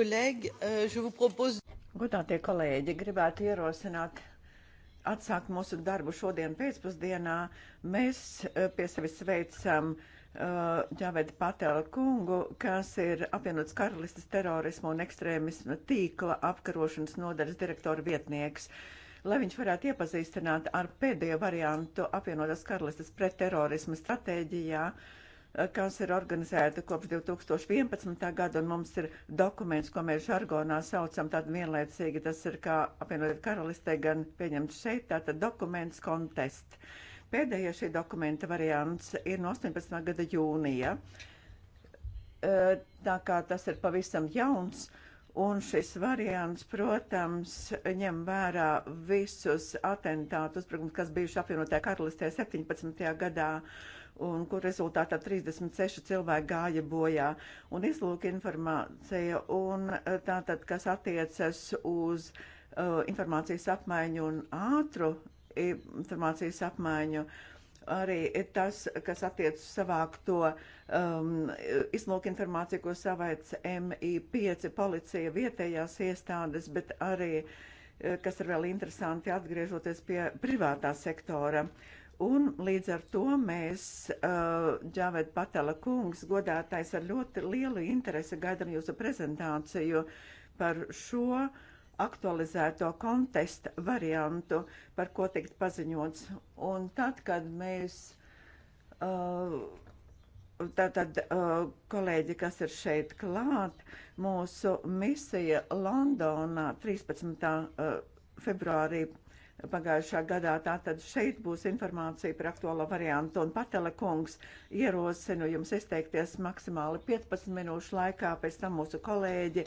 Eh, Godātie kolēģi, gribētu ierosināt atsākt mūsu darbu šodien pēcpusdienā. Mēs eh, pie sevis veicam eh, Džaveda uh, Patela kungu, kas ir apvienots karalistas terorismu un ekstrēmismu tīkla apkarošanas nodaļas direktora vietnieks. Lai viņš varētu iepazīstināt ar pēdējo variantu apvienotās karalistas pretterorismu stratēģijā, uh, Eh, kas ir organizēta kopš 2011. gada, un mums ir dokuments, ko mēs žargonā saucam tādu vienlaicīgi, tas ir kā apvienot karalistē, gan pieņemts šeit, tātad dokuments kontest. Pēdējais šī dokumenta variants ir no 18. gada jūnija, eh, tā kā tas ir pavisam jauns. Un šis variants, protams, ņem vērā visus atentātu uzbrukums, kas bijuši apvienotā karalistē 17. gadā. Uh, un kur rezultātā 36 cilvēki gāja bojā. Un izlūk informācija, un e, tātad, kas attiecas uz uh, informācijas apmaiņu un ātru informācijas apmaiņu, arī tas, kas attiecas uz savākto um, izlūk informāciju, ko savaic MI5 policija vietējās iestādes, bet arī, e, kas ir vēl interesanti, atgriežoties pie privātā sektora. Uh, Un līdz ar to mēs, Džavet uh, Patela kungs, godātais ar ļoti lielu interesi gaidām jūsu prezentāciju par šo aktualizēto kontesta variantu, par ko tikt paziņots. Un tad, kad mēs. Uh, Tātad, uh, kolēģi, kas ir šeit klāt, mūsu misija Londonā 13. Uh, februārī pagājušā gadā. Tātad šeit būs informācija par aktuālo variantu. Un Patela kungs ierosinu jums izteikties maksimāli 15 minūšu laikā, pēc tam mūsu kolēģi,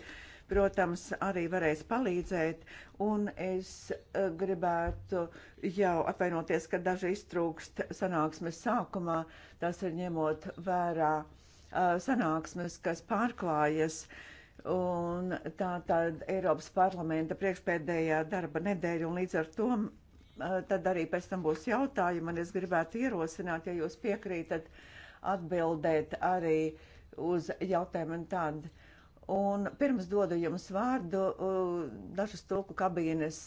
protams, arī varēs palīdzēt. Un es eh, gribētu jau apvainoties, ka daži iztrūkst sanāksmes sākumā, tas ir ņemot vērā eh, sanāksmes, kas pārklājas. Uh, Un tā tad Eiropas parlamenta priekšpēdējā darba nedēļa, un līdz ar to tad arī pēc tam būs jautājumi, un es gribētu ierosināt, ja jūs piekrītat, atbildēt arī uz jautājumiem tādu. Un pirms dodu jums vārdu, dažas tulku kabīnes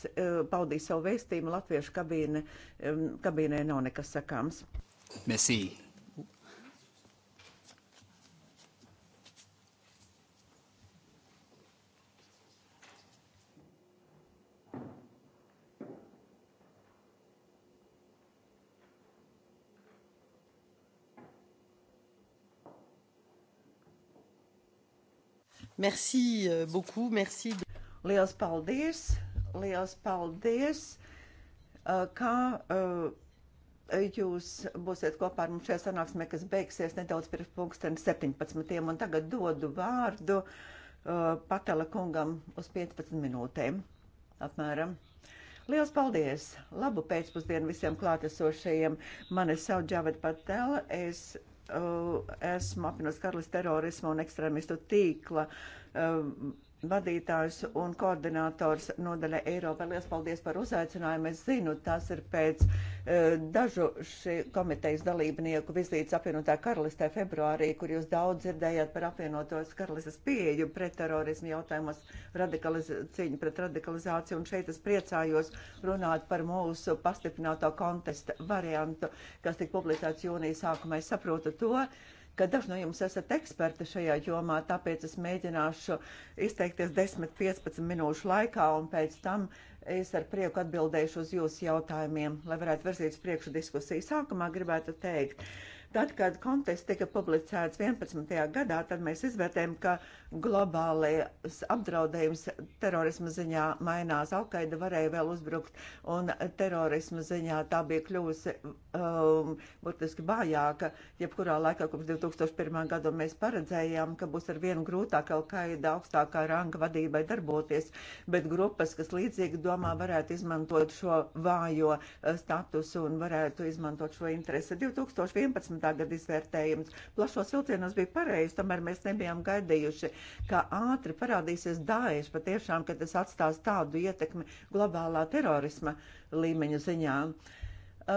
paudīja savu vēstījumu, latviešu kabīne, kabīnē nav nekas sakāms. Mesī. Merci euh, beaucoup, merci. Liels paldies, liels paldies, ka jūs būsiet kopā ar mums šajā sanāksmē, kas beigsies nedaudz pirms pulksteni 17. Un tagad dodu vārdu Patela kungam uz 15 minūtēm apmēram. Liels paldies! Labu pēcpusdienu visiem klātesošajiem! Mani sauc Džavad Patela, es Uh, esmu apvienots karalīs terorisma un ekstrēmistu tīkla uh, vadītājs un koordinators nodaļa Eiropa. Lielas paldies par uzaicinājumu. Es zinu, tas ir pēc uh, dažu šī komitejas dalībnieku vizītes apvienotā karalistē februārī, kur jūs daudz dzirdējāt par apvienotos karalistes pieeju pret terorismu jautājumos, cīņu pret radikalizāciju. Un šeit es priecājos runāt par mūsu pastiprināto kontestu variantu, kas tika publicēts jūnijas sākumā. Es saprotu to. Uh, ka daži no jums esat eksperti šajā jomā, tāpēc es mēģināšu izteikties 10-15 minūšu laikā, un pēc tam es ar prieku atbildēšu uz jūsu jautājumiem, lai varētu virzīt uz priekšu diskusiju. Sākumā gribētu teikt, uh, Tad, kad konteksts tika publicēts 11. gadā, tad mēs izvērtējam, ka globālais apdraudējums terorisma ziņā mainās. Alkaida varēja vēl uzbrukt, un terorisma ziņā tā bija kļūsi um, burtiski vājāka. Jebkurā laikā kopš 2001. gada mēs paredzējām, ka būs ar vienu grūtāk Alkaida augstākā ranga vadībai darboties, bet grupas, kas līdzīgi domā, varētu izmantot šo vājo uh, statusu un varētu izmantot šo interesi. 2011 tagad izvērtējums. Plašos vilcienos bija pareizi, tomēr mēs nebijām gaidījuši, ka ātri parādīsies Dāēš patiešām, ka tas atstās tādu ietekmi globālā terorisma līmeņa ziņā.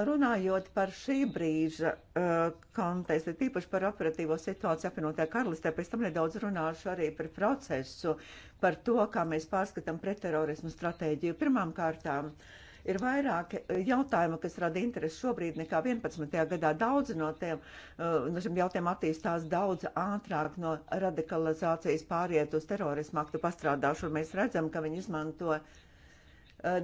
Runājot par šī brīža uh, kontekstu, tīpaši par operatīvo situāciju apvienotajā karalistē, pēc tam nedaudz runāšu arī par procesu, par to, kā mēs pārskatām pretterorismu stratēģiju. Pirmām kārtām uh, Ir vairāk eh, jautājumu, kas rada interesi šobrīd nekā 11. gadā. Daudzi no tiem eh, no šiem jautājumiem attīstās daudz ātrāk no radikalizācijas pāriet uz terorismu aktu pastrādāšanu. Mēs redzam, ka viņi izmanto eh,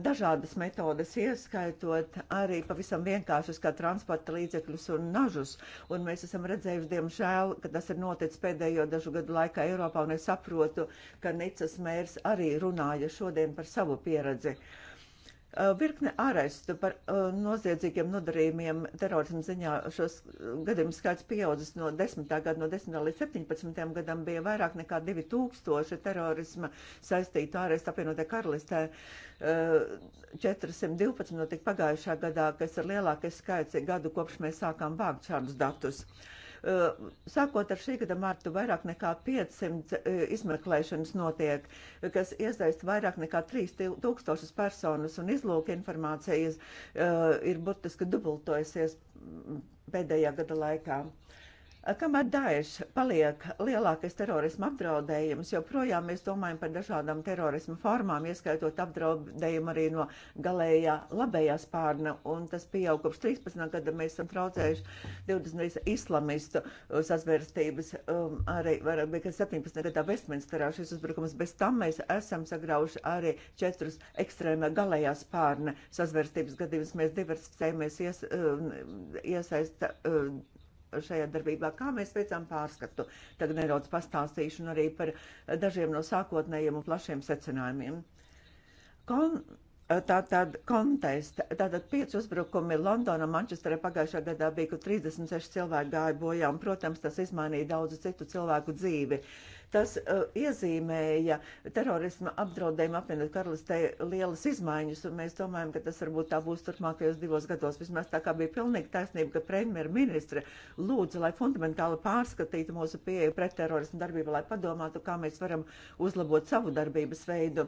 dažādas metodas, ieskaitot arī pavisam vienkāršus kā transporta līdzekļus un nažus. Un mēs esam redzējuši, diemžēl, ka tas ir noticis pēdējo dažu gadu laikā Eiropā, un es saprotu, ka Nicas mērs arī runāja šodien par savu pieredzi. Uh, Eh, virkne ārestu par eh, noziedzīgiem nodarījumiem terorismu ziņā šos gadījumu skaits pieaudzis no 10. gada, no 10. līdz 17. gadam bija vairāk nekā 2000 terorisma saistītu ārestu apvienotē karalistē. 412 eh, notika pagājušā gadā, kas ir lielākais skaits gadu kopš mēs sākām vākt šādus datus. Uh, Eh, sākot ar šī gada martu, vairāk nekā 500 eh, izmeklēšanas notiek, kas iesaist vairāk nekā 3000 personas, un izlūka informācijas eh, ir burtiski dubultojusies mm, pēdējā gada laikā. Uh, Kamēr Daesh paliek lielākais terorisma apdraudējums, joprojām mēs domājam par dažādām terorisma formām, ieskaitot apdraudējumu arī no galējā labējā spārna, un tas pieaug kopš 13. gada mēs esam traucējuši 20 islamistu sazvērstības, um, arī var, bija 17. gadā Vestminsterā šis uzbrukums, bez tam mēs esam sagrauši arī četrus ekstrēmā galējā spārna sazvērstības gadījumus, mēs diversificējamies, ies, um, iesaista. Um, šajā darbībā, kā mēs veicām pārskatu. Tad nedaudz pastāstīšu arī par dažiem no sākotnējiem un plašiem secinājumiem. Kon Tātad kontest, tātad pieci uzbrukumi Londonā, Mančesterē pagājušā gadā bija, kur 36 cilvēki gāja bojā, un, protams, tas izmainīja daudzu citu cilvēku dzīvi. Uh, Tas uh, iezīmēja terorisma apdraudējumu apvienot karalistē lielas izmaiņas, un mēs domājam, ka tas varbūt tā būs turpmākajos divos gados. Vismaz tā kā bija pilnīgi taisnība, ka premjerministre lūdza, lai fundamentāli pārskatītu mūsu pieeju pret terorismu darbību, lai padomātu, kā mēs varam uzlabot savu darbības veidu.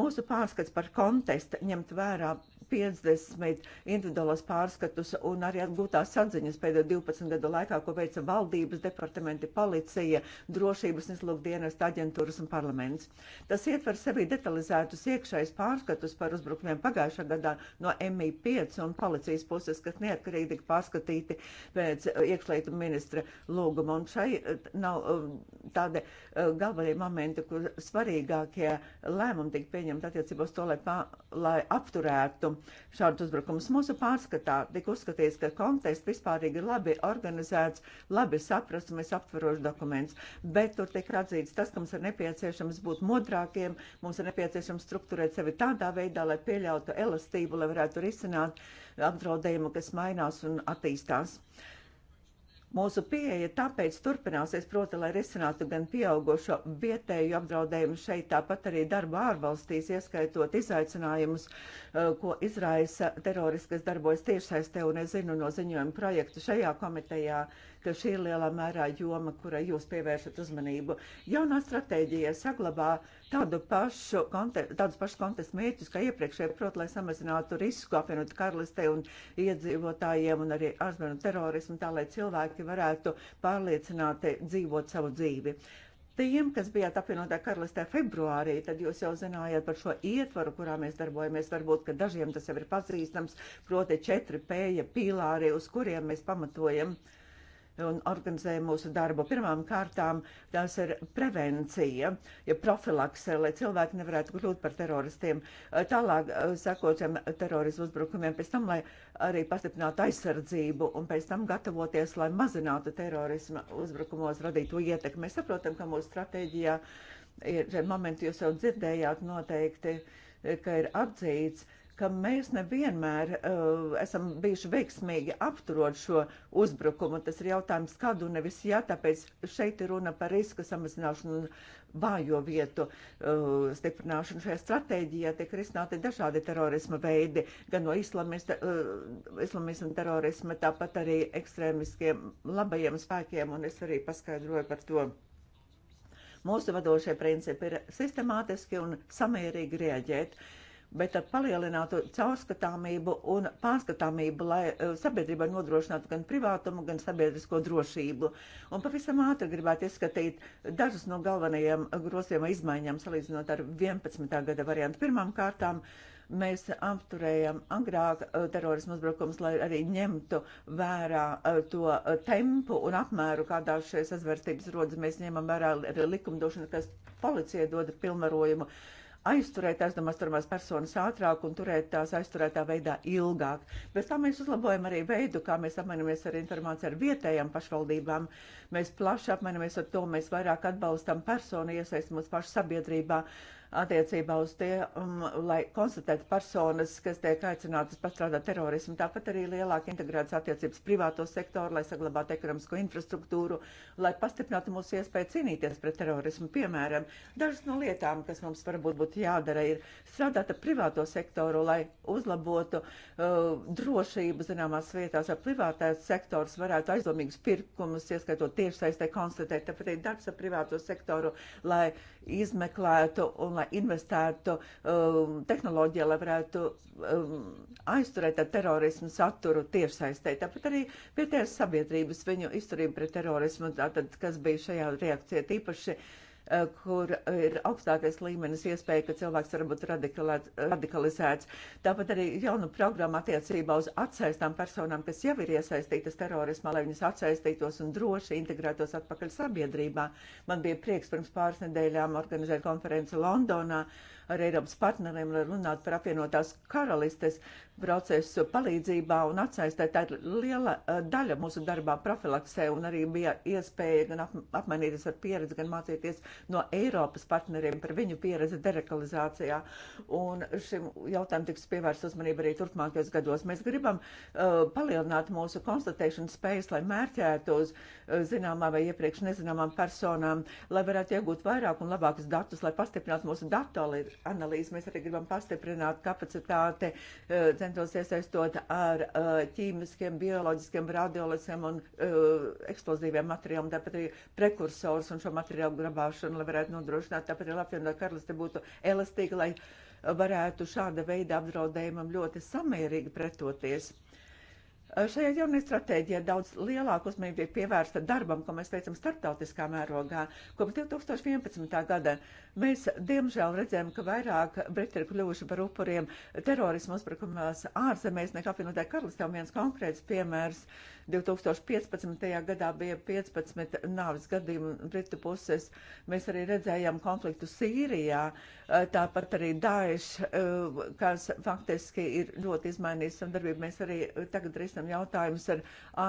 Mūsu pārskats par kontekstu ņemt vērā 50 individuālos pārskatus un arī atgūtās atziņas pēdējo 12 gadu laikā, ko veica valdības departamenti, policija, drošības izlūkdienas, aģentūras un parlaments. Tas ietver sevi detalizētus iekšējus pārskatus par uzbrukumiem pagājušā gadā no MI5 un policijas puses, kas neatkarīgi tika pārskatīti pēc eh, iekšlietu ministra lūguma. Un šai eh, nav eh, tādi galvenie momenti, kur svarīgākie lēmumi tika pieņemti attiecībā uz to, lai, pā, lai apturētu šādus uzbrukumus. Mūsu pārskatā tika uzskatīts, ka konteksts vispārīgi ir labi organizēts, labi saprasts, mēs aptveroši dokuments, bet tur tiek atzīts tas, ka mums ir nepieciešams būt modrākiem, mums ir nepieciešams strukturēt sevi tādā veidā, lai pieļautu elastību, lai varētu risināt apdraudējumu, kas mainās un attīstās. Uh, Mūsu pieeja tāpēc turpināsies, proti, lai risinātu gan pieaugušo vietēju apdraudējumu šeit, tāpat arī darbu ārvalstīs, ieskaitot izaicinājumus, eh, ko izraisa teroriskas darbojas tiešsaistē, un es zinu no ziņojuma projektu šajā komitejā. Uh, ka šī ir lielā mērā joma, kurai jūs pievēršat uzmanību. Jaunā stratēģija saglabā tādu pašu konte, tādus pašus kontestu mērķus, kā iepriekšēji, proti, lai samazinātu risku apvienot karalistē un iedzīvotājiem un arī ārzemju terorismu, tā lai cilvēki varētu pārliecināti dzīvot savu dzīvi. Tiem, kas bijāt apvienotā karalistē februārī, tad jūs jau zinājāt par šo ietvaru, kurā mēs darbojamies. Varbūt, ka dažiem tas jau ir pazīstams, proti četri pēja pīlāri, uz kuriem mēs pamatojam uh, un organizē mūsu darbu. Pirmām kārtām tās ir prevencija, ja profilakse, lai cilvēki nevarētu kļūt par teroristiem. Tālāk eh, sekotiem terorismu uzbrukumiem, pēc tam, lai arī pastiprinātu aizsardzību un pēc tam gatavoties, lai mazinātu terorisma uzbrukumos radīto ietekmi. Mēs saprotam, ka mūsu stratēģijā ir momenti, jūs jau dzirdējāt noteikti, ka ir atzīts, ka mēs nevienmēr uh, esam bijuši veiksmīgi apturot šo uzbrukumu. Tas ir jautājums, kad un nevis jā, tāpēc šeit ir runa par riska samazināšanu un vājo vietu uh, stiprināšanu. Šajā stratēģijā tiek risināti dažādi terorisma veidi, gan no islamista, uh, islamisma terorisma, tāpat arī ekstrēmiskiem labajiem spēkiem, un es arī paskaidroju par to. Mūsu vadošie principi ir sistemātiski un samērīgi rieģēt. Uh, bet ar palielinātu caurskatāmību un pārskatāmību, lai eh, sabiedrībai nodrošinātu gan privātumu, gan sabiedrisko drošību. Un pavisam ātri gribētu izskatīt dažus no galvenajiem grosiem izmaiņām salīdzinot ar 11. gada variantu. Pirmām kārtām mēs apturējam agrāk eh, terorismu uzbrukums, lai arī ņemtu vērā eh, to tempu un apmēru, kādā šīs azvērstības rodas. Mēs ņemam vērā likumdošanu, kas policija dod pilnvarojumu. Uh, aizturēt aizdomās personas ātrāk un turēt tās aizturētā veidā ilgāk. Bez tā mēs uzlabojam arī veidu, kā mēs apmainamies ar informāciju ar vietējām pašvaldībām. Mēs plaši apmainamies ar to, mēs vairāk atbalstam personu iesaistīšanos pašu sabiedrībā attiecībā uz tie, um, lai konstatētu personas, kas tiek aicinātas pastrādāt terorismu, tāpat arī lielāk integrētas attiecības privāto sektoru, lai saglabātu ekonomisko infrastruktūru, lai pastiprinātu mūsu iespēju cīnīties pret terorismu. Piemēram, dažas no lietām, kas mums varbūt būtu jādara, ir strādāt ar privāto sektoru, lai uzlabotu uh, drošību zināmās vietās, lai privātais sektors varētu aizdomīgus pirkumus, ieskaitot tiešsaistē, konstatēt, tāpat arī darbs ar privāto sektoru, lai izmeklētu un lai investētu um, tehnoloģijā, lai varētu um, aizturēt ar terorismu saturu tiešsaistē. Tāpat arī vietējās sabiedrības viņu izturību pret terorismu, tātad, kas bija šajā reakcijā, tīpaši uh, Eh, kur ir augstākais līmenis iespēja, ka cilvēks var būt radikalizēts. Tāpat arī jaunu programmu attiecībā uz atsaistām personām, kas jau ir iesaistītas terorismā, lai viņas atsaistītos un droši integrētos atpakaļ sabiedrībā. Man bija prieks pirms pāris nedēļām organizēt konferenci Londonā ar Eiropas partneriem, lai runātu par apvienotās karalistes procesu palīdzībā un atsaistē. Tā ir liela eh, daļa mūsu darbā profilaksē un arī bija iespēja gan ap, apmainīties ar pieredzi, gan mācīties no Eiropas partneriem par viņu pieredzi derekalizācijā. Un šim jautājumam tiks pievērsta uzmanība arī turpmākajos gados. Mēs gribam uh, palielināt mūsu konstatēšanas spējas, lai mērķētu uz uh, eh, zināmām vai iepriekš nezināmām personām, lai varētu iegūt vairāk un labākus datus, lai pastiprinātu mūsu datu analīzi. Mēs arī gribam pastiprināt kapacitāti, eh, centos iesaistot ar eh, ķīmiskiem, bioloģiskiem, radioloģiskiem un eh, eksplozīviem materiāliem, tāpat arī prekursors un šo materiālu grabāšanu, lai varētu nodrošināt. Tāpat arī Latvija un no Karaliste būtu elastīga, lai varētu šāda veida apdraudējumam ļoti samērīgi pretoties. Uh, Šajā jaunajā stratēģijā daudz lielāka uzmanība tiek pievērsta darbam, ko mēs veicam starptautiskā mērogā. Kopš 2011. gada mēs diemžēl redzējām, ka vairāk Briti ir kļuvuši par upuriem terorismu uzbrukumās ārzemēs nekā apvienotā karalistē, un viens konkrēts piemērs uh, 2015. gadā bija 15 nāvis gadījumi Britu puses. Mēs arī redzējām konfliktu Sīrijā, eh, tāpat arī Daesh, eh, kas faktiski ir ļoti izmainījis sadarbību. Mēs arī tagad risinām jautājumus ar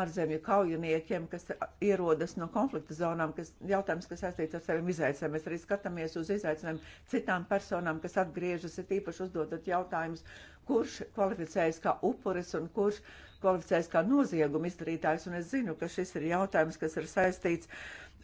ārzemju kaujiniekiem, kas ierodas no konflikta zonām, kas jautājums, kas saistīts ar saviem izaicinājumiem. Mēs arī skatāmies uz izaicinājumiem citām personām, kas atgriežas, ir īpaši uzdodat jautājumus kurš kvalificējas kā upuris un kurš kvalificējas kā nozieguma izdarītājs, un es zinu, ka šis ir jautājums, kas ir saistīts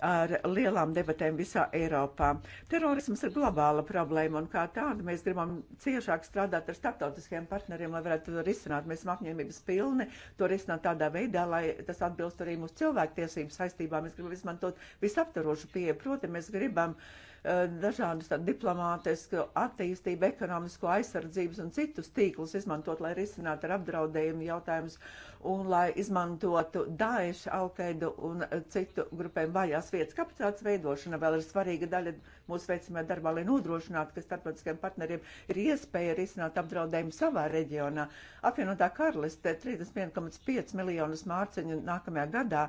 ar lielām debatēm visā Eiropā. Terorisms ir globāla problēma, un kā tāda mēs gribam ciešāk strādāt ar starptautiskiem partneriem, lai varētu to risināt. Mēs esam apņēmības pilni to risināt tādā veidā, lai tas atbilst arī mūsu cilvēktiesību saistībām. Mēs gribam izmantot visaptarošu pieeju. Proti, mēs gribam uh, Eh, dažādus diplomātisku attīstību, ekonomisko aizsardzības un citus tīklus izmantot, lai risinātu ar apdraudējumu jautājumus un lai izmantotu Daešu, Alkaidu un citu grupēm vājās vietas. Kapacitātes veidošana vēl ir svarīga daļa mūsu veicamajā darbā, lai nodrošinātu, ka starptautiskiem partneriem ir iespēja risināt apdraudējumu savā reģionā. Apvienotā karaliste 31,5 miljonus mārciņu nākamajā gadā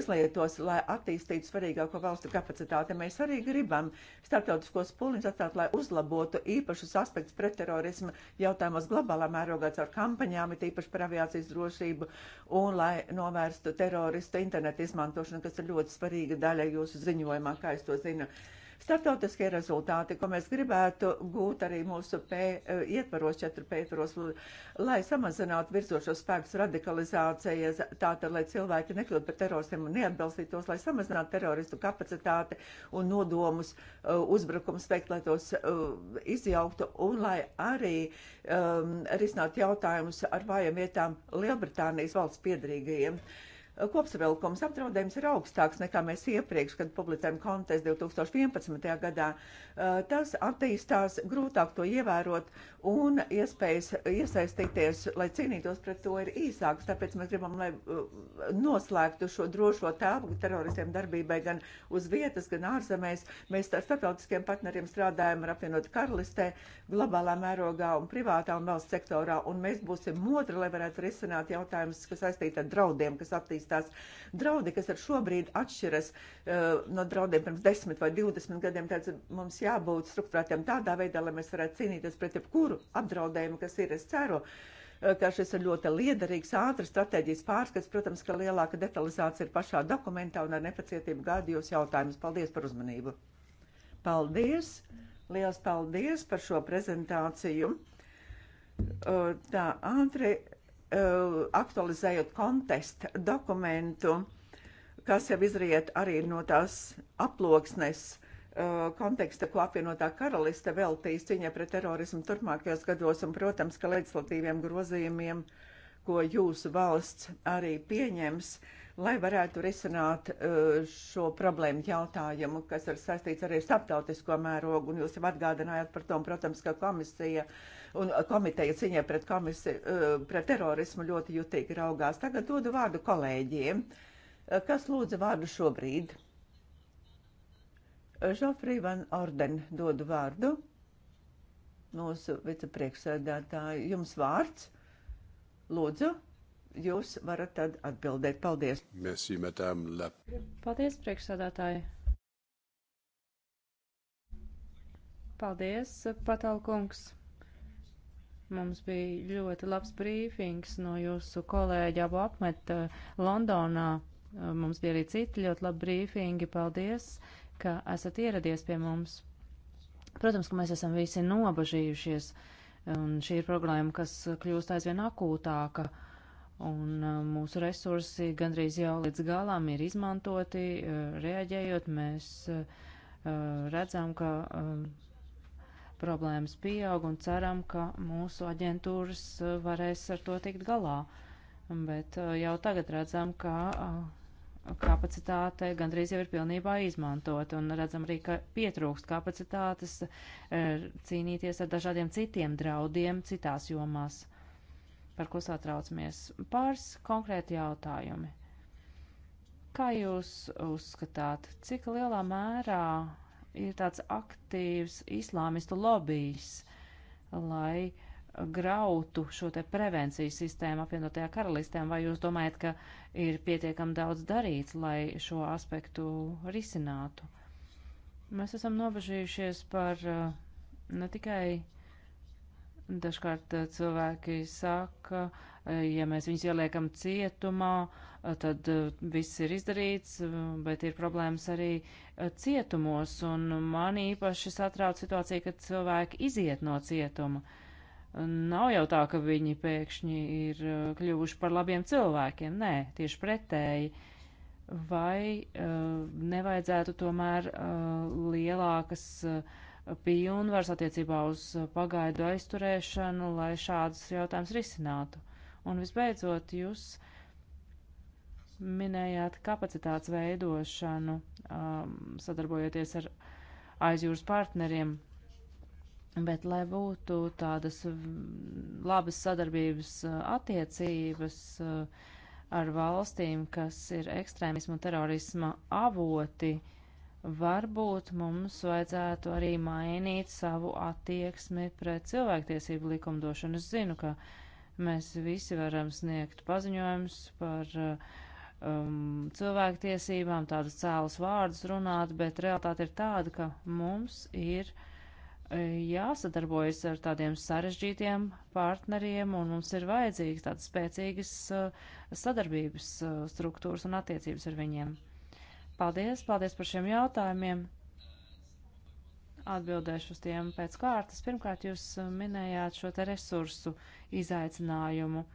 izlietos, lai attīstītu svarīgāko valstu kapacitāti. Mēs arī gribam starptautiskos pūliņus atstāt, lai uzlabotu īpašus aspektus pret terorismu jautājumos globālā mērogā caur kampaņām, it īpaši par aviācijas drošību un lai novērstu teroristu internetu izmantošanu, kas ir ļoti svarīga daļa jūsu ziņojumā, kā es to zinu. Uh, Startautiskie rezultāti, ko mēs gribētu gūt arī mūsu P, eh, ietvaros, 4P ietvaros, lai samazinātu virzošos spēkus radikalizācijas, tātad, lai cilvēki nekļūtu par teroristiem un neatbalstītos, lai samazinātu teroristu kapacitāti un nodomus eh, uzbrukums, teikt, lai tos eh, izjauktu un lai arī um, risinātu jautājumus ar vājām vietām Lielbritānijas valsts piedarīgajiem. Uh, Kopsavilkums apdraudējums ir augstāks nekā mēs iepriekš, kad publicējām kontestu 2011. gadā. Eh, tas attīstās, grūtāk to ievērot un iespējas iesaistīties, lai cīnītos pret to ir īsāks. Tāpēc mēs gribam, lai eh, noslēgtu šo drošo tēlu teroristiem darbībai gan uz vietas, gan ārzemēs. Mēs ar starptautiskiem partneriem strādājam ar apvienotu karalistē, globālā mērogā un privātā un valsts sektorā, un mēs būsim modri, lai varētu risināt jautājumus, kas saistīti ar draudiem, kas attīstās attīstās. Draudi, kas ar šobrīd atšķiras eh, no draudiem pirms 10 vai 20 gadiem, tāds mums jābūt struktūrētiem tādā veidā, lai mēs varētu cīnīties pret jebkuru apdraudējumu, kas ir. Es ceru, eh, ka šis ir ļoti liederīgs, ātrs stratēģijas pārskats. Protams, ka lielāka detalizācija ir pašā dokumentā un ar nepacietību gādu jūs jautājumus. Paldies par uzmanību! Paldies! Liels paldies par šo prezentāciju! Eh, tā, Andri, Eh, aktualizējot kontestu dokumentu, kas jau izriet arī no tās aploksnes eh, konteksta, ko apvienotā karaliste veltīs cīņai pret terorismu turpmākajos gados, un, protams, ka legislatīviem grozījumiem, ko jūsu valsts arī pieņems, lai varētu risināt eh, šo problēmu jautājumu, kas ir saistīts arī ar starptautisko mērogu, un jūs jau atgādinājāt par to, un, protams, ka komisija uh, un komiteja ciņā pret, komisi, eh, pret terorismu ļoti jutīgi raugās. Tagad dodu vārdu kolēģiem. Eh, kas lūdza vārdu šobrīd? Eh, Žofrī Van Orden dodu vārdu. Mūsu vicepriekšsēdētāji, jums vārds. Lūdzu, jūs varat tad atbildēt. Paldies. Merci, madame la. Paldies, priekšsādātāji. Paldies, patalkungs. Mums bija ļoti labs brīfings no jūsu kolēģa abu apmet eh, Londonā. Eh, mums bija arī citi ļoti labi brīfingi. Paldies, ka esat ieradies pie mums. Protams, ka mēs esam visi nobažījušies, un šī ir problēma, kas kļūst aizvien akūtāka. Un eh, mūsu resursi gandrīz jau līdz galām ir izmantoti, reaģējot. Mēs redzam, ka problēmas pieaug un ceram, ka mūsu aģentūras uh, varēs ar to tikt galā. Bet uh, jau tagad redzam, ka uh, kapacitāte gandrīz jau ir pilnībā izmantot, un redzam arī, ka pietrūkst kapacitātes cīnīties ar dažādiem citiem draudiem citās jomās, par ko satraucamies. Pāris konkrēti jautājumi. Kā jūs uzskatāt, cik lielā mērā ir tāds aktīvs islāmistu lobijs, lai grautu šo te prevencijas sistēmu apvienotajā karalistē, vai jūs domājat, ka ir pietiekam daudz darīts, lai šo aspektu risinātu? Mēs esam nobežījušies par uh, ne tikai dažkārt uh, cilvēki saka, uh, ja mēs viņus ieliekam cietumā, uh, tad e, viss ir izdarīts, e, bet ir problēmas arī e, cietumos, un man īpaši satrauc situācija, kad cilvēki iziet no cietuma. Nav jau tā, ka viņi pēkšņi ir kļuvuši par labiem cilvēkiem, nē, tieši pretēji. Vai uh, nevajadzētu tomēr uh, lielākas uh, pilnvaras attiecībā uz pagaidu aizturēšanu, lai šādus jautājumus risinātu? Un visbeidzot, jūs uh, minējāt kapacitātes veidošanu, um, sadarbojoties ar aizjūras partneriem, bet lai būtu tādas mm, labas sadarbības uh, attiecības uh, ar valstīm, kas ir ekstrēmismu un terorisma avoti, varbūt mums vajadzētu arī mainīt savu attieksmi pret cilvēktiesību likumdošanu. Es zinu, ka mēs visi varam sniegt paziņojumus par uh, um, cilvēktiesībām, tādus cēlus vārdus runāt, bet realitāte ir tāda, ka mums ir e, jāsadarbojas ar tādiem sarežģītiem partneriem, un mums ir vajadzīgas tādas spēcīgas e, sadarbības e, struktūras un attiecības ar viņiem. Paldies, paldies par šiem jautājumiem. Atbildēšu uz tiem pēc kārtas. Pirmkārt, jūs minējāt šo te resursu izaicinājumu.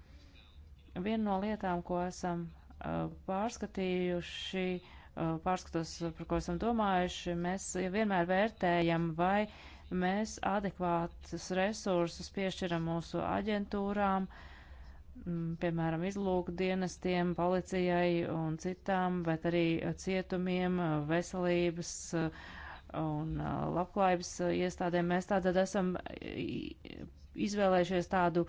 Viena no lietām, ko esam Eh, pārskatījuši, eh, pārskatos, par ko esam domājuši, mēs vienmēr vērtējam, vai mēs adekvātus resursus piešķiram mūsu aģentūrām, mm, piemēram, izlūkdienestiem, policijai un citām, bet arī cietumiem, veselības eh, un labklājības iestādēm. Mēs tātad esam izvēlējušies tādu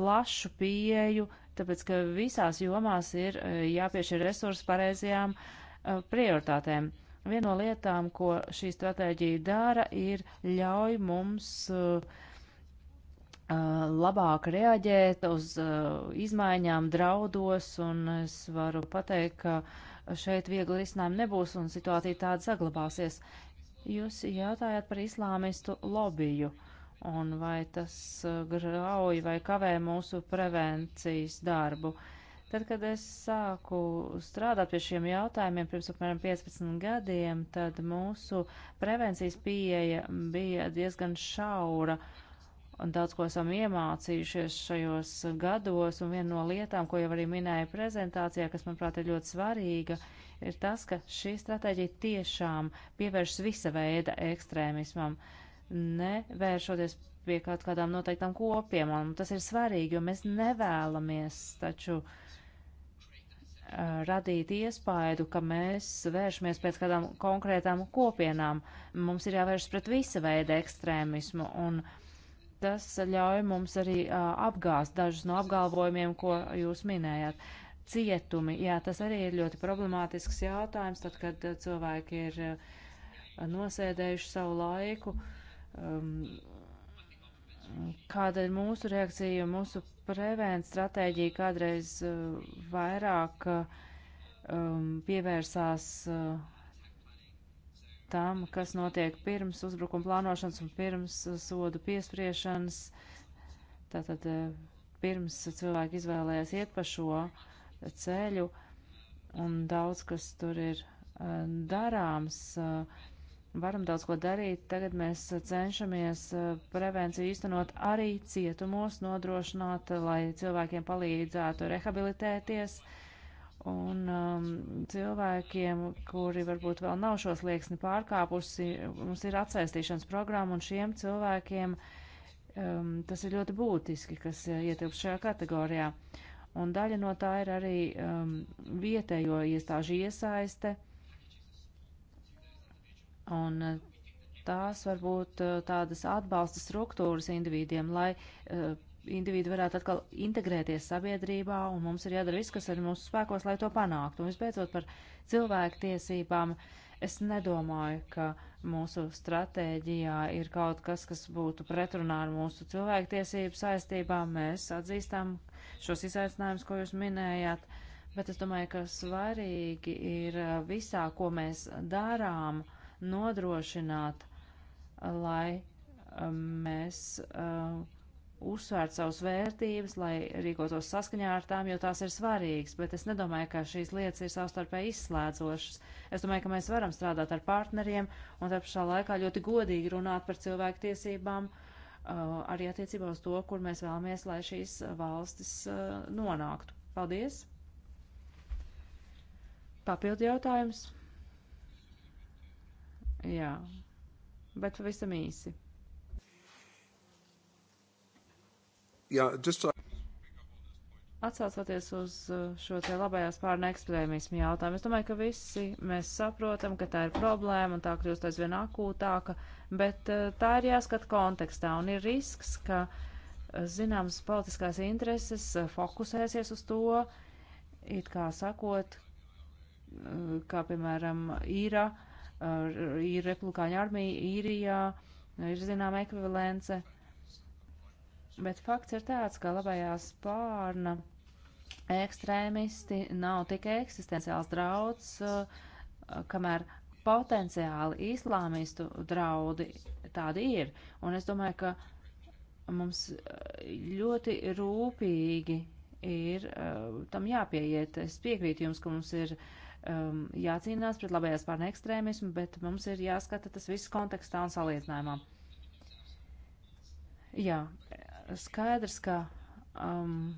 plašu pieeju, tāpēc ka visās jomās ir e, jāpiešķir resursi pareizajām e, prioritātēm. Viena no lietām, ko šī stratēģija dara, ir ļauj mums uh, labāk reaģēt uz uh, izmaiņām draudos, un es varu pateikt, ka šeit viegli risinājumi nebūs un situācija tāda saglabāsies. Jūs jautājāt par islāmistu lobiju. Uh, un vai tas uh, grauj vai kavē mūsu prevencijas darbu. Tad, kad es sāku strādāt pie šiem jautājumiem pirms apmēram 15 gadiem, tad mūsu prevencijas pieeja bija diezgan šaura. Un daudz ko esam iemācījušies šajos gados, un viena no lietām, ko jau arī minēja prezentācijā, kas, manuprāt, ir ļoti svarīga, ir tas, ka šī stratēģija tiešām pievēršas visa veida ekstrēmismam. Uh, nevēršoties pie kaut kādām noteiktām kopiem, un tas ir svarīgi, jo mēs nevēlamies taču uh, radīt iespaidu, ka mēs vēršamies pēc kādām konkrētām kopienām. Mums ir jāvēršas pret visa veida ekstrēmismu, un tas ļauj mums arī uh, apgāst dažus no apgalvojumiem, ko jūs minējāt. Cietumi, jā, tas arī ir ļoti problemātisks jautājums, tad, kad cilvēki ir uh, nosēdējuši savu laiku. Uh, um, kāda ir mūsu reakcija, mūsu prevent stratēģija kādreiz uh, vairāk uh, um, pievērsās uh, tam, kas notiek pirms uzbrukuma plānošanas un pirms uh, sodu piespriešanas. Tātad uh, pirms cilvēki izvēlējās iet pa šo ceļu, un daudz kas tur ir uh, darāms. Uh, varam daudz ko darīt. Tagad mēs cenšamies eh, prevenciju īstenot arī cietumos, nodrošināt, eh, lai cilvēkiem palīdzētu rehabilitēties. Un um, cilvēkiem, kuri varbūt vēl nav šos lieksni pārkāpusi, mums ir atsaistīšanas programma, un šiem cilvēkiem um, tas ir ļoti būtiski, kas eh, ietilpst šajā kategorijā. Un daļa no tā ir arī um, vietējo iestāžu iesaiste. Uh, Un eh, tās var būt eh, tādas atbalsta struktūras individiem, lai eh, individi varētu atkal integrēties sabiedrībā, un mums ir jādara viss, kas ir mūsu spēkos, lai to panāktu. Un visbeidzot par cilvēktiesībām, es nedomāju, ka mūsu stratēģijā ir kaut kas, kas būtu pretrunā ar mūsu cilvēktiesību saistībām. Mēs atzīstam šos izaicinājumus, ko jūs minējāt, bet es domāju, ka svarīgi ir visā, ko mēs darām, uh, nodrošināt, lai um, mēs uh, um, uzsvērt savus vērtības, lai rīkotos saskaņā ar tām, jo tās ir svarīgas, bet es nedomāju, ka šīs lietas ir savstarpēji izslēdzošas. Es domāju, ka mēs varam strādāt ar partneriem un te pašā laikā ļoti godīgi runāt par cilvēku tiesībām, uh, arī attiecībā uz to, kur mēs vēlamies, lai šīs valstis uh, nonāktu. Paldies! Papildu jautājums. Jā, bet pavisam īsi. Jā, just... Atsaucoties uz uh, šo te labējās pārna ekstrēmismu jautājumu, es domāju, ka visi mēs saprotam, ka tā ir problēma un tā kļūst aizvien akūtāka, bet uh, tā ir jāskat kontekstā un ir risks, ka uh, zināmas politiskās intereses fokusēsies uz to, it kā sakot, kā piemēram īra. Uh, ir republikāņu armija īrijā, ir zināma ekvivalence. Bet fakts ir tāds, ka labajā spārna ekstrēmisti nav tik eksistenciāls drauds, uh, kamēr potenciāli islāmistu draudi tādi ir. Un es domāju, ka mums uh, ļoti rūpīgi ir uh, tam jāpieiet. Es piekrītu jums, ka mums ir uh, um, jācīnās pret labējās pārne ekstrēmismu, bet mums ir jāskata tas viss kontekstā un salīdzinājumā. Jā, skaidrs, ka um,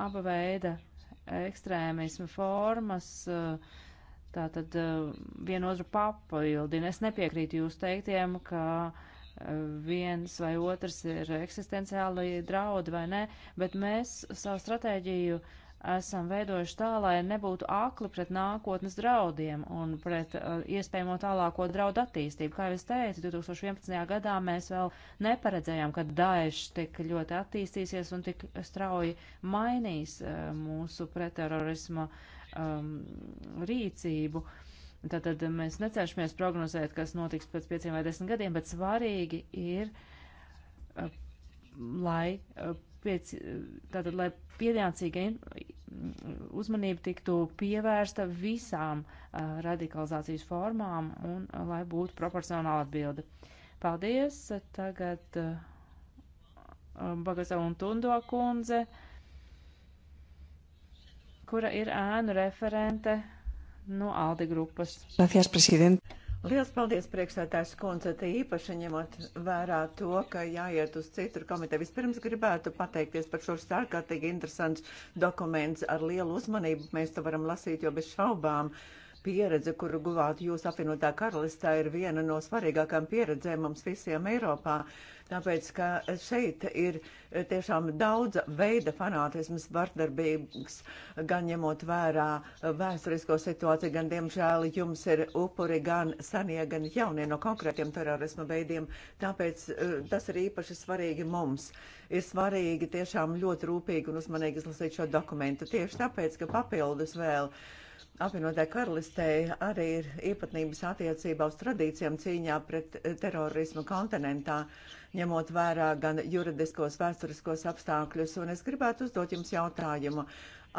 aba veida ekstrēmisma formas uh, tātad uh, vienotru papildina. Es nepiekrītu jūs teiktiem, ka uh, viens vai otrs ir eksistenciāli draudi vai nē, bet mēs savu stratēģiju esam veidojuši tā, lai nebūtu akli pret nākotnes draudiem un pret uh, iespējamo tālāko draudu attīstību. Kā jau es teicu, 2011. gadā mēs vēl neparedzējām, ka Daesh tik ļoti attīstīsies un tik strauji mainīs uh, mūsu pretterorisma um, rīcību. Tātad mēs necenšamies prognozēt, kas notiks pēc pieciem vai desmit gadiem, bet svarīgi ir, uh, lai. Uh, piec, tātad, lai pienācīga uzmanība tiktu pievērsta visām uh, radikalizācijas formām un uh, lai būtu proporcionāla atbilde. Paldies! Tagad uh, Bagasa un Tundo kundze, kura ir ēnu referente no Alde grupas. Gracias, presidente. Liels paldies, priekšsētājs kundze, te īpaši ņemot vērā to, ka jāiet uz citur komiteju. Vispirms gribētu pateikties par šo ārkārtīgi interesants dokuments ar lielu uzmanību. Mēs to varam lasīt, jo bez šaubām. Uh, pieredze, kur gulāt jūs apvienotā karalistā, ir viena no svarīgākām pieredzēm mums visiem Eiropā. Tāpēc, ka šeit ir tiešām daudz veida fanātisms, vardarbības, gan ņemot vērā vēsturisko situāciju, gan, diemžēl, jums ir upuri gan senie, gan jaunie no konkrētiem terorisma veidiem. Tāpēc eh, tas ir īpaši svarīgi mums. Ir svarīgi tiešām ļoti rūpīgi un uzmanīgi izlasīt šo dokumentu. Tieši tāpēc, ka papildus vēl. Uh, apvienotā karalistē arī ir īpatnības attiecībā uz tradīcijām cīņā pret eh, terorismu kontinentā, ņemot vērā gan juridiskos, vēsturiskos apstākļus. Un es gribētu uzdot jums jautājumu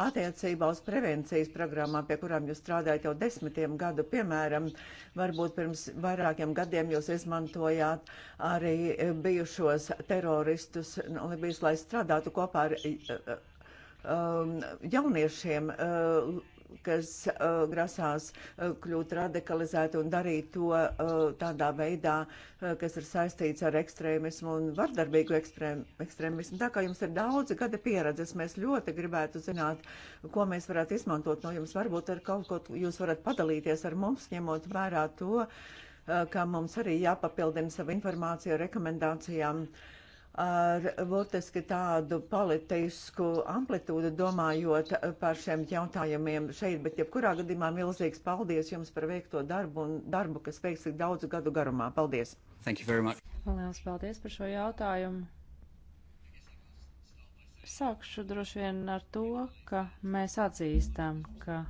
attiecībā uz prevencijas programmām, pie kurām jūs strādājat jau desmitiem gadu. Piemēram, varbūt pirms vairākiem gadiem jūs izmantojāt arī eh, bijušos teroristus no nu, Libijas, lai strādātu kopā ar eh, um, jauniešiem. Uh, kas uh, grasās uh, kļūt radikalizēti un darīt to uh, tādā veidā, uh, kas ir saistīts ar ekstrēmismu un vardarbīgu ekstrēm, ekstrēmismu. Tā kā jums ir daudzi gada pieredzes, mēs ļoti gribētu zināt, ko mēs varētu izmantot no jums. Varbūt ar kaut ko jūs varat padalīties ar mums, ņemot vērā to, uh, ka mums arī jāpapildina savu informāciju ar rekomendācijām. Uh, ar būtiski tādu politisku amplitūdu domājot par šiem jautājumiem šeit, bet jebkurā gadījumā milzīgs paldies jums par veikto darbu un darbu, kas veikts tik daudzu gadu garumā. Paldies! Lielas paldies par šo jautājumu! Sākšu droši vien ar to, ka mēs atzīstam, ka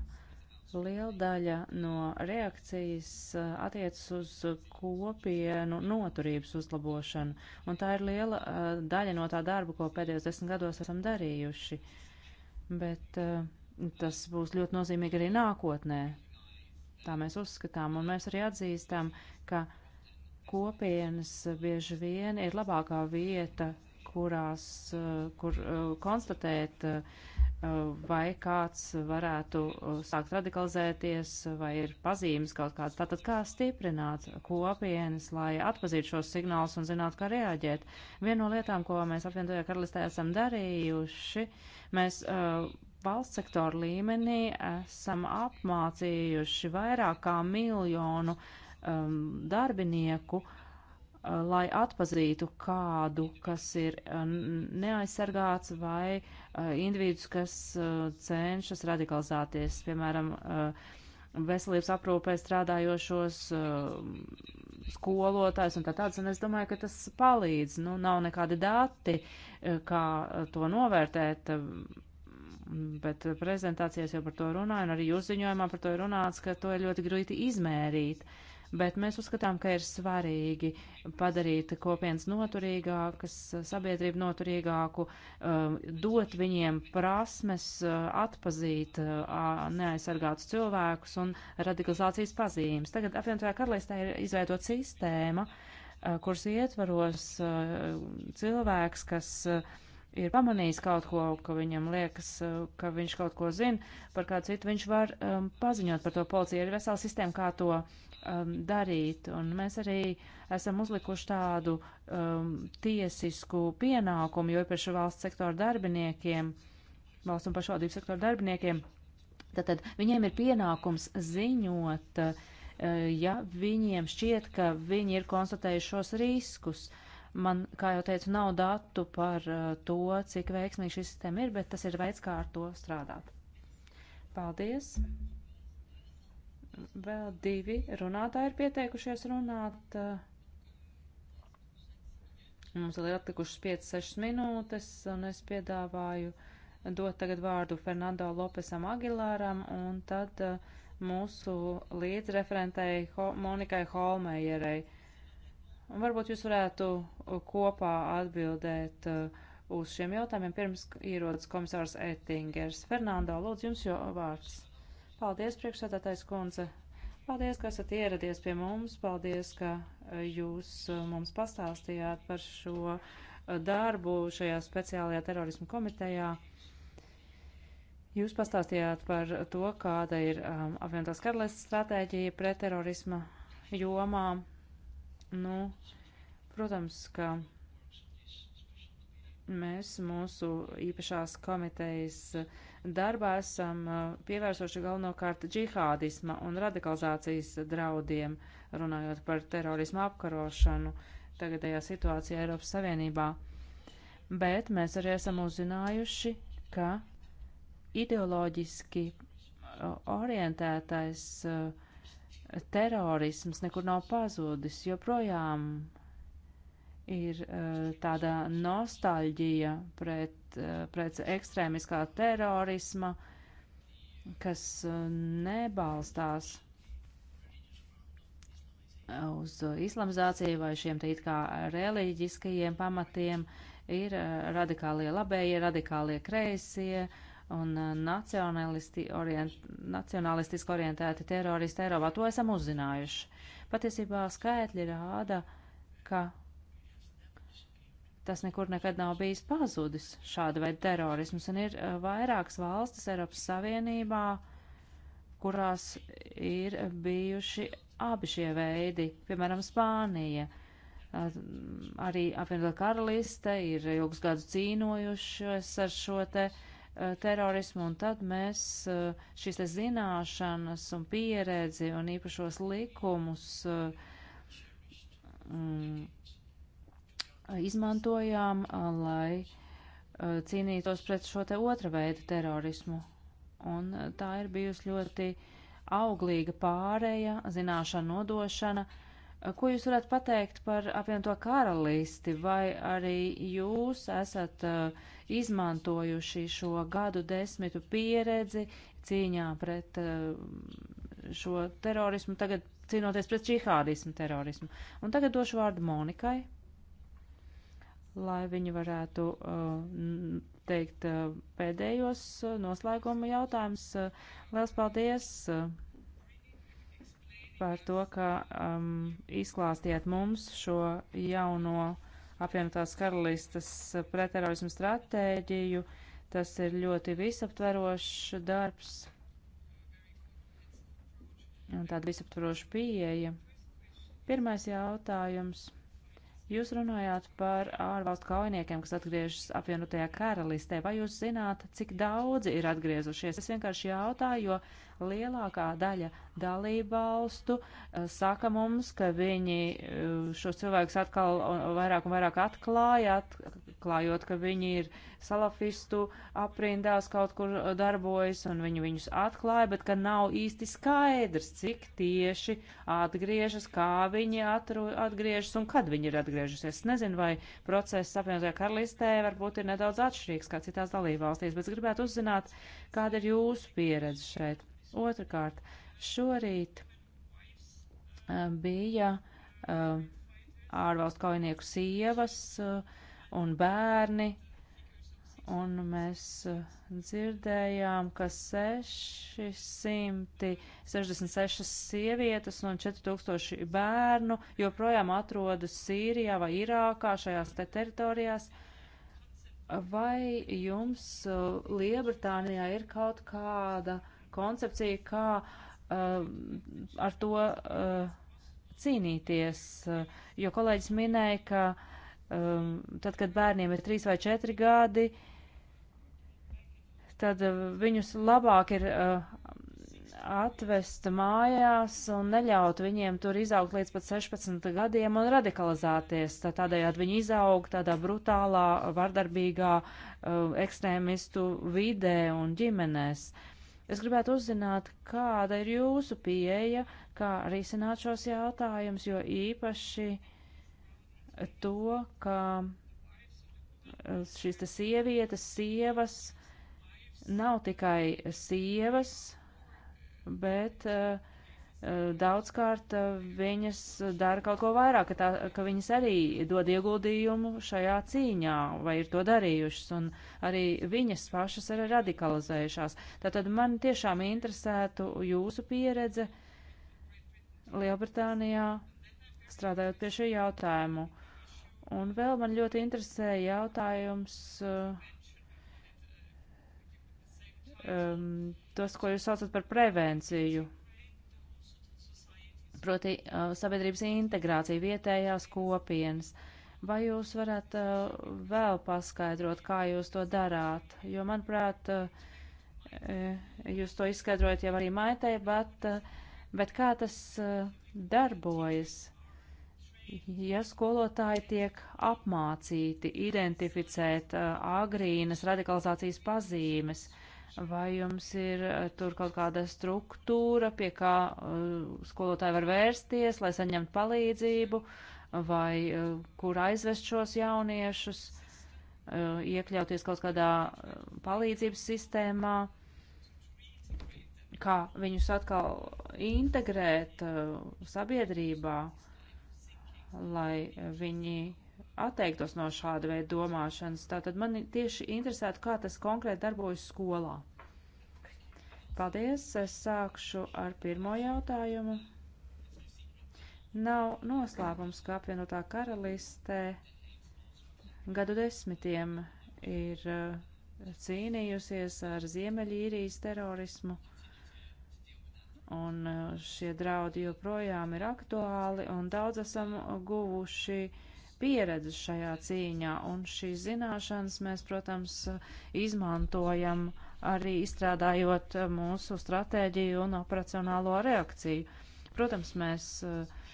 Liela daļa no reakcijas uh, attiecas uz uh, kopienu noturības uzlabošanu, un tā ir liela uh, daļa no tā darba, ko pēdējos desmit gados esam darījuši. Bet tas būs ļoti nozīmīgi arī nākotnē. Tā mēs uzskatām, un mēs arī atzīstam, ka kopienas bieži vien ir labākā vieta, kurās, kur konstatēt vai kāds varētu uh, sākt radikalizēties, vai ir pazīmes kaut kāds. Tātad kā stiprināt kopienas, lai atpazītu šos signālus un zinātu, kā reaģēt. Viena no lietām, ko mēs apvienotajā karalistē esam darījuši, mēs uh, valsts sektoru līmenī esam apmācījuši vairāk kā miljonu um, darbinieku uh, Uh, lai atpazītu kādu, kas ir uh, neaizsargāts vai uh, individus, kas cenšas radikalizēties, piemēram, veselības aprūpē strādājošos skolotājs un tā tāds, un es domāju, ka tas palīdz, nu, nav nekādi dati, kā to novērtēt, bet prezentācijās jau par to runāju, un arī jūs ziņojumā par to ir runāts, ka to ir ļoti grūti izmērīt. Uh, bet mēs uzskatām, ka ir svarīgi padarīt kopienas noturīgākas, sabiedrību noturīgāku, um, dot viņiem prasmes uh, atpazīt uh, neaizsargātus cilvēkus un radikalizācijas pazīmes. Tagad apvienotajā karalistē ir izveidot sistēma, uh, kuras ietvaros cilvēks, kas ir pamanījis kaut ko, ka viņam liekas, ka viņš kaut ko zina par kādu citu, viņš var um, paziņot par to policijai. Ir vesela sistēma, kā to um, darīt. Un mēs arī esam uzlikuši tādu um, tiesisku pienākumu, jo īpaši valsts sektora darbiniekiem, valsts un pašvaldības sektora darbiniekiem, tātad viņiem ir pienākums ziņot, uh, ja viņiem šķiet, ka viņi ir konstatējuši šos riskus. Man, kā jau teicu, nav datu par uh, to, cik veiksmīgi šī sistēma ir, bet tas ir veids, kā ar to strādāt. Paldies! Mm -hmm. Vēl divi runātāji ir pieteikušies runāt. Mums vēl ir atlikušas 5-6 minūtes, un es piedāvāju dot tagad vārdu Fernando Lopesam Agilāram, un tad eh, mūsu līdzreferentei Monikai Holmejerei. Un varbūt jūs varētu eh, kopā atbildēt eh, uz šiem jautājumiem, pirms ierodas komisārs Ettingers. Fernando, lūdzu, jums jau vārds. Paldies, priekšsēdētājs kundze. Paldies, ka esat ieradies pie mums. Paldies, ka e, jūs e, mums pastāstījāt par šo e, darbu šajā speciālajā terorismu komitejā. Jūs pastāstījāt par to, kāda ir um, apvienotās karalistas stratēģija pret terorisma jomā. Nu, protams, ka mēs mūsu īpašās komitejas uh, darbā esam pievērsuši galvenokārt džihādisma un radikalizācijas draudiem, runājot par terorismu apkarošanu tagadējā situācijā Eiropas Savienībā. Bet mēs arī esam uzzinājuši, ka ideoloģiski orientētais terorisms nekur nav pazudis, joprojām ir eh, tāda nostalģija pret, eh, pret ekstrēmiskā terorisma, kas eh, nebalstās uz islamizāciju vai šiem te it kā reliģiskajiem pamatiem, ir radikālie labējie, radikālie kreisie un nacionalisti orient, nacionalistiski orientēti teroristi Eiropā. To esam uzzinājuši. Patiesībā skaitļi rāda, ka tas nekur nekad nav bijis pazudis, šāda veida terorisms, un ir eh, vairākas valstis Eiropas Savienībā, kurās ir bijuši abi šie veidi, piemēram, Spānija. Eh, arī apvienotā karaliste ir ilgus gadus cīnojušies ar šo te eh, terorismu, un tad mēs šīs te zināšanas un pieredzi un īpašos likumus mm, izmantojām, lai cīnītos pret šo te otra veida terorismu. Un tā ir bijusi ļoti auglīga pārēja, zināšana nodošana. Ko jūs varētu pateikt par apvienoto karalisti, vai arī jūs esat uh, izmantojuši šo gadu desmitu pieredzi cīņā pret uh, šo terorismu, tagad cīnoties pret džihādismu terorismu? Un tagad došu vārdu Monikai lai viņi varētu uh, teikt uh, pēdējos uh, noslēguma jautājums. Liels paldies par to, ka um, izklāstījāt mums šo jauno apvienotās karalistas pretterorismu stratēģiju. Tas ir ļoti visaptverošs darbs un tāda visaptveroša pieeja. Pirmais jautājums. Jūs runājāt par ārvalstu kaujiniekiem, kas atgriežas apvienotajā karalistē. Vai jūs zināt, cik daudzi ir atgriezušies? Es vienkārši jautāju, jo Lielākā daļa dalībvalstu eh, saka mums, ka viņi eh, šos cilvēkus atkal vairāk un vairāk atklāja, atklājot, ka viņi ir salafistu aprindās kaut kur eh, darbojas un viņi viņus atklāja, bet ka nav īsti skaidrs, cik tieši atgriežas, kā viņi atru, atgriežas un kad viņi ir atgriežusies. Es nezinu, vai process apvienotajā karalistē varbūt ir nedaudz atšķirīgs kā citās dalībvalstīs, bet es gribētu uzzināt, kāda ir jūsu pieredze šeit. Otrakārt, šorīt bija ārvalstu kaujinieku sievas un bērni, un mēs dzirdējām, ka 666 sievietes un 4000 bērnu joprojām atrodas Sīrijā vai Irākā šajās te teritorijās. Vai jums Liebritānijā ir kaut kāda uh, koncepcija, kā uh, ar to uh, cīnīties, uh, jo kolēģis minēja, ka um, tad, kad bērniem ir trīs vai četri gadi, tad uh, viņus labāk ir uh, atvest mājās un neļaut viņiem tur izaugt līdz pat 16 gadiem un radikalizēties. Tā tādējādi viņi izaug tādā brutālā, vardarbīgā uh, ekstrēmistu vidē un ģimenēs. Uh, Es gribētu uzzināt, kāda ir jūsu pieeja, kā risināt šos jautājumus, jo īpaši to, ka e, šīs te sievietes, sievas nav tikai sievas, bet uh, daudzkārt eh, viņas dara kaut ko vairāk, ka, tā, ka viņas arī dod ieguldījumu šajā cīņā vai ir to darījušas, un arī viņas pašas ir radikalizējušās. Tātad man tiešām interesētu jūsu pieredze Lielbritānijā strādājot pie šī jautājumu. Un vēl man ļoti interesē jautājums. Uh, um, tas, ko jūs saucat par prevenciju, proti uh, sabiedrības integrācija vietējās kopienas. Vai jūs varat uh, vēl paskaidrot, kā jūs to darāt? Jo, manuprāt, uh, eh, jūs to izskaidrojat jau arī maitē, bet, uh, bet kā tas uh, darbojas? Ja skolotāji tiek apmācīti identificēt uh, agrīnas radikalizācijas pazīmes, uh, Vai jums ir eh, tur kaut kāda struktūra, pie kā uh, skolotāji var vērsties, lai saņemtu palīdzību, vai uh, kur aizvest šos jauniešus, uh, iekļauties kaut kādā palīdzības sistēmā, kā viņus atkal integrēt sabiedrībā, lai viņi atteiktos no šāda veida domāšanas. Tātad man tieši interesētu, kā tas konkrēti darbojas skolā. Paldies, es sākšu ar pirmo jautājumu. Nav noslēpums, ka apvienotā karalistē gadu desmitiem ir uh, cīnījusies ar Ziemeļīrijas terorismu, un uh, šie draudi joprojām ir aktuāli, un daudz esam guvuši uh, pieredzi šajā cīņā, un šīs zināšanas mēs, protams, izmantojam arī izstrādājot mūsu stratēģiju un operacionālo reakciju. Protams, mēs eh,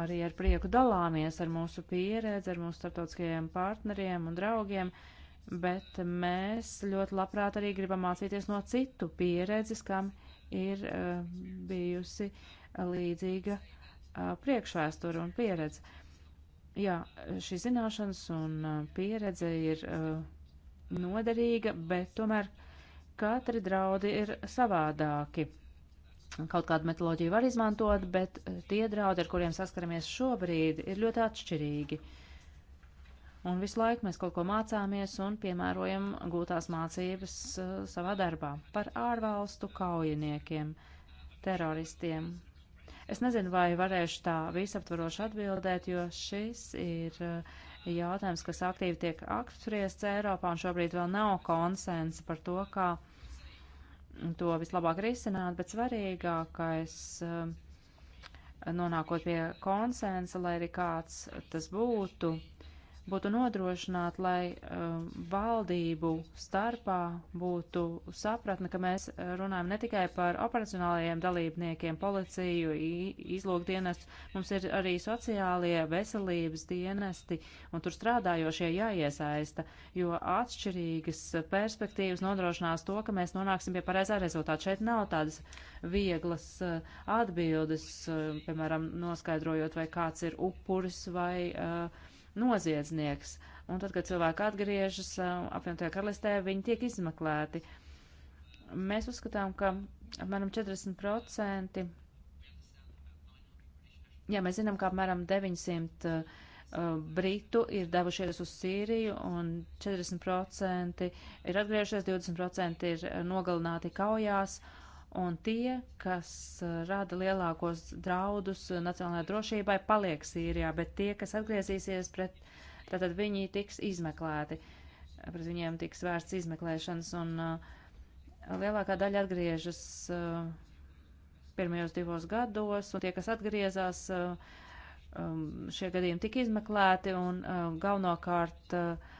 arī ar prieku dalāmies ar mūsu pieredzi, ar mūsu starptautiskajiem partneriem un draugiem, bet mēs ļoti labprāt arī gribam mācīties no citu pieredzes, kam ir eh, bijusi eh, līdzīga priekšvēsture un pieredze. Jā, šī zināšanas un pieredze ir noderīga, bet tomēr katri draudi ir savādāki. Kaut kādu metoloģiju var izmantot, bet tie draudi, ar kuriem saskaramies šobrīd, ir ļoti atšķirīgi. Un visu laiku mēs kaut ko mācāmies un piemērojam gūtās mācības savā darbā par ārvalstu kaujiniekiem, teroristiem, Es nezinu, vai varēšu tā visaptvaroši atbildēt, jo šis ir eh, jautājums, kas aktīvi tiek apspriests Eiropā, un šobrīd vēl nav konsensa par to, kā to vislabāk risināt, bet svarīgākais, eh, nonākot pie konsensa, lai arī kāds tas būtu, būtu nodrošināt, lai um, valdību starpā būtu sapratne, ka mēs runājam ne tikai par operacionālajiem dalībniekiem, policiju, izlūkdienestu, mums ir arī sociālie veselības dienesti un tur strādājošie jāiesaista, jo atšķirīgas perspektīvas nodrošinās to, ka mēs nonāksim pie pareizā rezultāta. Šeit nav tādas vieglas uh, atbildes, uh, piemēram, noskaidrojot, vai kāds ir upuris vai uh, noziedznieks. Un tad, kad cilvēki atgriežas apvienotajā karalistē, viņi tiek izmeklēti. Mēs uzskatām, ka apmēram 40%, jā, mēs zinām, ka apmēram 900 uh, Britu ir devušies uz Sīriju, un 40% ir atgriežies, 20% ir nogalināti kaujās, un tie, kas uh, rada lielākos draudus nacionālajai drošībai, paliek Sīrijā, bet tie, kas atgriezīsies pret, tātad viņi tiks izmeklēti, pret viņiem tiks vērsts izmeklēšanas, un uh, lielākā daļa atgriežas uh, pirmajos divos gados, un tie, kas atgriezās, uh, um, šie gadījumi tika izmeklēti, un uh, galvenokārt uh,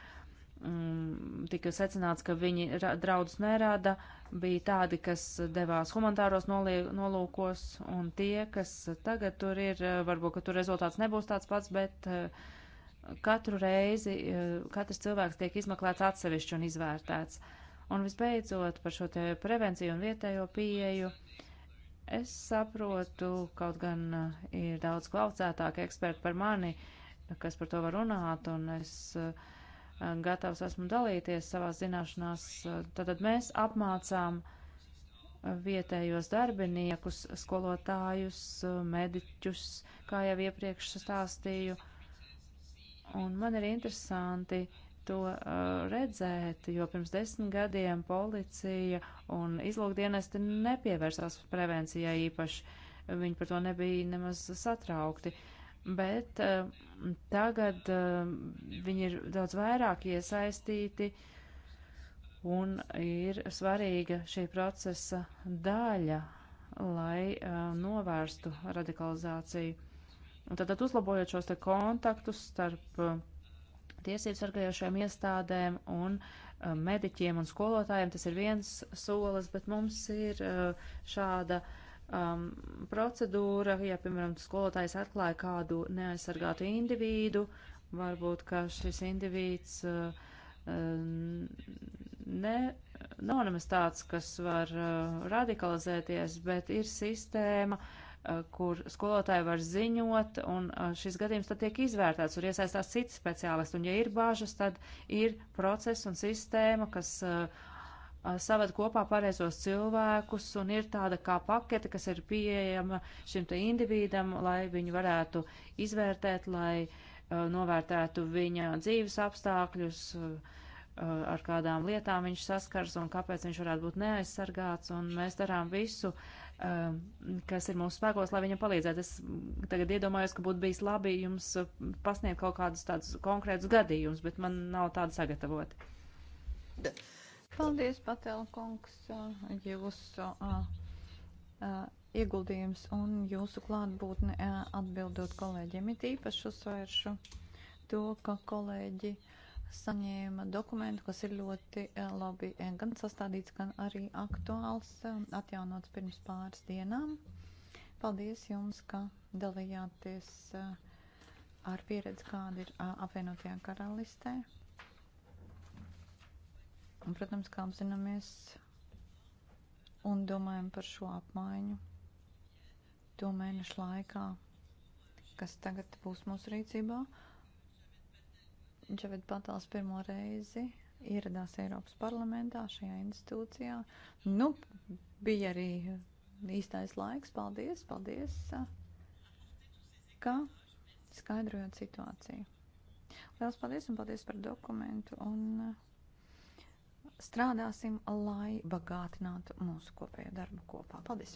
Mm, tika secināts, ka viņi draudus nerāda, bija tādi, kas devās humanitāros nolūkos, un tie, kas tagad tur ir, eh, varbūt, ka tur rezultāts nebūs tāds pats, bet eh, katru reizi eh, katrs cilvēks tiek izmeklēts atsevišķi un izvērtēts. Un visbeidzot, par šo te prevenciju un vietējo pieeju. Es saprotu, kaut gan ir daudz klaucētāki eksperti par mani, kas par to var runāt, un es uh, Eh, gatavs esmu dalīties savās zināšanās. Eh, tātad mēs apmācām eh, vietējos darbiniekus, skolotājus, mediķus, kā jau iepriekš stāstīju. Un man ir interesanti to redzēt, jo pirms desmit gadiem policija un izlūkdienesti nepievērsās prevencijai īpaši. Viņi par to nebija nemaz satraukti. Uh, bet uh, tagad uh, viņi ir daudz vairāk iesaistīti un ir svarīga šī procesa daļa, lai uh, novērstu radikalizāciju. Un tad, tad uzlabojot šos te kontaktus starp uh, tiesības sargājošajām iestādēm un uh, mediķiem un skolotājiem, tas ir viens solis, bet mums ir uh, šāda uh, um, procedūra, ja, piemēram, skolotājs atklāja kādu neaizsargātu individu, varbūt, ka šis individs uh, um, ne, nav nemaz tāds, kas var uh, radikalizēties, bet ir sistēma, uh, kur skolotāji var ziņot, un uh, šis gadījums tad tiek izvērtēts, un iesaistās citi speciālisti, un ja ir bāžas, tad ir process un sistēma, kas uh, saved kopā pareizos cilvēkus un ir tāda kā pakete, kas ir pieejama šim te individam, lai viņu varētu izvērtēt, lai uh, novērtētu viņa dzīves apstākļus, uh, ar kādām lietām viņš saskars un kāpēc viņš varētu būt neaizsargāts. Un mēs darām visu, uh, kas ir mūsu spēkos, lai viņam palīdzētu. Es tagad iedomājos, ka būtu bijis labi jums pasniegt kaut kādus tādus konkrētus gadījumus, bet man nav tāda sagatavota. Yeah. Paldies, Patelkungs, uh, jūsu uh, uh, ieguldījums un jūsu klātbūtne uh, atbildot kolēģiem. It īpaši uzsvēršu to, ka kolēģi saņēma dokumentu, kas ir ļoti uh, labi uh, gan sastādīts, gan arī aktuāls, uh, atjaunots pirms pāris dienām. Paldies jums, ka dalījāties uh, ar pieredzi, kāda ir uh, apvienotajā karalistē. Un, protams, kā apzināmies un domājam par šo apmaiņu to mēnešu laikā, kas tagad būs mūsu rīcībā. Džavid Patāls pirmo reizi ieradās Eiropas parlamentā šajā institūcijā. Nu, bija arī īstais laiks. Paldies, paldies, ka skaidrojot situāciju. Lielas paldies un paldies par dokumentu. Un, uh, strādāsim, lai bagātinātu mūsu kopējo darbu kopā. Paldies!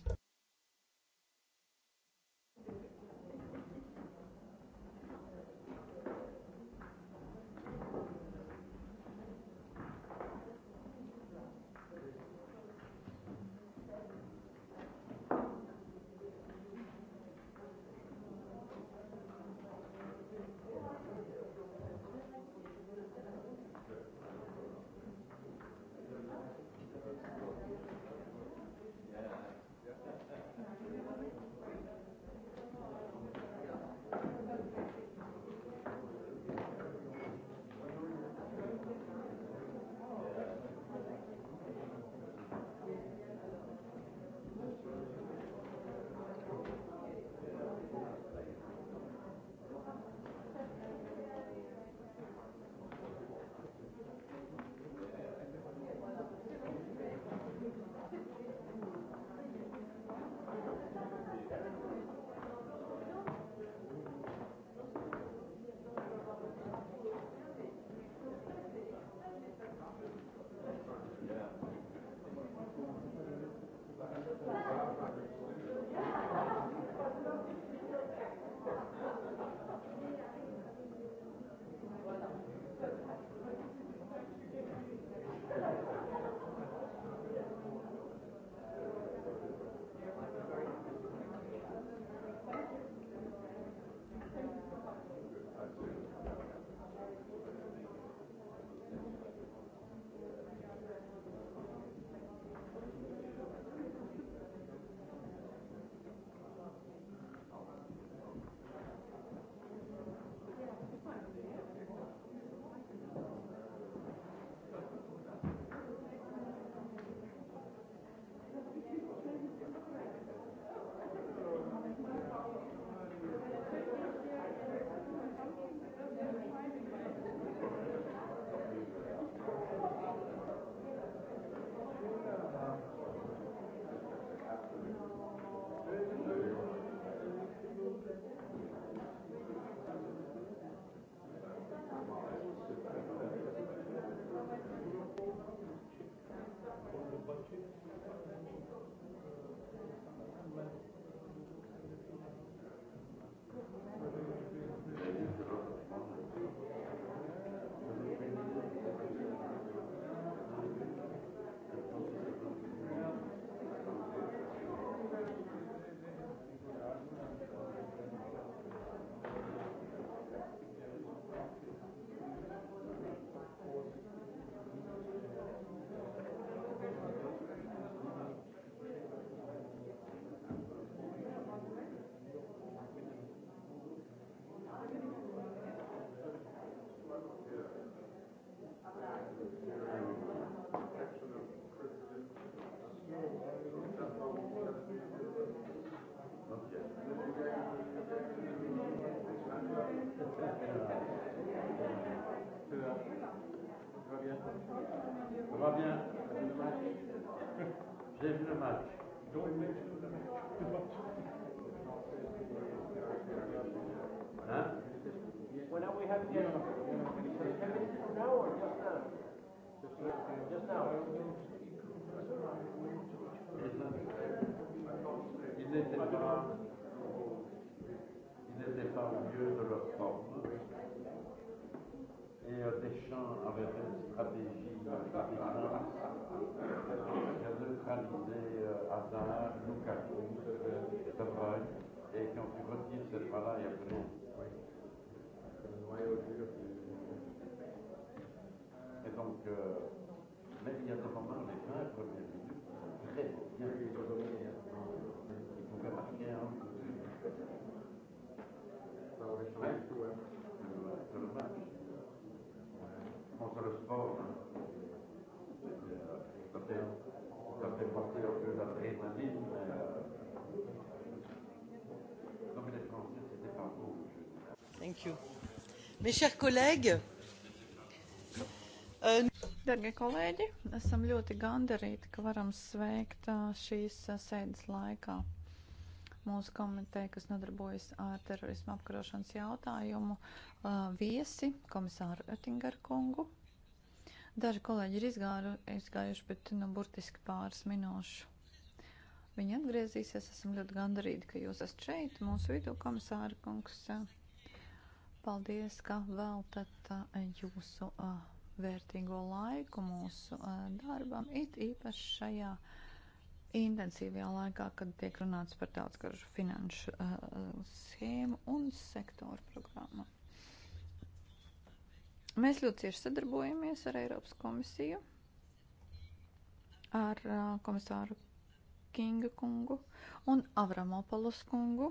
va bien. J'ai vu le match. Donc, hein? Well, now we have the yeah. ten minutes now or just now? Just now. Just now. Ils n'étaient pas, ils n'étaient pas au mieux de leur forme. Et euh, Deschamps avait une stratégie centralisé Hazard, Lukaku, Savagne, et quand tu retires cette balle-là, il y a plus Le noyau dur Et donc, euh, même il y a des moments, les 20 premières minutes, très bien. Ils pouvaient marquer un ou deux. Ça aurait changé tout, hein. Sur le match. Bon, sur le sport, hein ter, da ter partito più da adrenalina. Non me ne pensate, c'était pas vous. Thank you. Mes chers collègues, euh, Darbie kolēģi, esam ļoti gandarīti, ka varam sveikt šīs sēdes laikā mūsu komiteja, kas nodarbojas ar terorismu apkarošanas jautājumu, viesi komisāru Oettingeru kungu Daži kolēģi ir izgāru, izgājuši, bet nu, burtiski pāris minūšu. Viņi atgriezīsies. Esam ļoti gandarīti, ka jūs esat šeit, mūsu vidū, komisāra kungs. Paldies, ka veltat eh, jūsu eh, vērtīgo laiku mūsu eh, darbam, it īpaši šajā intensīvajā laikā, kad tiek runāts par daudz garšu finanšu schēmu un sektoru programmu. Mēs ļoti cieši sadarbojamies ar Eiropas komisiju, ar komisāru Kinga kungu un Avramopolus kungu.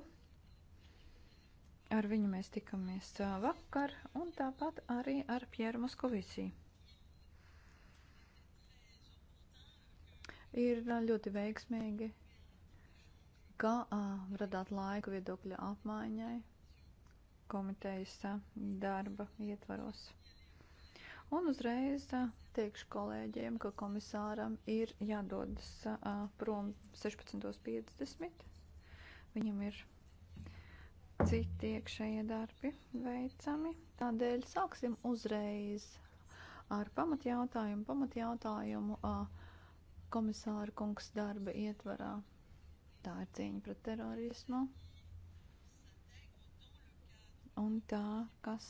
Ar viņu mēs tikamies vakar un tāpat arī ar Pieru Moskovici. Ir ļoti veiksmīgi, ka uh, radāt laiku viedokļa apmaiņai komitejas darba ietvaros. Un uzreiz teikšu kolēģiem, ka komisāram ir jādodas prom 16.50. Viņam ir citi iekšējie darbi veicami. Tādēļ sāksim uzreiz ar pamatjautājumu. Pamatjautājumu komisāra kungs darba ietvarā. Tā ir cīņa pret terorismu. Un tā, kas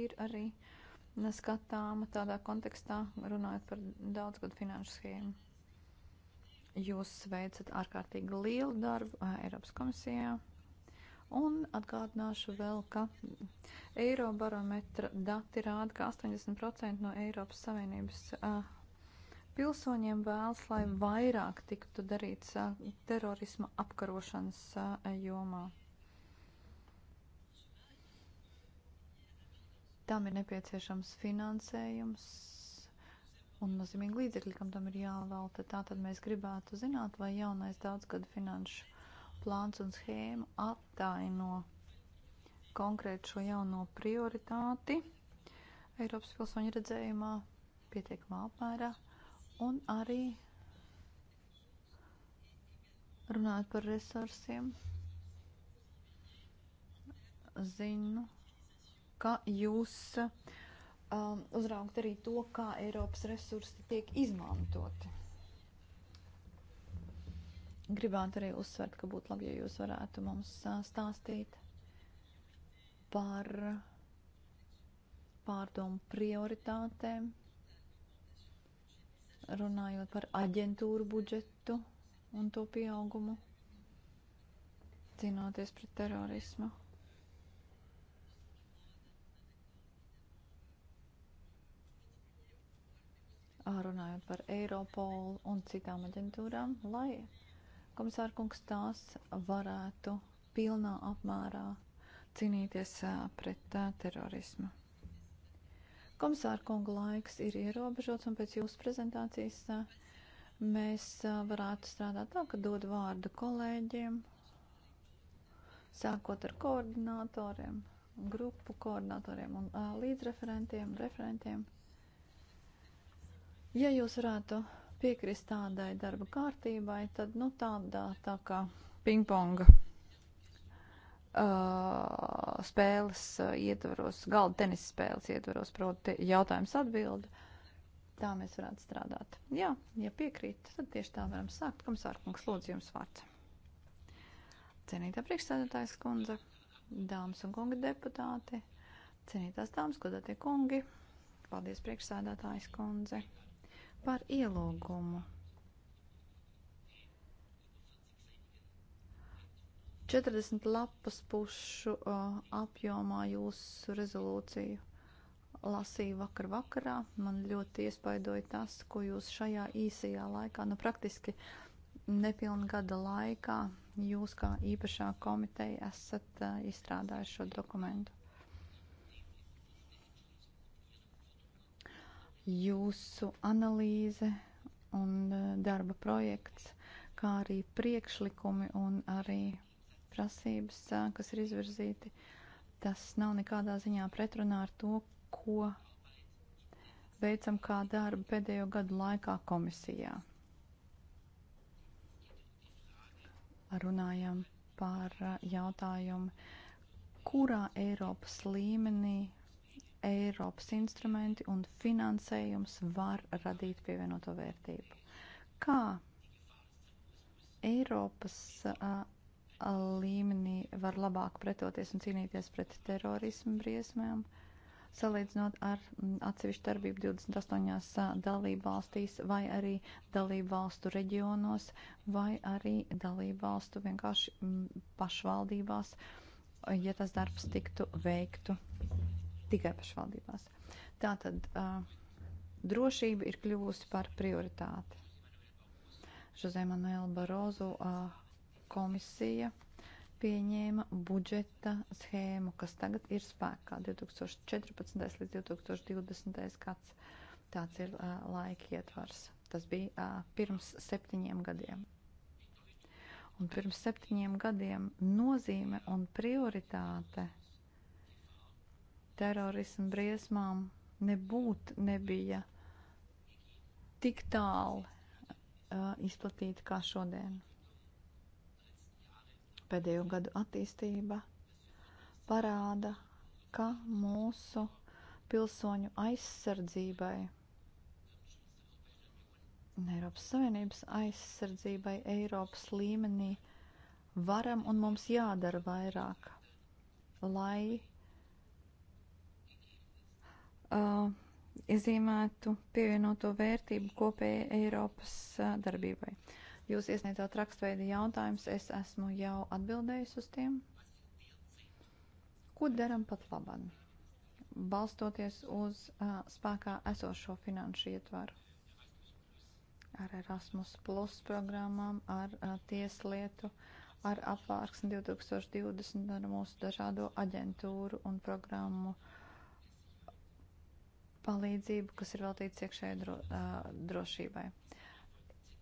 ir arī uh, skatāma tādā kontekstā, runājot par daudzgadu finanšu schēmu. Jūs veicat ārkārtīgi lielu darbu eh, Eiropas komisijā. Un atgādināšu vēl, ka Eirobarometra dati rāda, ka 80% no Eiropas Savienības uh, pilsoņiem vēlas, lai vairāk tiktu darīts uh, terorisma apkarošanas uh, jomā. Tam ir nepieciešams finansējums un nozīmīgi līdzekļi, kam tam ir jāvelta. Tātad mēs gribētu zināt, vai jaunais daudzgada finanšu plāns un schēma attaino konkrēti šo jauno prioritāti Eiropas pilsoņu redzējumā pietiekamā apmērā un arī runāt par resursiem. Zinu, ka jūs um, uzraugat arī to, kā Eiropas resursi tiek izmantoti. Gribētu arī uzsvērt, ka būtu labi, ja jūs varētu mums uh, stāstīt par pārdomu prioritātēm, runājot par aģentūru budžetu un to pieaugumu, cīnoties pret terorismu. runājot par Eiropolu un citām aģentūrām, lai komisārkungs tās varētu pilnā apmērā cīnīties pret terorismu. Komisārkunga laiks ir ierobežots, un pēc jūsu prezentācijas mēs varētu strādāt tā, ka dod vārdu kolēģiem, sākot ar koordinatoriem, grupu koordinatoriem un līdzreferentiem, referentiem. referentiem Ja jūs varētu piekrist tādai darba kārtībai, tad nu, tādā tā kā pingponga uh, spēles uh, ietvaros, galda tenisa spēles ietvaros, proti jautājums atbildi. Tā mēs varētu strādāt. Jā, ja piekrīt, tad tieši tā varam sākt. Komisārkungs, lūdzu jums vārds. Cienītā priekšsēdētājas kundze, dāmas un kungi deputāti, cienītās dāmas, godātie kungi, paldies priekšsēdētājas kundze par ielūgumu. 40 lapas pušu uh, apjomā jūsu rezolūciju lasīju vakar vakarā. Man ļoti iespaidoja tas, ko jūs šajā īsajā laikā, nu praktiski nepilngada laikā, jūs kā īpašā komiteja esat uh, izstrādājuši šo dokumentu. jūsu analīze un eh, darba projekts, kā arī priekšlikumi un arī prasības, eh, kas ir izvirzīti, tas nav nekādā ziņā pretrunā ar to, ko veicam kā darbu pēdējo gadu laikā komisijā. Runājam par eh, jautājumu, kurā Eiropas līmenī Eiropas instrumenti un finansējums var radīt pievienoto vērtību. Kā Eiropas uh, līmenī var labāk pretoties un cīnīties pret terorismu briesmām, salīdzinot ar atsevišķu darbību 28 dalību valstīs vai arī dalību valstu reģionos vai arī dalību valstu vienkārši pašvaldībās, ja tas darbs tiktu veiktu tikai pašvaldībās. Tātad uh, drošība ir kļuvusi par prioritāti. Žozē Manuela Barozu uh, komisija pieņēma budžeta schēmu, kas tagad ir spēkā 2014. līdz 2020. gads. Tāds ir uh, laika ietvars. Tas bija uh, pirms septiņiem gadiem. Un pirms septiņiem gadiem nozīme un prioritāte – terorismu briesmām nebūt nebija tik tālu uh, izplatīta kā šodien. Pēdējo gadu attīstība parāda, ka mūsu pilsoņu aizsardzībai un Eiropas Savienības aizsardzībai Eiropas līmenī varam un mums jādara vairāk, lai uh, iezīmētu pievienoto vērtību kopējai Eiropas uh, darbībai. Jūs iesniedzāt rakstveida jautājumus, es esmu jau atbildējis uz tiem. Ko daram pat labam? Balstoties uz uh, spēkā esošo finanšu ietvaru. Ar Erasmus Plus programmām, ar uh, tieslietu, ar apvārksni 2020, ar mūsu dažādo aģentūru un programmu uh, palīdzību, kas ir veltīts iekšējai dro, uh, drošībai.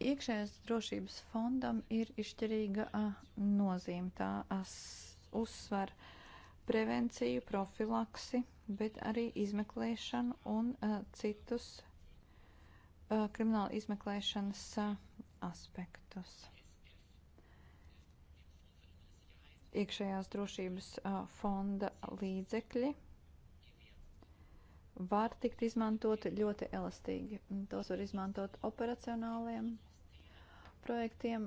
Iekšējās drošības fondam ir izšķirīga uh, nozīme. Tā as, uzsver prevenciju, profilaksi, bet arī izmeklēšanu un uh, citus uh, krimināla izmeklēšanas uh, aspektus. Iekšējās drošības uh, fonda līdzekļi var tikt izmantoti ļoti elastīgi. Tos var izmantot operacionāliem projektiem,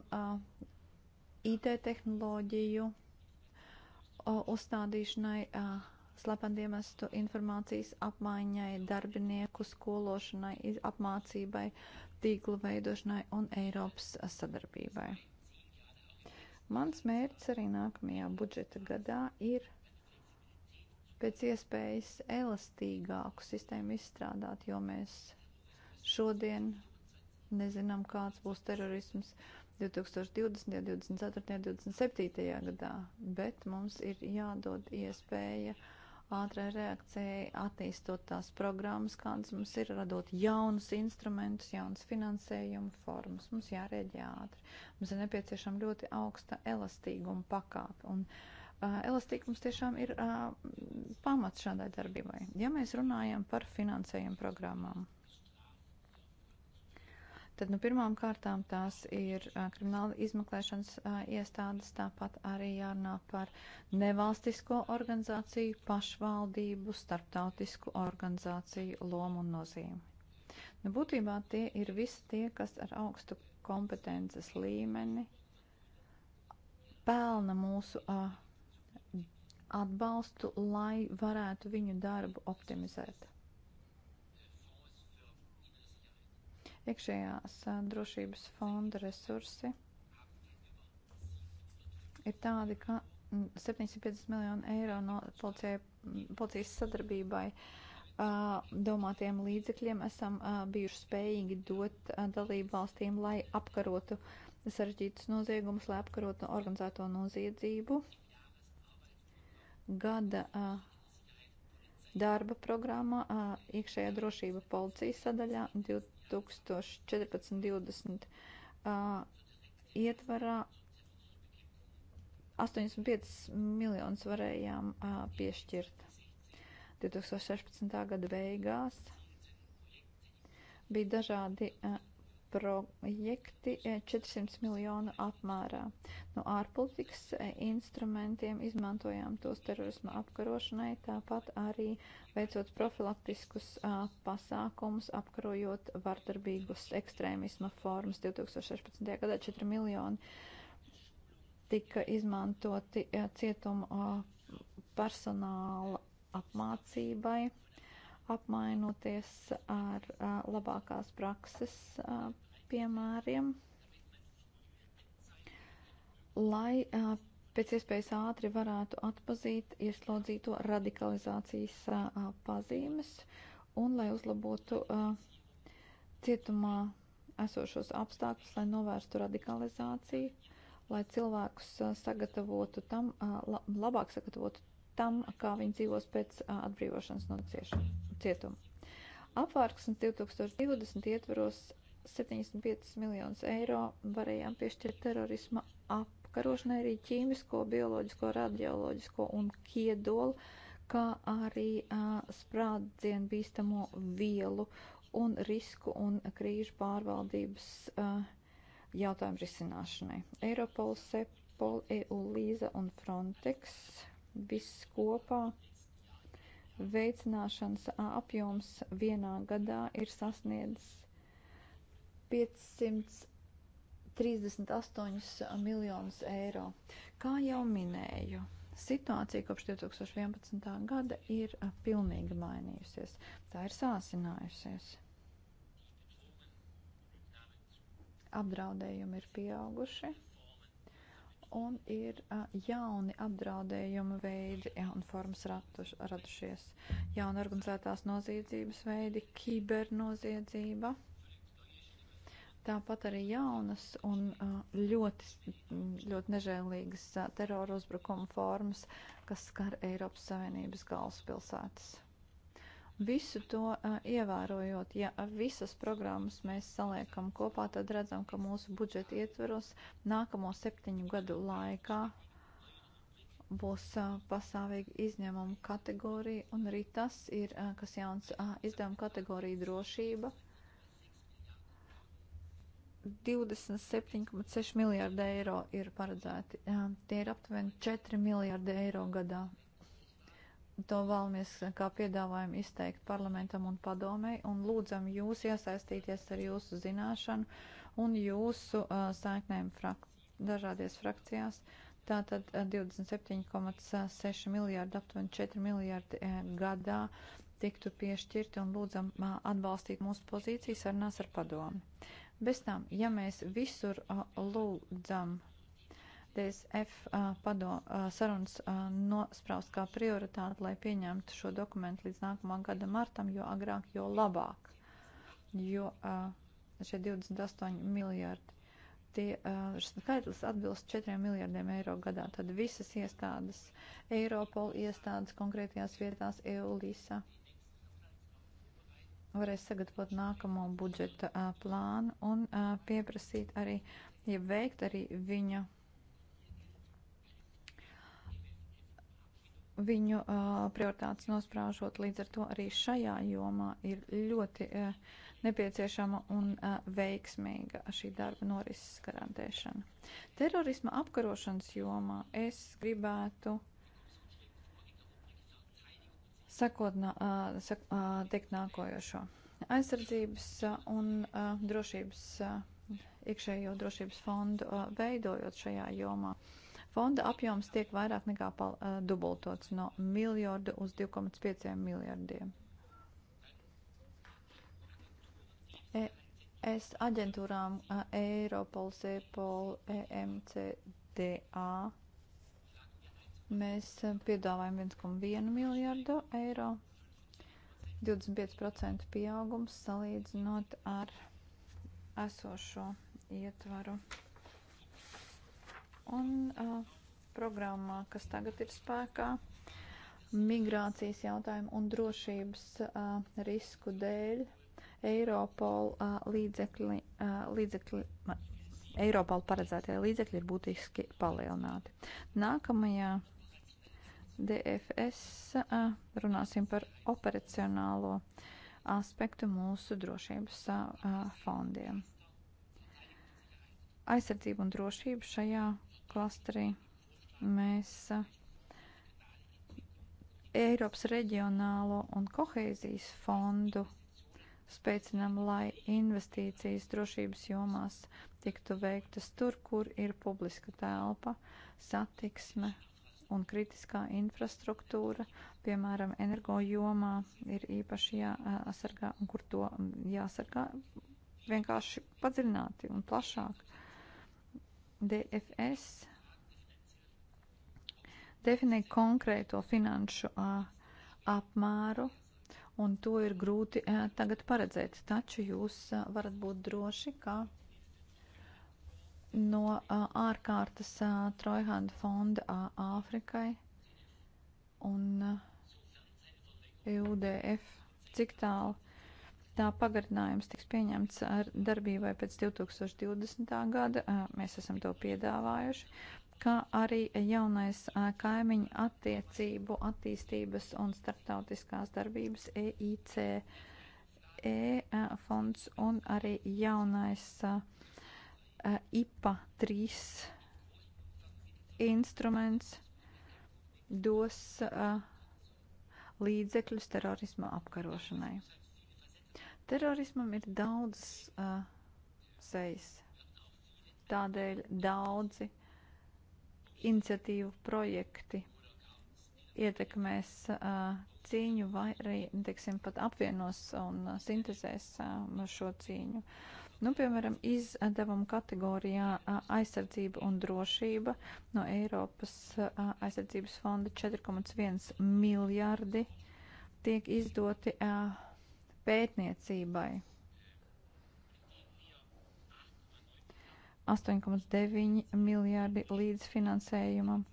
IT tehnoloģiju uzstādīšanai, slependiemestu informācijas apmaiņai, darbinieku skološanai, apmācībai, tīklu veidošanai un Eiropas sadarbībai. Mans mērķis arī nākamajā budžeta gadā ir pēc iespējas elastīgāku sistēmu izstrādāt, jo mēs šodien nezinām, kāds būs terorisms 2020, 2024, 2027. gadā, bet mums ir jādod iespēja ātrai reakcijai attīstot tās programmas, kādas mums ir, radot jaunus instrumentus, jaunas finansējuma formas. Mums jārēģē ātri. Mums ir nepieciešama ļoti augsta elastīguma pakāpe. Un, uh, elastīgums tiešām ir pamats šādai darbībai. Ja mēs runājam par finansējumu programmām, tad nu, pirmām kārtām tās ir krimināla izmeklēšanas iestādes, tāpat arī jārunā par nevalstisko organizāciju, pašvaldību, starptautisku organizāciju lomu un nozīmi. Nu, būtībā tie ir visi tie, kas ar augstu kompetences līmeni pelna mūsu uh, atbalstu, lai varētu viņu darbu optimizēt. Iekšējās drošības fonda resursi ir tādi, ka 750 miljonu eiro no policijai, policijas sadarbībai domātiem līdzekļiem esam bijuši spējīgi dot dalību valstīm, lai apkarotu sarežģītus noziegumus, lai apkarotu organizēto noziedzību gada darba programmā iekšējā drošība policijas sadaļā 2014-2020 ietvarā 85 miljonus varējām piešķirt. 2016. gada beigās bija dažādi projekti 400 eh, miljonu apmērā. No ārpolitikas eh, instrumentiem izmantojām tos terorisma apkarošanai, tāpat arī veicot profilaktiskus a, eh, pasākumus, apkarojot vardarbīgus ekstrēmisma formas. 2016. gadā 4 miljoni tika izmantoti a, cietuma a, personāla apmācībai apmainoties ar a, labākās prakses a, piemēriem, lai a, pēc iespējas ātri varētu atpazīt ieslodzīto radikalizācijas a, pazīmes un lai uzlabotu a, cietumā esošos apstākļus, lai novērstu radikalizāciju, lai cilvēkus a, sagatavotu tam, a, labāk sagatavotu tam, kā viņi dzīvos pēc a, atbrīvošanas no ciešanas cietumu. Apvārksnes 2020 ietvaros 75 miljonus eiro varējām piešķirt terorisma apkarošanai arī ķīmisko, bioloģisko, radioloģisko un kiedolu, kā arī uh, sprādzienu bīstamo vielu un risku un krīžu pārvaldības uh, jautājumu risināšanai. Eiropol, SEPOL, EU, Līza un Frontex viss kopā veicināšanas apjoms vienā gadā ir sasniedzis 538 miljonus eiro. Kā jau minēju, situācija kopš 2011. gada ir pilnīgi mainījusies. Tā ir sāsinājusies. Apdraudējumi ir pieauguši un ir jauni apdraudējuma veidi un formas ratuš, radušies. Jauna organizētās noziedzības veidi, kibernoziedzība. Tāpat arī jaunas un ļoti, ļoti nežēlīgas terora uzbrukuma formas, kas skar Eiropas Savienības galvaspilsētas. Visu to uh, ievērojot, ja visas programmas mēs saliekam kopā, tad redzam, ka mūsu budžeta ietveros nākamo septiņu gadu laikā būs uh, pasāvīgi izņēmuma kategorija, un arī tas ir, uh, kas jauns izdevuma kategorija drošība. 27,6 miljārdi eiro ir paredzēti. Tie ir aptuveni 4 miljārdi eiro gadā to vēlamies kā piedāvājumu izteikt parlamentam un padomēji un lūdzam jūs iesaistīties ar jūsu zināšanu un jūsu uh, sēknēm frak dažādies frakcijās. Tātad 27,6 miljārdi, aptuveni 4 miljārdi eh, gadā tiktu piešķirti un lūdzam uh, atbalstīt mūsu pozīcijas ar NAS ar padomu. Bez tām, ja mēs visur uh, lūdzam DSF pado, sarunas nospraust kā prioritāti, lai pieņemtu šo dokumentu līdz nākamā gada martam, jo agrāk, jo labāk. Jo šie 28 miljardi, tie skaitlis atbilst 4 miljardiem eiro gadā. Tad visas iestādes, Eiropola iestādes konkrētajās vietās, EULISA varēs sagatavot nākamo budžeta plānu un pieprasīt arī, ja veikt arī viņa viņu uh, prioritātes nosprāžot. Līdz ar to arī šajā jomā ir ļoti uh, nepieciešama un uh, veiksmīga šī darba norises garantēšana. Terorisma apkarošanas jomā es gribētu sakot, uh, sak, uh, teikt nākojošo. Aizsardzības uh, un uh, drošības, uh, iekšējo drošības fondu uh, veidojot šajā jomā. Uh, Fonda apjoms tiek vairāk nekā pal, uh, dubultots no miljardu uz 2,5 miljardiem. E es aģentūrām uh, Eiropols, EPOL, EMCDA mēs piedāvājam 1,1 miljardu eiro, 25% pieaugums salīdzinot ar esošo ietvaru. Un uh, programmā, kas tagad ir spēkā, migrācijas jautājumu un drošības uh, risku dēļ Eiropola uh, līdzekļi, uh, līdzekļi uh, Eiropola paredzētie līdzekļi ir būtiski palielināti. Nākamajā DFS uh, runāsim par operacionālo aspektu mūsu drošības uh, fondiem. Aizsardzība un drošība šajā klasterī mēs eh, Eiropas reģionālo un koheizijas fondu spēcinām, lai investīcijas drošības jomās tiktu veiktas tur, kur ir publiska telpa, satiksme un kritiskā infrastruktūra, piemēram, energo jomā ir īpaši jāsargā un kur to jāsargā vienkārši padziļināti un plašāk. DFS definē konkrēto finanšu uh, apmēru, un to ir grūti uh, tagad paredzēt. Taču jūs uh, varat būt droši, ka no uh, ārkārtas uh, Trojhanda fonda uh, Āfrikai un uh, e UDF cik tālu Tā pagarinājums tiks pieņemts ar darbībai pēc 2020. gada, mēs esam to piedāvājuši, kā arī jaunais kaimiņu attiecību attīstības un starptautiskās darbības EICE e, fonds un arī jaunais IPA 3 instruments dos līdzekļus terorisma apkarošanai. Terorismam ir daudz uh, sejas. Tādēļ daudzi iniciatīvu projekti ietekmēs uh, cīņu vai arī, teiksim, pat apvienos un uh, sintezēs uh, um, šo cīņu. Nu, piemēram, izdevumu kategorijā uh, aizsardzība un drošība no Eiropas uh, aizsardzības fonda 4,1 miljardi tiek izdoti. Uh, pētniecībai. 8,9 miljārdi līdzfinansējumam,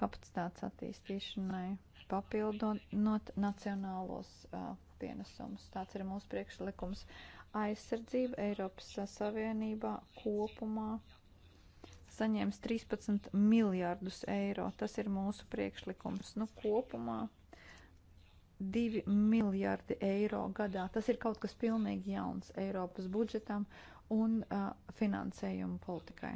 kapacitātes attīstīšanai, papildinot nacionālos uh, pienesumus. Tāds ir mūsu priekšlikums. Aizsardzība Eiropas Savienībā kopumā saņēmis 13 miljārdus eiro. Tas ir mūsu priekšlikums. Nu, kopumā 2 miljardi eiro gadā. Tas ir kaut kas pilnīgi jauns Eiropas budžetam un uh, finansējumu politikai.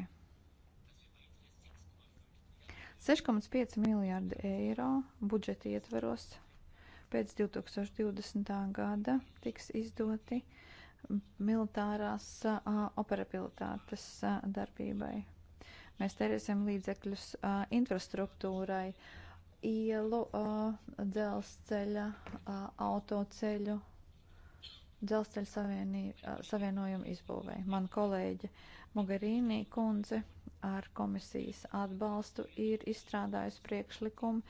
6,5 miljardi eiro budžeta ietveros pēc 2020. gada tiks izdoti militārās uh, operabilitātes uh, darbībai. Mēs tērēsim līdzekļus uh, infrastruktūrai, uh, ielu, dzelzceļa, autoceļu, dzelzceļa savienī, savienojumu izbūvēja. Man kolēģe Mogarīnī kundze ar komisijas atbalstu ir izstrādājusi priekšlikumu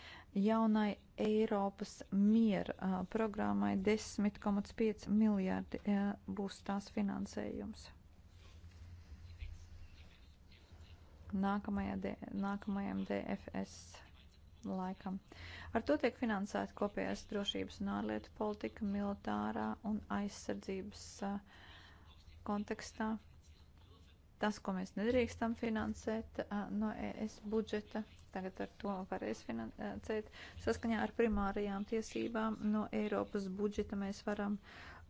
jaunai Eiropas miera programmai 10,5 miljārdi būs tās finansējums. Nākamajā D, nākamajam DFS laikam. Ar to tiek finansēta kopējās drošības un ārlietu politika militārā un aizsardzības kontekstā. Tas, ko mēs nedrīkstam finansēt no ES budžeta, tagad ar to varēs finansēt. Saskaņā ar primārajām tiesībām no Eiropas budžeta mēs varam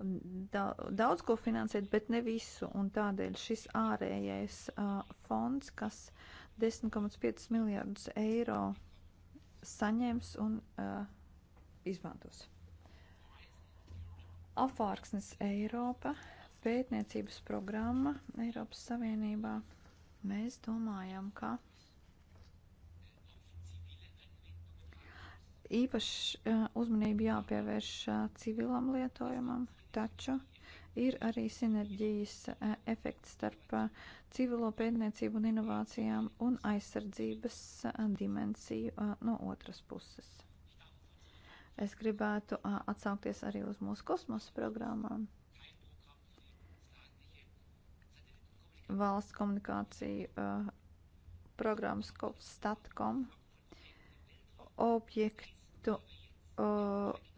daudz ko finansēt, bet ne visu. Un tādēļ šis ārējais fonds, kas 10,5 miljardus eiro saņems un uh, izmantos. Apvārksnes Eiropa, pētniecības programma Eiropas Savienībā. Mēs domājam, ka īpaši uh, uzmanība jāpievērš uh, civilam lietojumam, taču Ir arī sinerģijas e, efekts starp e, civilo pētniecību un inovācijām un aizsardzības e, dimensiju no otras puses. Es gribētu atsaukties arī uz mūsu kosmosa programmām. Valsts komunikācija programmas Statkom objektu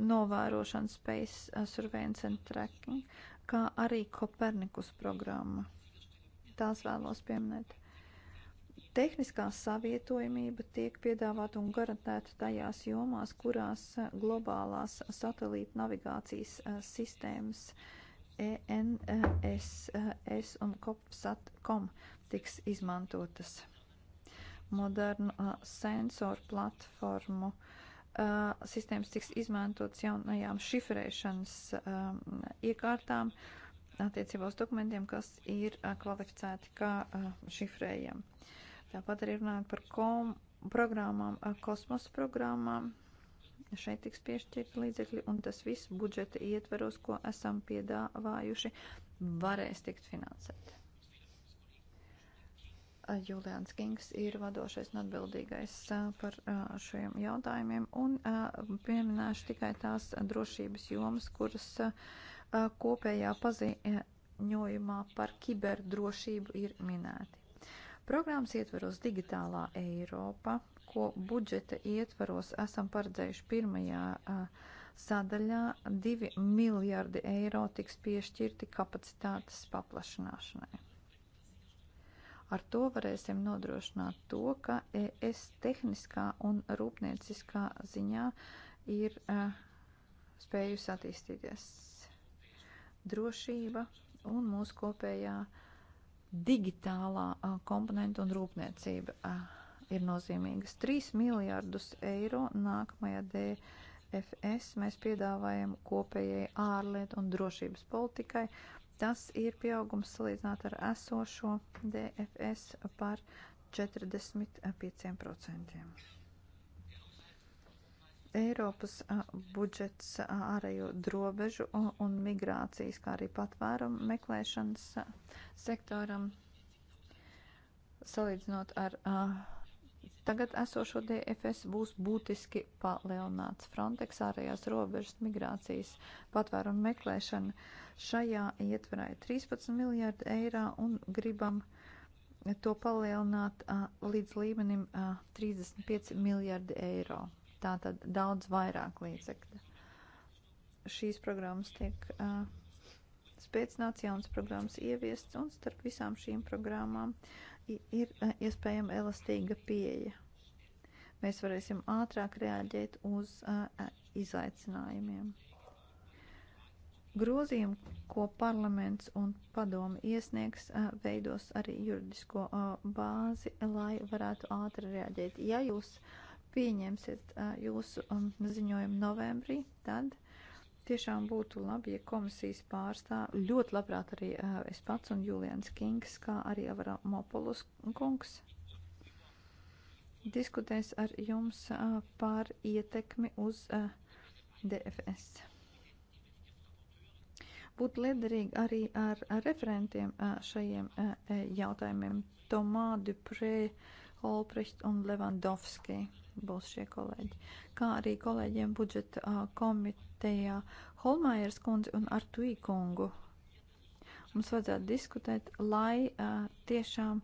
novērošana, space surveillance and tracking kā arī Kopernikus programma. Tās vēlos pieminēt. Tehniskā savietojamība tiek piedāvāta un garantēta tajās jomās, kurās globālās satelīta navigācijas eh, sistēmas ENSS eh, un COPSATCOM tiks izmantotas. Modernu eh, sensoru platformu uh, uh, sistēmas tiks izmantotas jaunajām šifrēšanas uh, iekārtām attiecībā uz dokumentiem, kas ir uh, kvalificēti kā uh, šifrējami. Tāpat arī runājot par kom programmām, uh, kosmosa programmām. Šeit tiks piešķirti līdzekļi, un tas viss budžeta ietveros, ko esam piedāvājuši, varēs tikt finansēti. Julians Kings ir vadošais un atbildīgais par šiem jautājumiem, un pieminēšu tikai tās drošības jomas, kuras kopējā paziņojumā par kiberdrošību ir minēti. Programmas ietveros digitālā Eiropa, ko budžeta ietveros esam paredzējuši pirmajā sadaļā, 2 miljardi eiro tiks piešķirti kapacitātes paplašanāšanai. Ar to varēsim nodrošināt to, ka ES tehniskā un rūpnieciskā ziņā ir uh, spējusi attīstīties drošība un mūsu kopējā digitālā uh, komponenta un rūpniecība uh, ir nozīmīgas. 3 miljārdus eiro nākamajā DFS mēs piedāvājam kopējai ārlietu un drošības politikai. Uh, Tas ir pieaugums salīdzināt ar esošo DFS par 45%. Eiropas budžets ārējo drobežu un migrācijas, kā arī patvērumu meklēšanas sektoram salīdzinot ar tagad esošo DFS būs būtiski palielināts. Frontex ārējās robežas migrācijas patvērumu meklēšana šajā ietverē 13 miljārdu eirā un gribam to palielināt a, līdz līmenim a, 35 miljārdi eiro. Tātad daudz vairāk līdzekļu. Šīs programmas tiek a, spēcināts, jaunas programmas ieviests un starp visām šīm programmām. A, ir e, iespējama elastīga pieeja. Mēs varēsim ātrāk reaģēt uz e, e, izaicinājumiem. Grozījumi, ko parlaments un padomi iesniegs, veidos arī juridisko bāzi, lai varētu ātri reaģēt. Ja jūs pieņemsiet jūsu ziņojumu novembrī, tad Tiešām būtu labi, ja komisijas pārstāv ļoti labprāt arī eh, es pats un Julians Kings, kā arī Avara Mopolus kungs, diskutēs ar jums eh, par ietekmi uz eh, DFS. Būtu liederīgi arī ar referentiem šajiem jautājumiem Tomā Duprē, Olprecht un Levandovskijai būs šie kolēģi, kā arī kolēģiem budžeta uh, komitejā Holmājers kundzi un Artuī kungu. Mums vajadzētu diskutēt, lai uh, tiešām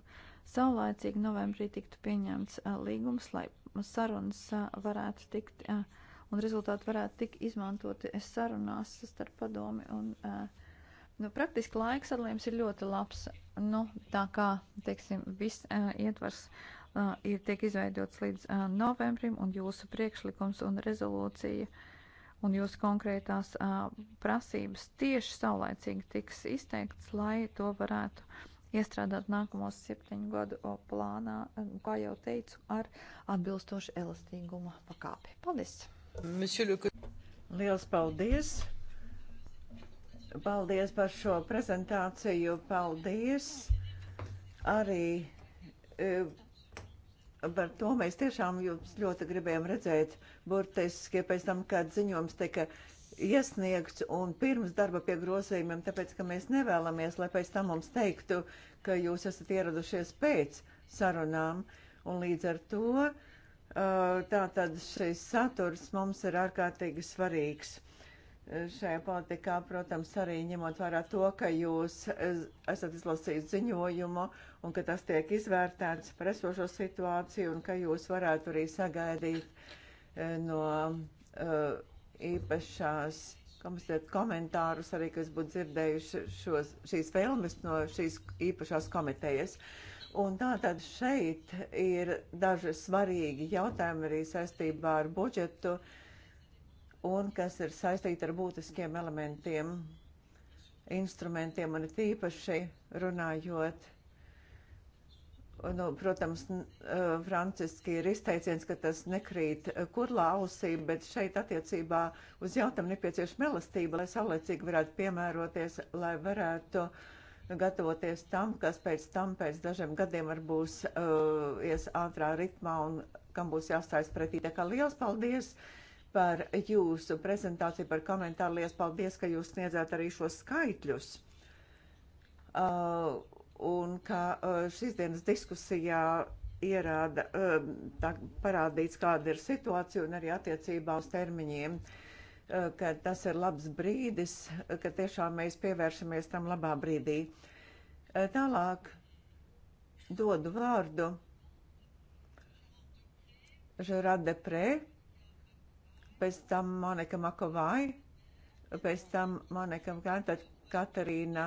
saulēcīgi novembrī tiktu pieņemts uh, līgums, lai sarunas uh, varētu tikt uh, un rezultāti varētu tik izmantoti sarunās starp padomi un. Uh, Nu, praktiski laiks atlējums ir ļoti labs. Nu, tā kā, teiksim, viss uh, ietvars uh, ir tiek izveidots līdz novembrim, un jūsu priekšlikums un rezolūcija un jūsu konkrētās prasības tieši saulēcīgi tiks izteikts, lai to varētu iestrādāt nākamos septiņu gadu plānā, kā jau teicu, ar atbilstošu elastīguma pakāpi. Paldies! Liels paldies! Paldies par šo prezentāciju! Paldies! Arī e, Par to mēs tiešām jūs ļoti gribējām redzēt, burtiski pēc tam, kad ziņojums tika iesniegts un pirms darba pie grozījumiem, tāpēc, ka mēs nevēlamies, lai pēc tam mums teiktu, ka jūs esat ieradušies pēc sarunām. Un līdz ar to tātad šis saturs mums ir ārkārtīgi svarīgs šajā politikā, protams, arī ņemot vērā to, ka jūs eh, esat izlasījis ziņojumu un ka tas tiek izvērtēts par esošo situāciju un ka jūs varētu arī sagaidīt eh, no uh, īpašās komisijas komentārus, arī kas būtu dzirdējuši šos, šīs filmas no šīs īpašās komitejas. Un tātad šeit ir daži svarīgi jautājumi arī saistībā ar budžetu. Uh, un kas ir saistīti ar būtiskiem elementiem, instrumentiem, un tīpaši runājot nu, protams, eh, franciski ir izteiciens, ka tas nekrīt eh, kurlā ausī, bet šeit attiecībā uz jautājumu nepieciešama elastība, lai saulēcīgi varētu piemēroties, lai varētu gatavoties tam, kas pēc tam pēc dažiem gadiem var būs uh, ies ātrā ritmā un kam būs jāstājas pretī. Tā kā liels paldies par jūsu prezentāciju, par komentāru. Lielas paldies, ka jūs sniedzāt arī šos skaitļus. Uh, un ka uh, šīs dienas diskusijā ierāda, uh, tā, parādīts, kāda ir situācija un arī attiecībā uz termiņiem, uh, ka tas ir labs brīdis, ka tiešām mēs pievēršamies tam labā brīdī. Uh, tālāk dodu vārdu Žerāde Prē pēc tam Monika Makovai, pēc tam Monika Makovai, tad Katarīna.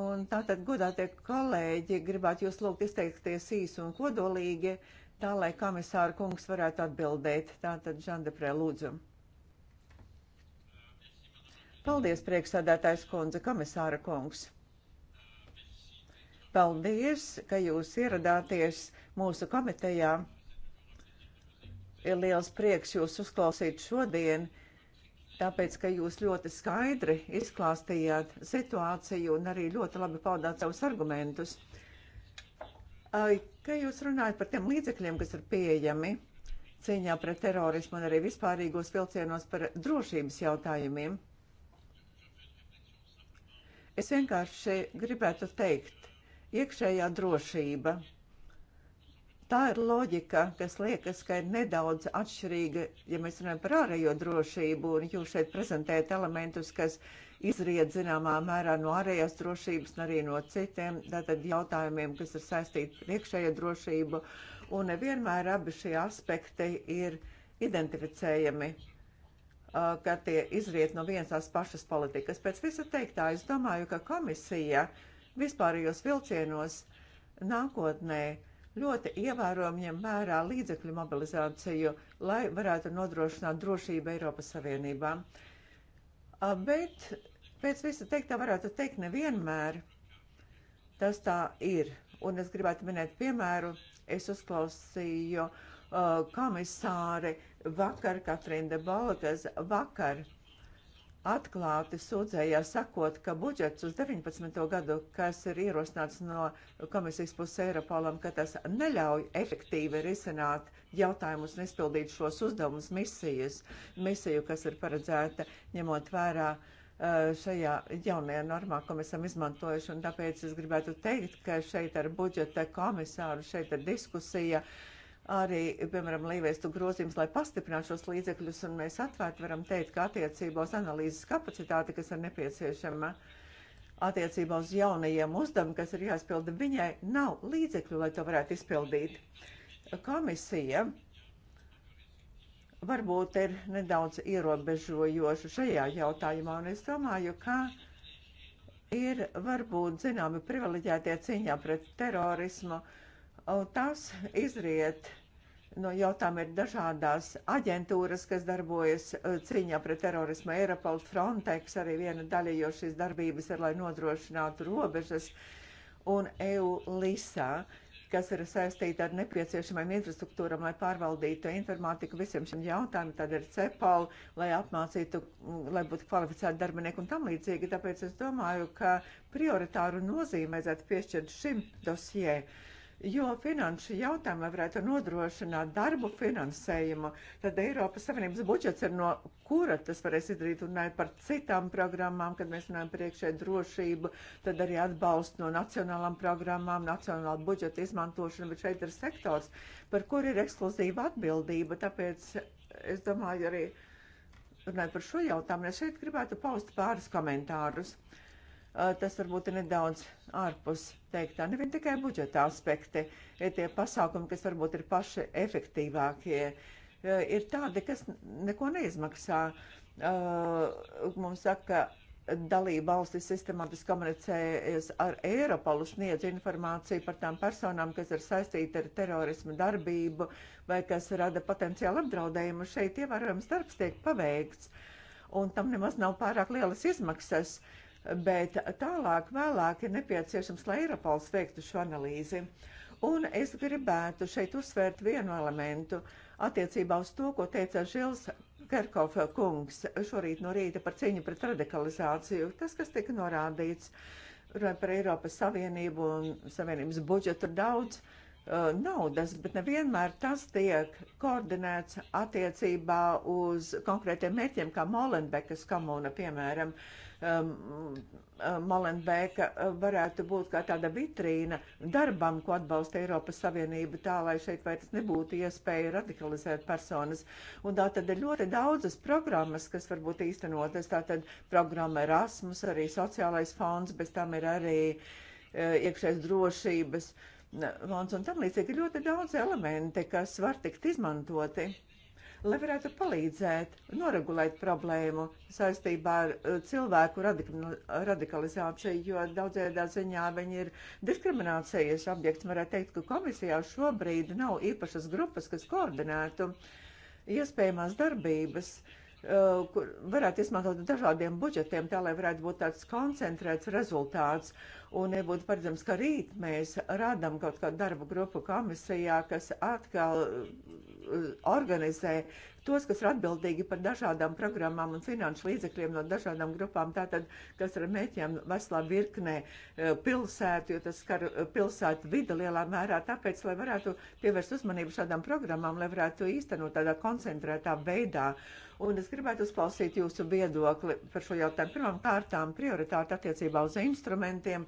Un tātad, godātie kolēģi, gribētu jūs lūgt izteikties īsi un kodolīgi, tā lai komisāra kungs varētu atbildēt. Tātad, Žandeprē, lūdzu. Paldies, priekšsādātājs kundze, komisāra kungs. Paldies, ka jūs ieradāties mūsu komitejā ir liels prieks jūs uzklausīt šodien, tāpēc, ka jūs ļoti skaidri izklāstījāt situāciju un arī ļoti labi paudāt savus argumentus. Ka jūs runājat par tiem līdzekļiem, kas ir pieejami cīņā pret terorismu un arī vispārīgos vilcienos par drošības jautājumiem. Es vienkārši gribētu teikt, iekšējā drošība – Tā ir loģika, kas liekas, ka ir nedaudz atšķirīga, ja mēs runājam par ārējo drošību, un jūs šeit prezentējat elementus, kas izriet zināmā mērā no ārējās drošības un arī no citiem tātad jautājumiem, kas ir saistīti ar iekšējo drošību, un nevienmēr abi šie aspekti ir identificējami ka tie izriet no vienas tās pašas politikas. Pēc visa teiktā, es domāju, ka komisija vispārējos vilcienos nākotnē uh, ļoti ievērojami ņem vērā līdzekļu mobilizāciju, lai varētu nodrošināt drošību Eiropas Savienībā. Bet pēc visa teiktā varētu teikt nevienmēr tas tā ir. Un es gribētu minēt piemēru, es uzklausīju uh, komisāri vakar Katrīna Debalkas vakar atklāti sūdzējās sakot, ka budžets uz 19. gadu, kas ir ierosināts no komisijas puses Eiropolam, ka tas neļauj efektīvi risināt jautājumus un izpildīt šos uzdevumus misijas, misiju, kas ir paredzēta ņemot vērā eh, šajā jaunajā normā, ko mēs esam izmantojuši, un tāpēc es gribētu teikt, ka šeit ar budžeta komisāru, šeit ir diskusija uh, arī, piemēram, līvēstu grozījums, lai pastiprinātu šos līdzekļus, un mēs atvērti varam teikt, ka attiecībā uz analīzes kapacitāti, kas ir nepieciešama attiecībā uz jaunajiem uzdevumiem, kas ir jāizpilda, viņai nav līdzekļu, lai to varētu izpildīt. Komisija varbūt ir nedaudz ierobežojoša šajā jautājumā, un es domāju, ka ir varbūt zināmi privileģētie cīņā pret terorismu. Tas izriet no jautājuma ir dažādās aģentūras, kas darbojas eh, cīņā pret terorismu. Eiropols Frontex arī viena daļa, jo šīs darbības ir, lai nodrošinātu robežas, un EU LISA, kas ir saistīta ar nepieciešamajām infrastruktūram, lai pārvaldītu informātiku visiem šiem jautājumiem. Tad ir CEPOL, lai apmācītu, mm, lai būtu kvalificēti darbinieki un tam līdzīgi. Tāpēc es domāju, ka prioritāru nozīmē vajadzētu piešķirt šim dosijai. Uh, jo finanšu jautājumā varētu nodrošināt darbu finansējumu, tad Eiropas Savienības budžets ir no kura tas varēs izdarīt, runājot par citām programmām, kad mēs runājam par iekšēju drošību, tad arī atbalstu no nacionālām programmām, nacionālā budžeta izmantošana, bet šeit ir sektors, par kur ir ekskluzīva atbildība, tāpēc es domāju arī runājot par šo jautājumu, es šeit gribētu paust pāris komentārus. Uh, Uh, tas varbūt ir nedaudz ārpus teiktā. Nevien nu, tikai budžeta aspekti ir tie pasākumi, kas varbūt ir paši efektīvākie. Uh, ir tādi, kas neko neizmaksā. Uh, mums saka, dalība valstis sistemātiski komunicējas ar Eiropalu, sniedz informāciju par tām personām, kas ir saistīti ar terorismu darbību vai kas rada potenciālu apdraudējumu. Šeit ievērojams darbs tiek paveikts, un tam nemaz nav pārāk lielas izmaksas. Uh, bet tālāk, vēlāk ir nepieciešams, lai Eiropols veiktu šo analīzi. Un es gribētu šeit uzsvērt vienu elementu attiecībā uz to, ko teica Žils Kerkova kungs šorīt no rīta par cīņu pret radikalizāciju. Tas, kas tika norādīts par Eiropas Savienību un Savienības budžetu, ir daudz uh, naudas, bet nevienmēr tas tiek koordinēts attiecībā uz konkrētiem mērķiem, kā Molenbekas komuna, piemēram. Uh, Um, um, Molenbēka uh, varētu būt kā tāda vitrīna darbam, ko atbalsta Eiropas Savienība, tā lai šeit vairs nebūtu iespēja radikalizēt personas. Un tā tad ir ļoti daudzas programmas, kas var būt īstenotas. Tā tad programma Erasmus, arī sociālais fonds, bez tam ir arī uh, iekšējas drošības uh, fonds un tam līdzīgi. Ir ļoti daudz elementi, kas var tikt izmantoti lai varētu palīdzēt noregulēt problēmu saistībā ar uh, cilvēku radikalizāciju, jo daudzējādā ziņā viņi ir diskriminācijas objekts. Varētu teikt, ka komisijā šobrīd nav īpašas grupas, kas koordinētu iespējamās darbības uh, kur varētu izmantot dažādiem budžetiem, tā lai varētu būt tāds koncentrēts rezultāts. Uh, un nebūtu paredzams, ka rīt mēs radām kaut kādu darbu grupu komisijā, kas atkal uh, organizē tos, kas ir atbildīgi par dažādām programmām un finanšu līdzekļiem no dažādām grupām, tātad, kas ar mēķiem veselā virknē uh, pilsētu, jo tas skar uh, pilsētu vidi lielā mērā, tāpēc, lai varētu pievērst uzmanību šādām programmām, lai varētu īstenot tādā koncentrētā veidā. Uh, un es gribētu uzklausīt jūsu viedokli par šo jautājumu. Pirmām kārtām prioritāte attiecībā uz instrumentiem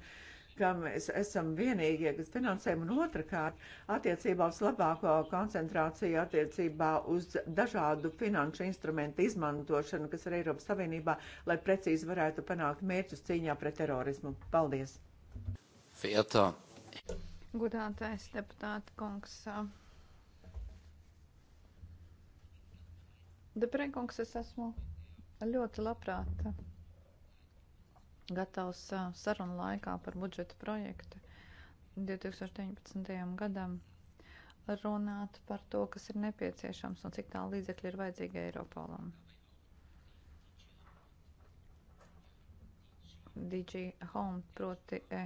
ka mēs esam vienīgie, kas finansējam, un otrkārt, attiecībā uz labāko koncentrāciju, attiecībā uz dažādu finanšu instrumentu izmantošanu, kas ir Eiropas Savienībā, lai precīzi varētu panākt mērķus cīņā pret terorismu. Paldies! Fietā! Gudātais deputāta kungs. Uh... Deprenkungs, es esmu ļoti labprāt gatavs sarunu laikā par budžeta projektu 2019. gadam runāt par to, kas ir nepieciešams un cik tā līdzekļi ir vajadzīgi Eiropolam. DG Home proti e,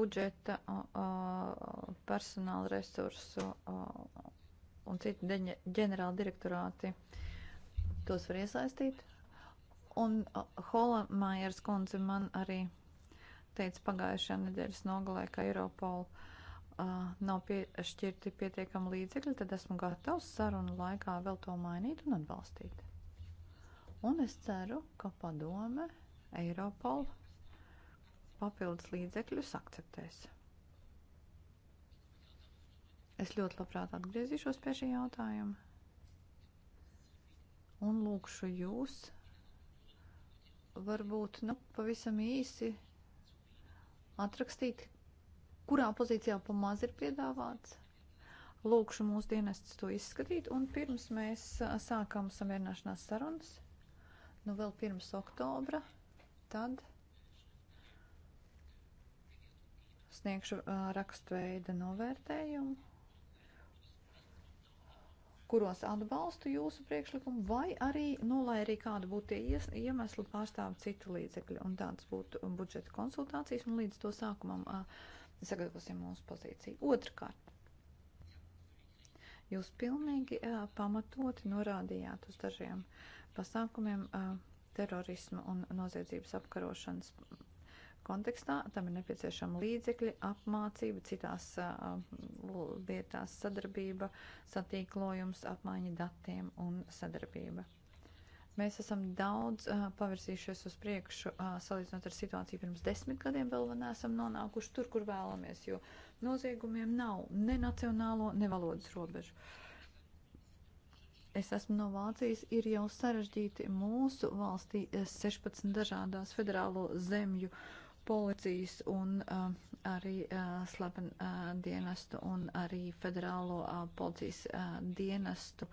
budžeta, o, o, personāla resursu o, un citi ģenerāli direktorāti tos var iesaistīt. Un Holamajers kundze man arī teica pagājušajā nedēļas nogalē, ka Eiropola uh, nav piešķirti pietiekami līdzekļi, tad esmu gatavs sarunu laikā vēl to mainīt un atbalstīt. Un es ceru, ka padome Eiropola papildus līdzekļus akceptēs. Es ļoti labprāt atgriezīšos pie šī jautājuma un lūkšu jūs varbūt nu, pavisam īsi atrakstīt, kurā pozīcijā pamaz ir piedāvāts. Lūkšu mūsu dienestus to izskatīt, un pirms mēs sākam samierināšanās sarunas, nu vēl pirms oktobra, tad sniegšu rakstveida novērtējumu kuros atbalstu jūsu priekšlikumu, vai arī, nu, lai arī kāda būtu tie iemesli, pārstāv citi līdzekļi. Un tāds būtu budžeta konsultācijas, un līdz to sākumam sagatavosim mūsu pozīciju. Otrakārt, jūs pilnīgi a, pamatoti norādījāt uz dažiem pasākumiem a, terorismu un noziedzības apkarošanas kontekstā. Tam ir nepieciešama līdzekļi, apmācība, citās vietās sadarbība, satīklojums, apmaiņa datiem un sadarbība. Mēs esam daudz uh, pavirsījušies uz priekšu, uh, salīdzinot ar situāciju pirms desmit gadiem, vēl neesam nonākuši tur, kur vēlamies, jo noziegumiem nav ne nacionālo, ne valodas robežu. Es esmu no Vācijas, ir jau sarežģīti mūsu valstī 16 dažādās federālo zemju uh, policijas un uh, arī uh, slapen uh, dienestu un arī federālo uh, policijas uh, dienestu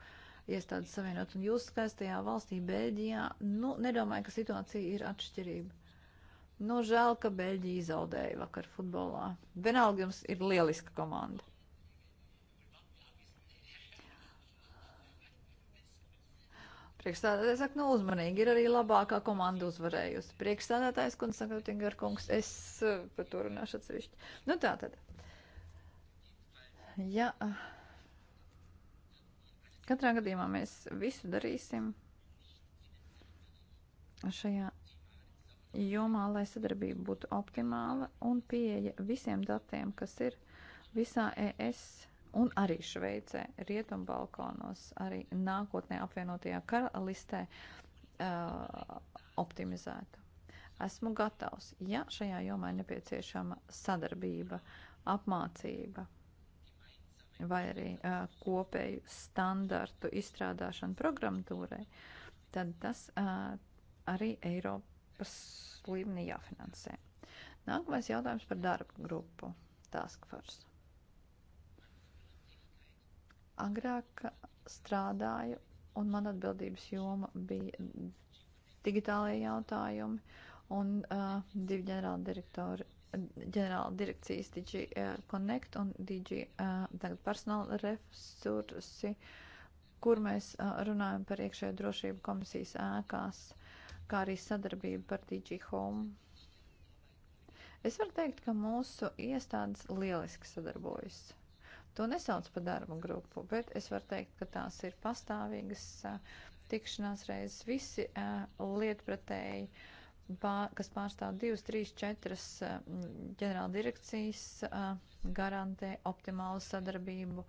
iestādes savienot. Un jūs skaistajā valstī, Bēļģijā, nu, nedomāju, ka situācija ir atšķirība. Nu, žēl, ka Bēļģija zaudēja vakar futbolā. Vienalga jums ir lieliska komanda. Priekšstādātājs saka, nu uzmanīgi, ir arī labākā komanda uzvarējusi. Priekšstādātājs, kundze saka, Tingar kungs, es eh, par to runāšu atsevišķi. Nu tā tad. Ja eh, katrā gadījumā mēs visu darīsim šajā jomā, lai sadarbība būtu optimāla un pieeja visiem datiem, kas ir visā ES un arī Šveicē, Rietumbalkonos, arī nākotnē apvienotajā karalistē uh, optimizēta. Esmu gatavs, ja šajā jomā ir nepieciešama sadarbība, apmācība vai arī uh, kopēju standartu izstrādāšana programmatūrai, tad tas uh, arī Eiropas līmenī jāfinansē. Nākamais jautājums par darba grupu Task Force agrāk strādāju, un man atbildības joma bija digitālajie jautājumi un uh, divi ģenerāli direktori ģenerāla direkcijas DG uh, Connect un DG uh, tagad personāla resursi, kur mēs uh, runājam par iekšējo drošību komisijas ēkās, kā arī sadarbību par DG Home. Es varu teikt, ka mūsu iestādes lieliski sadarbojas. To nesauc par darba grupu, bet es varu teikt, ka tās ir pastāvīgas tikšanās reizes. Visi lietpratēji, pār, kas pārstāv divas, trīs, četras ģenerāla direkcijas, garantē optimālu sadarbību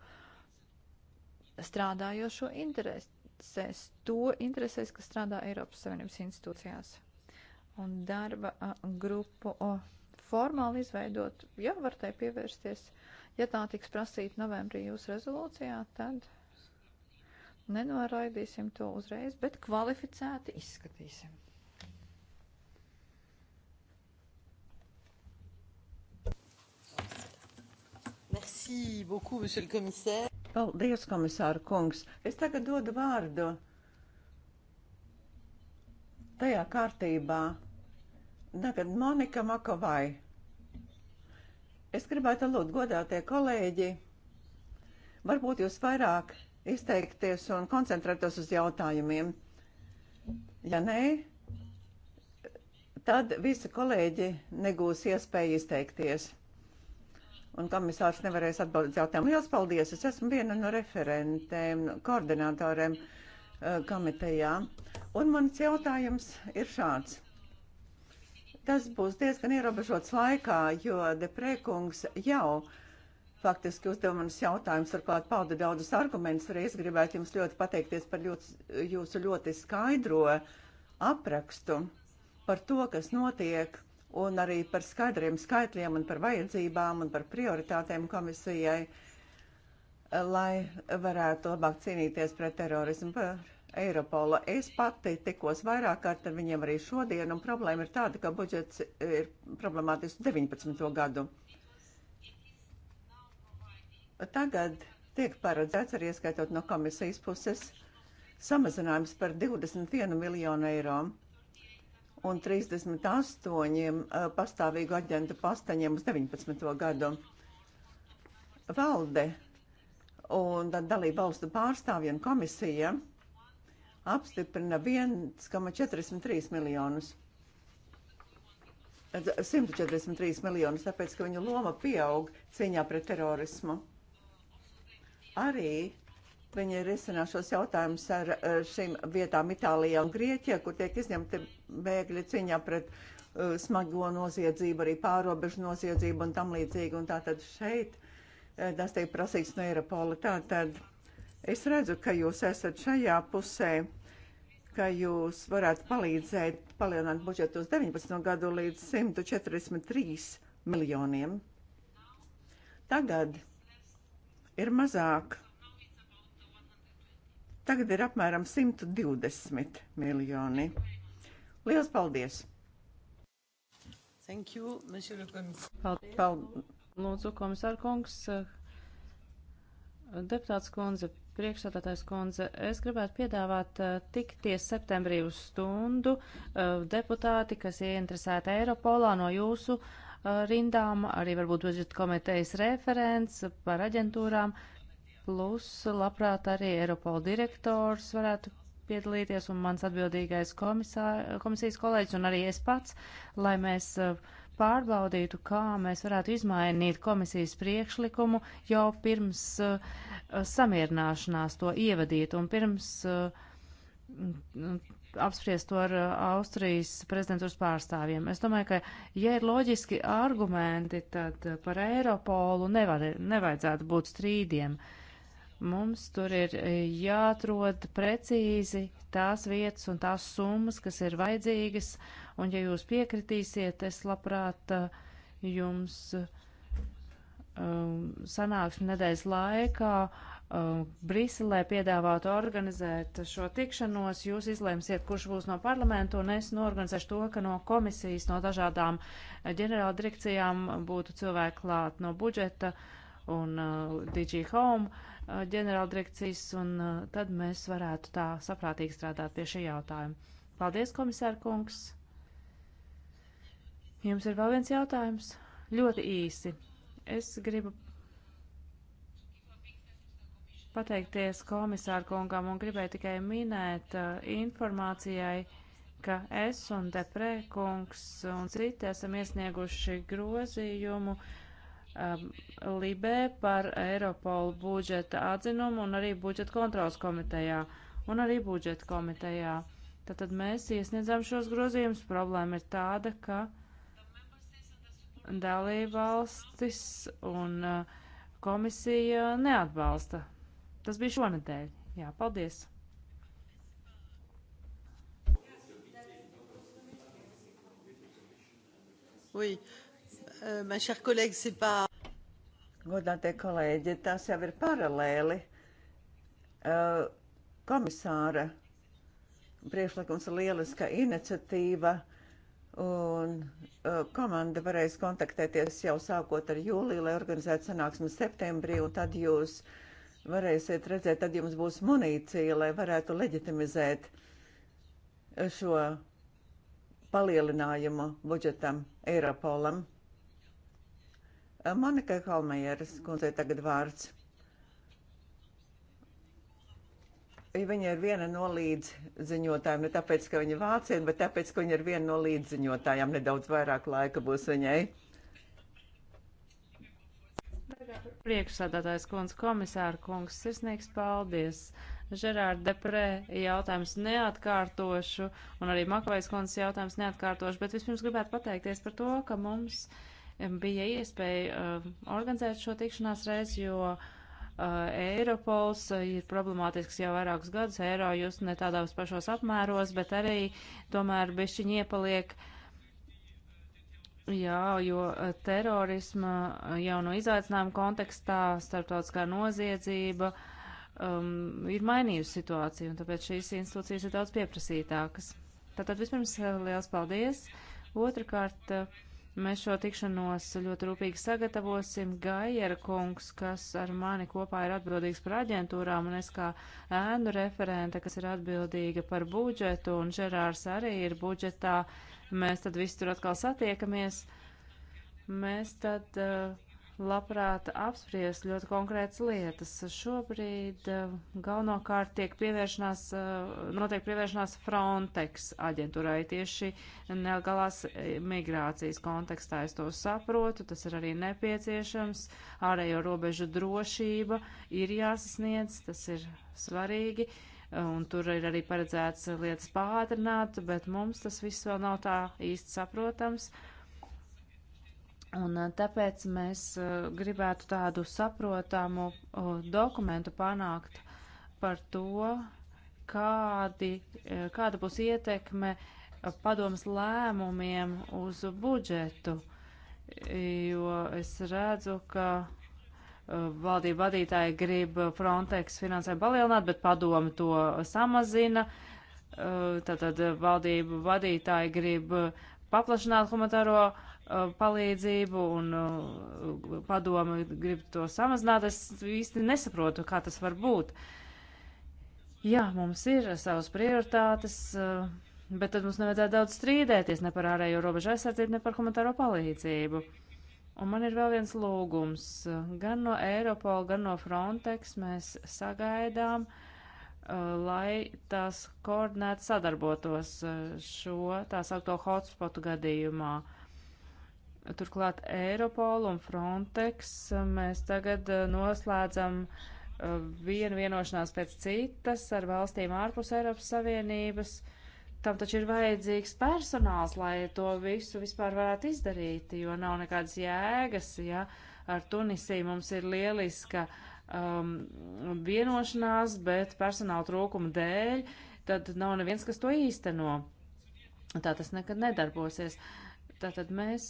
strādājošo interesēs, to interesēs, kas strādā Eiropas Savienības institūcijās. Un darba grupu formāli izveidot, jā, var tai pievērsties. Uh, Ja tā tiks prasīta novembrī jūsu rezolūcijā, tad nenoraidīsim to uzreiz, bet kvalificēti izskatīsim. Merci beaucoup, monsieur le commissaire. Paldies, komisāra kungs. Es tagad dodu vārdu tajā kārtībā. Tagad Monika Makovai. Es gribētu lūgt, godātie kolēģi, varbūt jūs vairāk izteikties un koncentrētos uz jautājumiem. Ja nē, tad visi kolēģi negūs iespēju izteikties. Un komisārs nevarēs atbildēt jautājumu. Liels paldies! Es esmu viena no referentēm, koordinatoriem eh, komitejā. Un mans jautājums ir šāds. Tas būs diezgan ierobežots laikā, jo deprēkungs jau faktiski uzdeva manas jautājumus, turklāt pauda daudzus argumentus. Arī es gribētu jums ļoti pateikties par ļoti, jūsu ļoti skaidro aprakstu par to, kas notiek, un arī par skaidriem skaitļiem un par vajadzībām un par prioritātēm komisijai, lai varētu labāk cīnīties pret terorismu. Par Eiropola. Es pati tikos vairāk kārt ar viņiem arī šodien, un problēma ir tāda, ka budžets ir problemātisks 19. gadu. Tagad tiek paredzēts, arī ieskaitot no komisijas puses, samazinājums par 21 miljonu eiro un 38 pastāvīgu aģentu pastaņiem uz 19. gadu. Valde un dalība valstu pārstāvja un komisija apstiprina 1,43 miljonus. 143 miljonus, tāpēc, ka viņu loma pieaug cīņā pret terorismu. Arī viņi risinās šos jautājumus ar šīm vietām Itālijā un Grieķijā, kur tiek izņemti bēgļi cīņā pret uh, smago noziedzību, arī pārobežu noziedzību un tam līdzīgi. Un tātad šeit uh, tas tiek prasīts no Eiropola. Tātad Es redzu, ka jūs esat šajā pusē, ka jūs varētu palīdzēt palielināt budžetu uz 19 gadu līdz 143 miljoniem. Tagad ir mazāk. Tagad ir apmēram 120 miljoni. Lielas paldies! Thank you, Monsieur le Commissaire. Paldies. Lūdzu, komisārkungs, deputāts Konze, Priekšsādātājs kundze, es gribētu piedāvāt uh, tikties septembrī uz stundu uh, deputāti, kas ieinteresēti Eiropolā no jūsu uh, rindām, arī varbūt budžeta komitejas referents par aģentūrām, plus labprāt arī Eiropola direktors varētu piedalīties un mans atbildīgais komisā, komisijas kolēģis un arī es pats, lai mēs. Uh, pārbaudītu, kā mēs varētu izmainīt komisijas priekšlikumu jau pirms uh, samierināšanās to ievadīt un pirms uh, apspriest to ar uh, Austrijas prezidentūras pārstāvjiem. Es domāju, ka, ja ir loģiski argumenti, tad uh, par Eiropolu nevar, nevajadzētu būt strīdiem. Mums tur ir uh, jāatrod precīzi tās vietas un tās summas, kas ir vajadzīgas, uh, Un, ja jūs piekritīsiet, es labprāt uh, jums um, sanāksmi nedēļas laikā um, Briselē piedāvātu organizēt šo tikšanos. Jūs izlēmsiet, kurš būs no parlamentu, un es norganizēšu to, ka no komisijas, no dažādām ģenerāla direkcijām būtu cilvēki klāt no budžeta un uh, DG Home uh, ģenerāldirekcijas, un uh, tad mēs varētu tā saprātīgi strādāt pie šī jautājuma. Paldies, komisāra kungs! Jums ir vēl viens jautājums? Ļoti īsi. Es gribu pateikties komisāru kungam un gribēju tikai minēt uh, informācijai, ka es un Deprē kungs un citi esam iesnieguši grozījumu um, Libē par Eiropolu budžeta atzinumu un arī budžeta kontrols komitejā un arī budžeta komitejā. Tātad mēs iesniedzām šos grozījumus. Problēma ir tāda, ka uh, dalībvalstis un eh, komisija neatbalsta. Tas bija šonadēļ. Jā, paldies! Oui. Euh, ma chère collègue, c'est pas. Godātie kolēģi, tās jau ir paralēli. Eh, komisāra priekšlikums ir lieliska iniciatīva Un uh, komanda varēs kontaktēties jau sākot ar jūliju, lai organizētu sanāksmi septembrī, un tad jūs varēsiet redzēt, tad jums būs munīcija, lai varētu leģitimizēt šo palielinājumu budžetam Eiropolam. Uh, Monika Kalmejeras kundzei tagad vārds. Viņa ir viena no līdziņotājiem, ne tāpēc, ka viņa vāciena, bet tāpēc, ka viņa ir viena no līdziņotājām. Nedaudz vairāk laika būs viņai. Priekšsādātājs kundz, komisāra kungs, sirsnīgs paldies! Žerārda Deprē jautājums neatkārtošu, un arī Makavais kundzes jautājums neatkārtošu, bet vispirms gribētu pateikties par to, ka mums bija iespēja uh, organizēt šo tikšanās reizi, jo uh, Eh, Eiropols eh, ir problemātisks jau vairākus gadus, eiro jūs ne tādās pašos apmēros, bet arī tomēr bešķiņ iepaliek. Jā, jo eh, terorisma jau no izaicinājuma kontekstā starptautiskā noziedzība um, ir mainījusi situāciju, un tāpēc šīs institūcijas ir daudz pieprasītākas. Tātad vispirms liels paldies. Otrakārt. Uh, Mēs šo tikšanos ļoti rūpīgi sagatavosim. Gaiera kungs, kas ar mani kopā ir atbildīgs par aģentūrām, un es kā ēnu referente, kas ir atbildīga par budžetu, un Žerārs arī ir budžetā, mēs tad visi tur atkal satiekamies. Mēs tad uh, labprāt apspriest ļoti konkrētas lietas. Šobrīd eh, galvenokārt tiek pievēršanās, eh, notiek pievēršanās Frontex aģentūrai tieši nelegālās eh, migrācijas kontekstā. Es to saprotu, tas ir arī nepieciešams. Ārējo robežu drošība ir jāsasniedz, tas ir svarīgi. Un tur ir arī paredzēts lietas pātrināt, bet mums tas viss vēl nav tā īsti saprotams. Uh, Un tāpēc mēs gribētu tādu saprotamu dokumentu panākt par to, kādi, kāda būs ietekme padomas lēmumiem uz budžetu, jo es redzu, ka valdība vadītāji grib Frontex finansējumu palielināt, bet padoma to samazina. Tātad valdība vadītāji grib paplašināt humanitāro uh, Uh, palīdzību un uh, padomu grib to samazināt. Es īsti nesaprotu, kā tas var būt. Jā, mums ir savas prioritātes, uh, bet tad mums nevajadzētu daudz strīdēties ne par ārējo robežu aizsardzību, ne par humanitāro palīdzību. Un man ir vēl viens lūgums. Gan no Eiropola, gan no Frontex mēs sagaidām, lai tās koordinēti sadarbotos šo tā saukto hotspotu gadījumā. Turklāt Eiropol un Frontex eh, mēs tagad eh, noslēdzam eh, vienu vienošanās pēc citas ar valstīm ārpus Eiropas Savienības. Tam taču ir vajadzīgs personāls, lai to visu vispār varētu izdarīt, jo nav nekādas jēgas, ja ar Tunisiju mums ir lieliska um, vienošanās, bet personāla trūkuma dēļ, tad nav neviens, kas to īsteno. Tā tas nekad nedarbosies. Uh, Tātad mēs,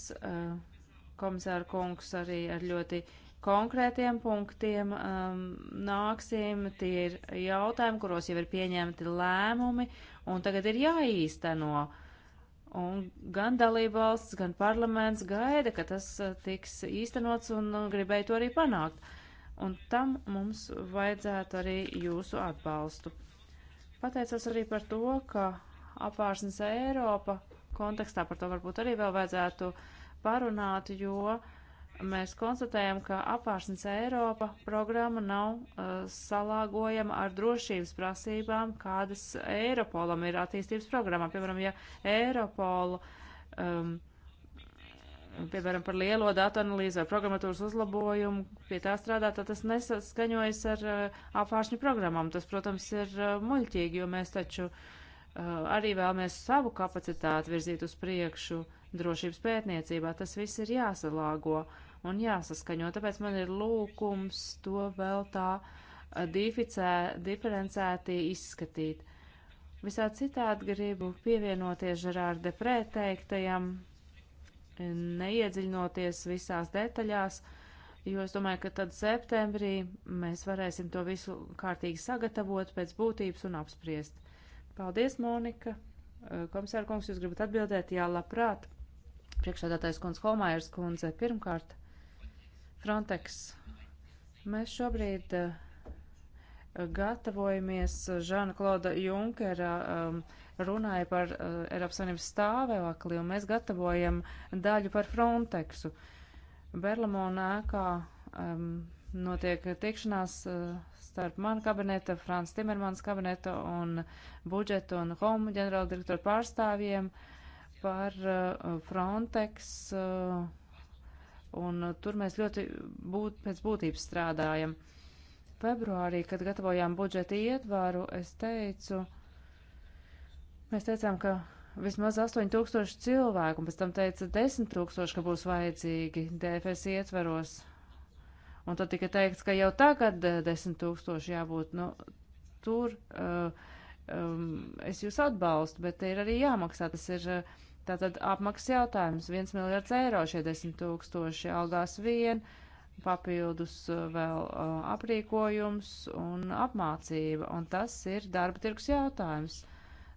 komisāra kungs, arī ar ļoti konkrētiem punktiem um, nāksim. Tie ir jautājumi, kuros jau ir pieņemti lēmumi un tagad ir jāīsteno. Un gan dalībvalsts, gan parlaments gaida, ka tas tiks īstenots un gribēja to arī panākt. Un tam mums vajadzētu arī jūsu atbalstu. Pateicos arī par to, ka apvārsnes Eiropa kontekstā par to varbūt arī vēl vajadzētu parunāt, jo mēs konstatējam, ka apvārsnes Eiropa programma nav uh, salāgojama ar drošības prasībām, kādas Eiropolam ir attīstības programmā. Piemēram, ja Eiropolu. Um, piemēram, par lielo datu analīzi vai programmatūras uzlabojumu, pie tā strādā, tad tas nesaskaņojas ar uh, apvāršņu programmām. Tas, protams, ir uh, muļķīgi, jo mēs taču uh, Eh, arī vēlamies savu kapacitāti virzīt uz priekšu drošības pētniecībā. Tas viss ir jāsalāgo un jāsaskaņo, tāpēc man ir lūkums to vēl tā eh, dificē, diferencēti izskatīt. Visā citādi gribu pievienoties Žerārde preteiktajam, neiedziļinoties visās detaļās, jo es domāju, ka tad septembrī mēs varēsim to visu kārtīgi sagatavot pēc būtības un apspriest. Paldies, Monika. Komisāra kungs, jūs gribat atbildēt? Jā, labprāt. Priekšādātais kundze Holmājers kundze, pirmkārt, Frontex. Mēs šobrīd gatavojamies Žana Kloda Junkera um, runāja par uh, Eiropas Savienības stāvēvakli, un mēs gatavojam daļu par Frontexu. Berlamona ēkā um, notiek tikšanās uh, starp manu kabinetu, Frans Timermans kabinetu un budžetu un homu ģenerāla direktoru pārstāvjiem par uh, Frontex. Uh, un tur mēs ļoti būt, pēc būtības strādājam. Februārī, kad gatavojām budžeta ietvaru, es teicu, mēs teicām, ka vismaz 8000 cilvēku, un pēc tam teica 10 tūkstoši, ka būs vajadzīgi DFS ietvaros Un tad tika teikts, ka jau tagad eh, desmit tūkstoši jābūt, nu, tur uh, um, es jūs atbalstu, bet ir arī jāmaksā, tas ir uh, tātad apmaksas jautājums, viens miljards eiro šie desmit tūkstoši algās vien, papildus uh, vēl uh, aprīkojums un apmācība, un tas ir darba tirgus jautājums.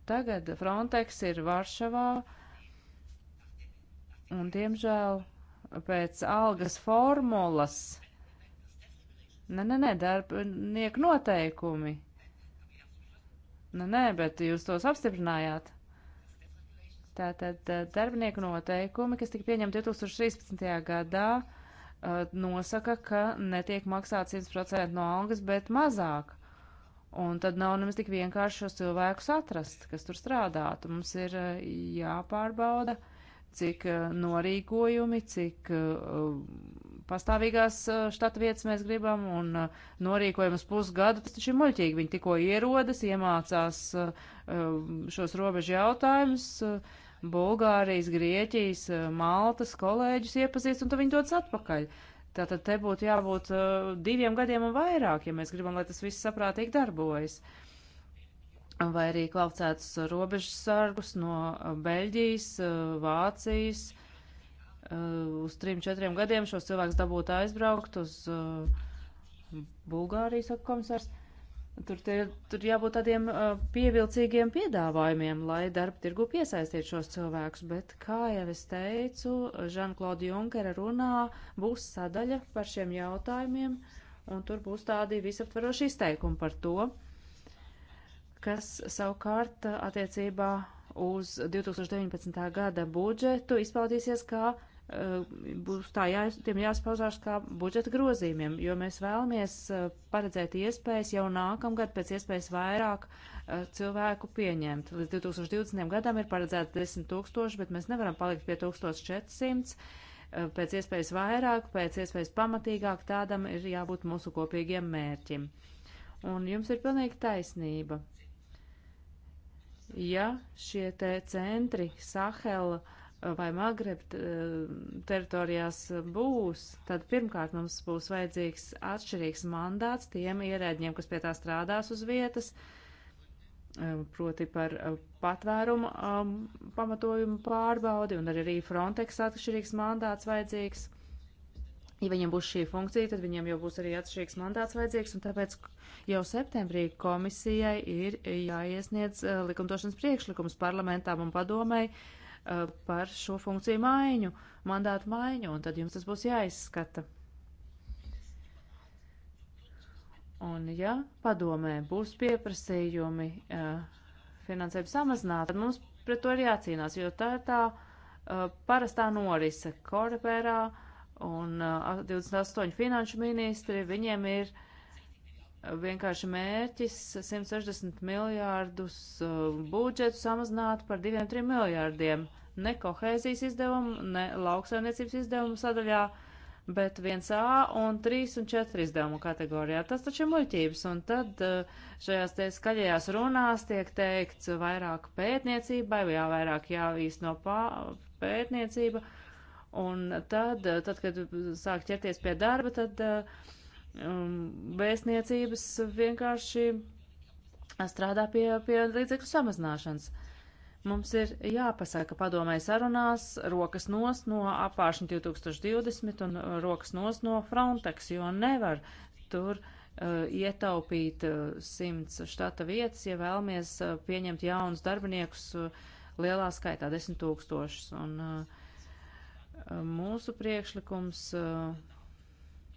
Tagad Frontex ir Varšavā, un diemžēl pēc algas formulas Nē, nē, nē, darbinieku noteikumi. Nē, nē, bet jūs tos apstiprinājāt. Tātad eh, darbinieku noteikumi, kas tika pieņemti 2013. gadā, eh, nosaka, ka netiek maksāts 100% no algas, bet mazāk. Un tad nav nemaz tik vienkārši šos cilvēkus atrast, kas tur strādātu. Mums ir eh, jāpārbauda. Uh, cik eh, norīkojumi, cik eh, pastāvīgās eh, štata vietas mēs gribam un norīkojumus pusgadu. Tas taču ir muļķīgi. Viņi tikko ierodas, iemācās šos robežu jautājumus. Bulgārijas, Grieķijas, Maltas kolēģis iepazīst un tad viņi dodas atpakaļ. Tātad te būtu jābūt diviem gadiem un vairāk, ja mēs gribam, lai tas viss saprātīgi darbojas. Uh, vai arī kvalificētus robežsargus no uh, Beļģijas, uh, Vācijas. Uh, uz trim, četriem gadiem šos cilvēkus dabūtu aizbraukt uz Bulgāriju, saka komisārs. Tur, te, tur jābūt tādiem pievilcīgiem piedāvājumiem, lai darba tirgu piesaistītu šos cilvēkus, bet, kā jau es teicu, Žanklauda Junkera runā būs sadaļa par šiem jautājumiem, un tur būs tādi visaptvaroši izteikumi par to. Uh, kas savukārt attiecībā uz 2019. gada budžetu izpaudīsies kā būs tā jā, tiem jāspaužās kā budžeta grozījumiem, jo mēs vēlamies paredzēt iespējas jau nākamgad pēc iespējas vairāk cilvēku pieņemt. Līdz 2020. gadam ir paredzēts 10 tūkstoši, bet mēs nevaram palikt pie 1400. Pēc iespējas vairāk, pēc iespējas pamatīgāk tādam ir jābūt mūsu kopīgiem mērķim. Un jums ir pilnīgi taisnība ja šie te centri Sahela vai Magreb eh, teritorijās būs, tad pirmkārt mums būs vajadzīgs atšķirīgs mandāts tiem ierēdņiem, kas pie tā strādās uz vietas, eh, proti par eh, patvērumu um, pamatojumu pārbaudi, un arī Frontex atšķirīgs mandāts vajadzīgs. Ja viņiem būs šī funkcija, tad viņiem jau būs arī atšķirīgs mandāts vajadzīgs, un tāpēc jau septembrī komisijai ir jāiesniedz eh, likumdošanas priekšlikums parlamentām un padomēji eh, par šo funkciju maiņu, mandātu maiņu, un tad jums tas būs jāizskata. Un ja padomē būs pieprasījumi eh, finansējumu samazināt, tad mums pret to ir jācīnās, jo tā ir tā parastā norise korepērā un uh, 28 finanšu ministri, viņiem ir vienkārši mērķis 160 miljārdus uh, budžetu samazināt par 2-3 miljārdiem. Ne kohēzijas izdevumu, ne lauksaimniecības izdevumu sadaļā, bet 1A un 3 un 4 izdevumu kategorijā. Tas taču ir muļķības. Un tad uh, šajās te skaļajās runās tiek teikts vairāk pētniecībai, jā, vairāk jāīsno pētniecība. Uh, Un tad, eh, tad kad sāk ķerties pie darba, tad eh, um, vēstniecības um, vienkārši strādā pie, pie līdzekļu samazināšanas. Mums ir jāpasaka padomēji sarunās rokas nos no apvāršņa 2020 un eh, rokas nos no Frontex, jo nevar tur uh, ietaupīt uh, simts štata vietas, ja vēlamies uh, pieņemt jaunus darbiniekus uh, lielā skaitā, desmit tūkstošus. Un, uh, Mūsu priekšlikums uh,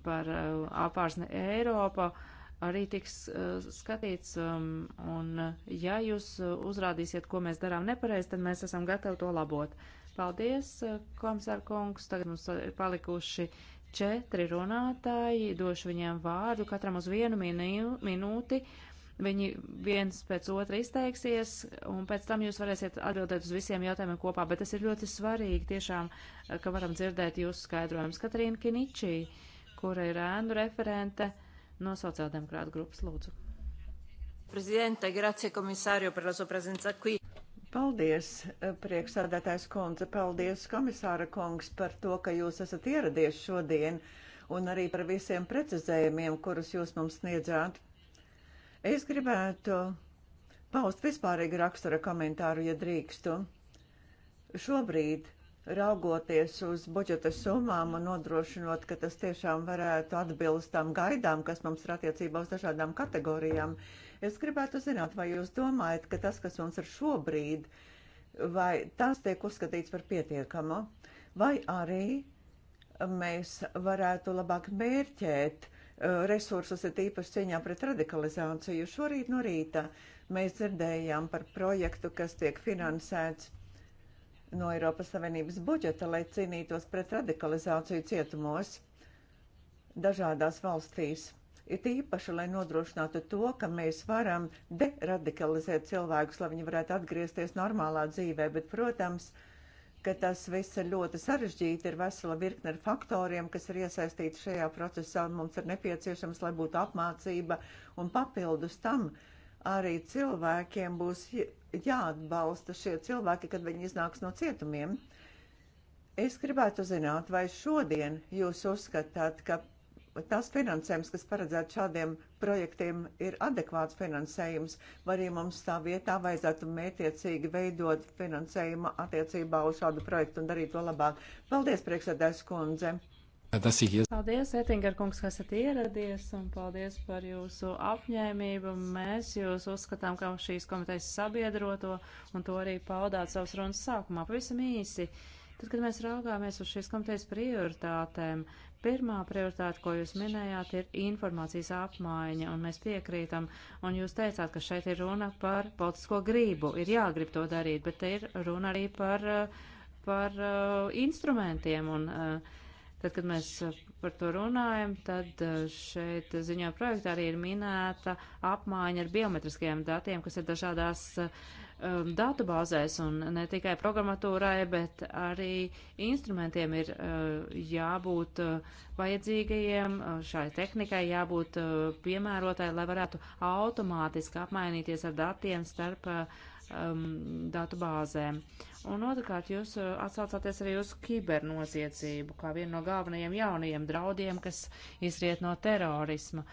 par uh, apārsni Eiropa arī tiks uh, skatīts, um, un ja jūs uzrādīsiet, ko mēs darām nepareizi, tad mēs esam gatavi to labot. Paldies, komisār kungs. Tagad mums ir palikuši četri runātāji. Došu viņiem vārdu, katram uz vienu minūti. Viņi viens pēc otra izteiksies, un pēc tam jūs varēsiet atbildēt uz visiem jautājumiem kopā, bet tas ir ļoti svarīgi tiešām, ka varam dzirdēt jūsu skaidrojumus. Katrīna Kiničī, kura ir ēnu referente no sociāldemokrāta grupas, lūdzu. Prezidente, grazie komisārio par la sua prezenza qui. Paldies, priekšsādātājs kundze, paldies, komisāra kungs, par to, ka jūs esat ieradies šodien un arī par visiem precizējumiem, kurus jūs mums sniedzāt Es gribētu paust vispārīgu rakstura komentāru, ja drīkstu. Šobrīd, raugoties uz budžeta summām un nodrošinot, ka tas tiešām varētu atbilst tām gaidām, kas mums ir attiecībā uz dažādām kategorijām, es gribētu zināt, vai jūs domājat, ka tas, kas mums ir šobrīd, vai tas tiek uzskatīts par pietiekamu, vai arī mēs varētu labāk mērķēt uh, Eh, resursus, ir tīpaši cīņā pret radikalizāciju. Šorīt no rīta mēs dzirdējām par projektu, kas tiek finansēts no Eiropas Savienības budžeta, lai cīnītos pret radikalizāciju cietumos dažādās valstīs. Ir īpaši, lai nodrošinātu to, ka mēs varam deradikalizēt cilvēkus, lai viņi varētu atgriezties normālā dzīvē, bet, protams, uh, ka tas viss ir ļoti sarežģīti, ir vesela virkne ar faktoriem, kas ir iesaistīti šajā procesā, un mums ir nepieciešams, lai būtu apmācība, un papildus tam arī cilvēkiem būs jāatbalsta šie cilvēki, kad viņi iznāks no cietumiem. Es gribētu zināt, vai šodien jūs uzskatāt, ka tas finansējums, kas paredzēts šādiem projektiem, ir adekvāts finansējums, vai arī mums tā vietā vajadzētu mētiecīgi veidot finansējumu attiecībā uz šādu projektu un darīt to labāk. Paldies, priekšsēdēs kundze! Tas ir ies. Paldies, Etingar kungs, kas esat ieradies, un paldies par jūsu apņēmību. Mēs jūs uzskatām, ka šīs komitejas sabiedroto, un to arī paudāt savas runas sākumā. Pavisam īsi. Uh, Tad, kad mēs raugāmies uz šīs komitejas prioritātēm, pirmā prioritāte, ko jūs minējāt, ir informācijas apmaiņa, un mēs piekrītam, un jūs teicāt, ka šeit ir runa par politisko gribu, ir jāgrib to darīt, bet te ir runa arī par, par uh, instrumentiem, un uh, tad, kad mēs uh, par to runājam, tad uh, šeit ziņā projektā arī ir minēta apmaiņa ar biometriskajiem datiem, kas ir dažādās uh, um, datubāzēs un ne tikai programmatūrai, bet arī instrumentiem ir uh, jābūt uh, vajadzīgajiem, uh, šai tehnikai jābūt uh, piemērotai, lai varētu automātiski apmainīties ar datiem starp uh, um, datubāzēm. Un otrkārt, jūs uh, atsaucāties arī uz kibernoziedzību, kā vienu no galvenajiem jaunajiem draudiem, kas izriet no terorisma.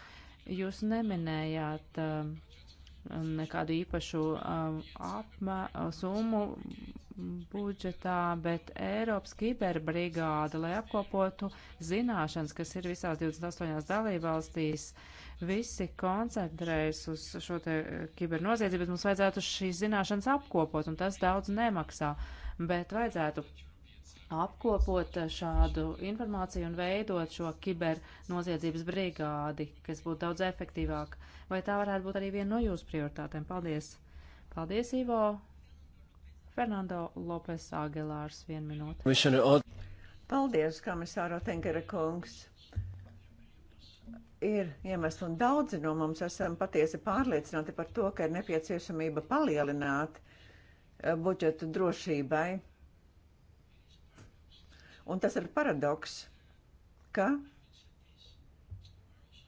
Jūs neminējāt uh, nekādu īpašu um, apmē, summu budžetā, bet Eiropas kiberbrigāda, lai apkopotu zināšanas, kas ir visās 28 dalībvalstīs, visi koncentrējas uz šo te kibernoziedzību, bet mums vajadzētu šīs zināšanas apkopot, un tas daudz nemaksā, bet vajadzētu apkopot šādu informāciju un veidot šo kibernoziedzības brigādi, kas būtu daudz efektīvāk. Vai tā varētu būt arī viena no jūsu prioritātēm? Paldies! Paldies, Ivo! Fernando Lopes Agelārs, viena minūte. Paldies, komisāro Tenkera kungs! ir iemesli, un daudzi no mums esam patiesi pārliecināti par to, ka ir nepieciešamība palielināt eh, budžetu drošībai. Un tas ir paradoks, ka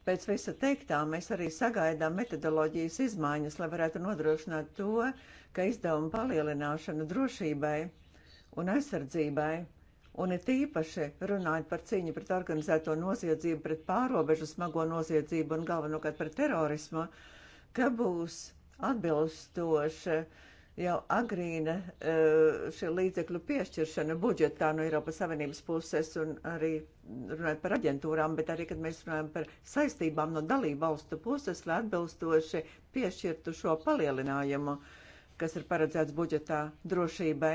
pēc visa teiktā mēs arī sagaidām metodoloģijas izmaiņas, lai varētu nodrošināt to, ka izdevuma palielināšana drošībai un aizsardzībai, un it īpaši runājot par cīņu pret organizēto noziedzību, pret pārobežu smago noziedzību un galvenokārt par terorismu, ka būs atbilstoša uh, jau agrīna e, šī līdzekļu piešķiršana budžetā no Eiropas Savienības puses un arī runājot par aģentūrām, bet arī, kad mēs runājam par saistībām no dalību valstu puses, lai atbilstoši piešķirtu šo palielinājumu, kas ir paredzēts budžetā drošībai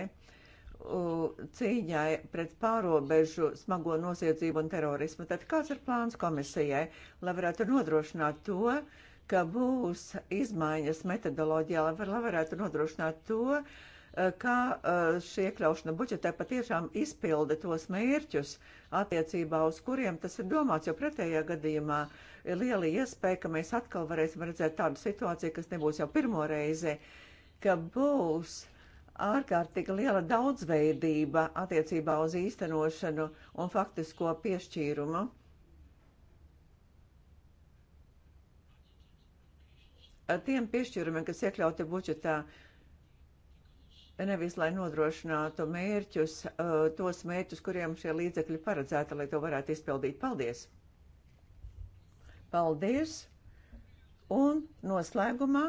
cīņai pret pārobežu smago nosiedzību un terorismu. Tad kāds ir plāns komisijai, lai varētu nodrošināt to, uh, ka būs izmaiņas metodoloģijā, lai varētu nodrošināt to, eh, kā eh, šī iekļaušana budžetē patiešām izpilda tos mērķus, attiecībā uz kuriem tas ir domāts, jo pretējā gadījumā ir liela iespēja, ka mēs atkal varēsim redzēt tādu situāciju, kas nebūs jau pirmo reizi, ka būs ārkārtīgi liela daudzveidība attiecībā uz īstenošanu un faktisko piešķīrumu. tiem piešķirumiem, kas iekļauti budžetā, nevis lai nodrošinātu mērķus, uh, tos mērķus, kuriem šie līdzekļi paredzēti, lai to varētu izpildīt. Paldies! Paldies! Un noslēgumā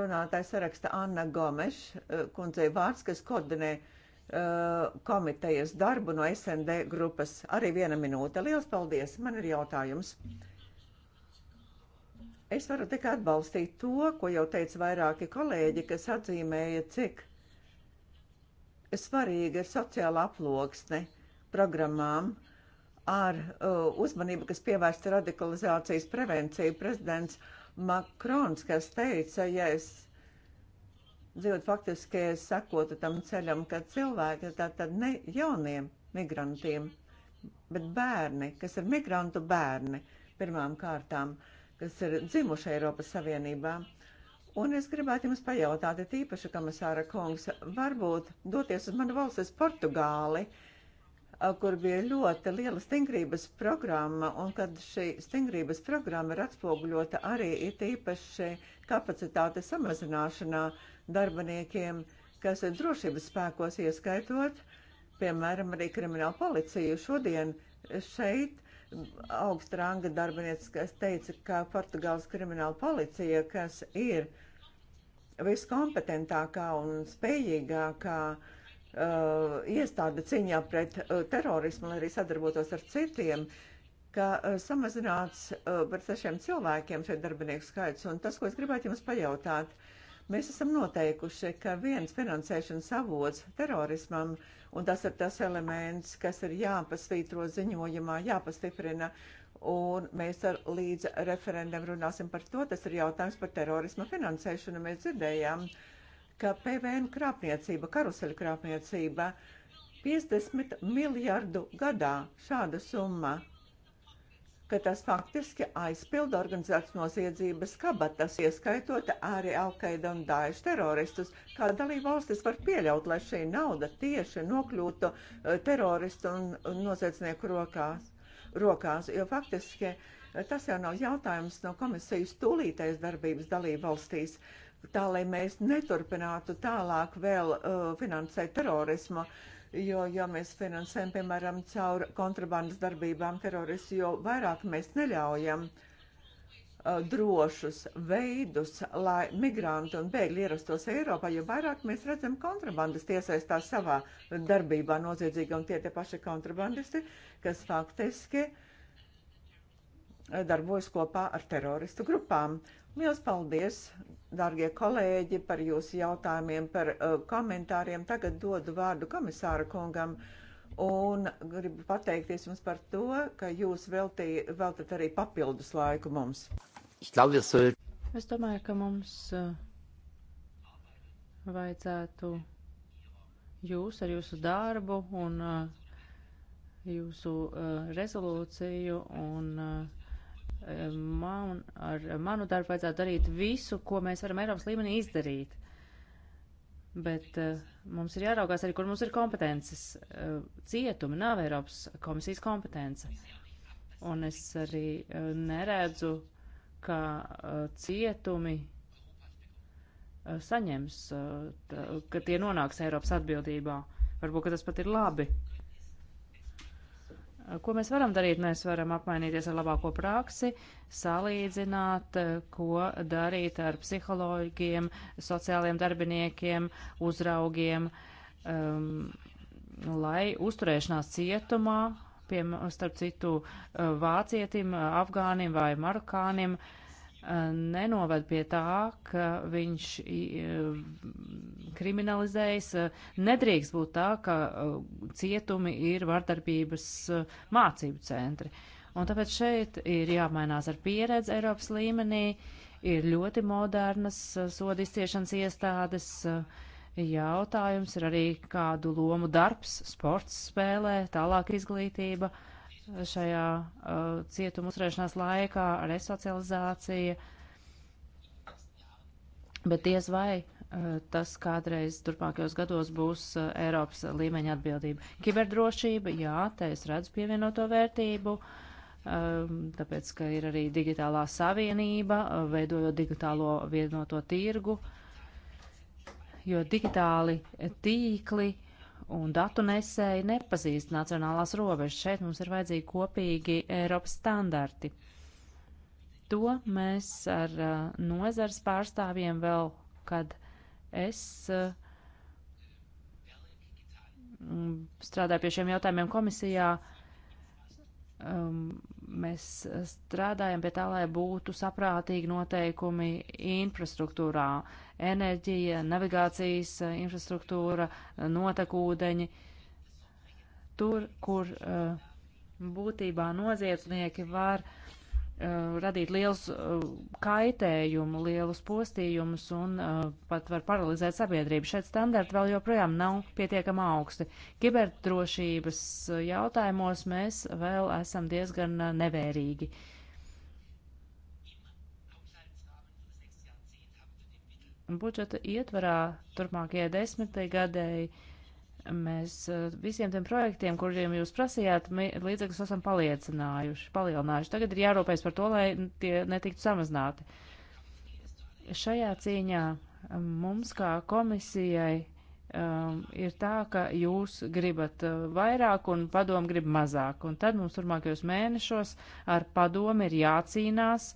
runātājs saraksta Anna Gomeš, uh, kundzei vārds, kas koordinē uh, komitejas darbu no SND grupas. Arī viena minūte. Lielas paldies! Man ir jautājums. Mm Es varu tikai atbalstīt to, ko jau teica vairāki kolēģi, kas atzīmēja, cik svarīga ir sociāla aploksne programmām ar uh, uzmanību, kas pievērsta radikalizācijas prevenciju. Prezidents Makrons, kas teica, ja es dzīvotu faktiski, es sekotu tam ceļam, ka cilvēki tātad ne jauniem migrantiem, bet bērni, kas ir migrantu bērni pirmām kārtām. Uh, kas ir dzimuši Eiropas Savienībā. Un es gribētu jums pajautāt, ir īpaši, komisāra kungs, varbūt doties uz manu valstis Portugāli, eh, kur bija ļoti liela stingrības programma, un kad šī stingrības programma ir atspoguļota arī it īpaši kapacitāte samazināšanā darbiniekiem, kas ir drošības spēkos ieskaitot, piemēram, arī kriminālu policiju šodien šeit augsta ranga darbinietis, kas teica, ka Portugāles krimināla policija, kas ir viskompetentākā un spējīgākā uh, iestāde cīņā pret uh, terorismu, lai arī sadarbotos ar citiem, ka uh, samazināts uh, par sešiem cilvēkiem šeit darbinieku skaits. Un tas, ko es gribētu jums pajautāt, uh, Mēs esam noteikuši, ka viens finansēšanas avots terorismam, un tas ir tas elements, kas ir jāpasvītro ziņojumā, jāpastiprina, un mēs ar līdz referendam runāsim par to. Tas ir jautājums par terorisma finansēšanu. Mēs dzirdējām, ka PVN krāpniecība, karuseļu krāpniecība, 50 miljardu gadā šāda summa ka tas faktiski aizpilda organizētas noziedzības kabatas, ieskaitot arī Alkaida un Dāļu teroristus. Kā dalība valstis var pieļaut, lai šī nauda tieši nokļūtu eh, teroristu un noziedznieku rokās, rokās jo faktiski eh, tas jau nav jautājums no komisijas tūlītais darbības dalība valstīs. Tā, lai mēs neturpinātu tālāk vēl uh, finansēt terorismu, uh, jo, ja mēs finansējam, piemēram, caur kontrabandas darbībām teroristu, jo vairāk mēs neļaujam uh, drošus veidus, lai migranti un bēgļi ierastos Eiropā, jo vairāk mēs redzam kontrabandas iesaistās savā darbībā noziedzīga un tie tie paši kontrabandisti, kas faktiski uh, darbojas kopā ar teroristu grupām. Liels paldies, dārgie kolēģi, par jūsu jautājumiem, par uh, komentāriem. Tagad dodu vārdu komisāra kungam un gribu pateikties jums par to, ka jūs veltī, veltat arī papildus laiku mums. Es domāju, ka mums uh, vajadzētu jūs ar jūsu darbu un uh, jūsu uh, rezolūciju un uh, man, ar manu darbu vajadzētu darīt visu, ko mēs varam Eiropas līmenī izdarīt. Bet uh, mums ir jāraugās arī, kur mums ir kompetences. Uh, cietumi nav Eiropas komisijas kompetence. Un es arī uh, neredzu, ka uh, cietumi uh, saņems, uh, tā, ka tie nonāks Eiropas atbildībā. Varbūt, ka tas pat ir labi. Ko mēs varam darīt? Mēs varam apmainīties ar labāko praksi, salīdzināt, ko darīt ar psiholoģiem, sociāliem darbiniekiem, uzraugiem, um, lai uzturēšanās cietumā, piem, starp citu, uh, vācietim, uh, afgānim vai marokānim, uh, nenovad pie tā, ka viņš e, kriminalizējas. Nedrīkst būt tā, ka e, cietumi ir vardarbības e, mācību centri. Un tāpēc šeit ir jāmainās ar pieredzi Eiropas līmenī, ir ļoti modernas sodu izciešanas iestādes. Jautājums ir arī, kādu lomu darbs, sports spēlē, tālāk izglītība. Uh, šajā uh, cietuma uzturēšanās laikā, resocializācija, bet diez vai uh, tas kādreiz turpmākajos gados būs uh, Eiropas līmeņa atbildība. Kiberdrošība, jā, te es redzu pievienoto vērtību, um, tāpēc, ka ir arī digitālā savienība, uh, veidojot digitālo vienoto tirgu, jo digitāli tīkli uh, un datu nesēji nepazīst nacionālās robežas. Šeit mums ir vajadzīgi kopīgi Eiropas standarti. To mēs ar uh, nozars pārstāvjiem vēl, kad es uh, strādāju pie šiem jautājumiem komisijā, um, mēs strādājam pie tā, lai būtu saprātīgi noteikumi infrastruktūrā - enerģija, navigācijas uh, infrastruktūra, uh, notekūdeņi. Tur, kur uh, būtībā noziedznieki var Eh, radīt liels eh, kaitējumu, lielus postījumus un eh, pat var paralizēt sabiedrību. Šeit standarti vēl joprojām nav pietiekami augsti. Kiberdrošības jautājumos mēs vēl esam diezgan nevērīgi. Budžeta ietvarā turpmākajai desmitai gadēji Mēs e, visiem tiem projektiem, kuriem jūs prasījāt, līdzekļus esam paliecinājuši, palielinājuši. Tagad ir jārūpējas par to, lai tie netiktu samazināti. Šajā cīņā mums kā komisijai um, ir tā, ka jūs gribat e, vairāk un padomu grib mazāk. Un tad mums turmākajos mēnešos ar padomu ir jācīnās,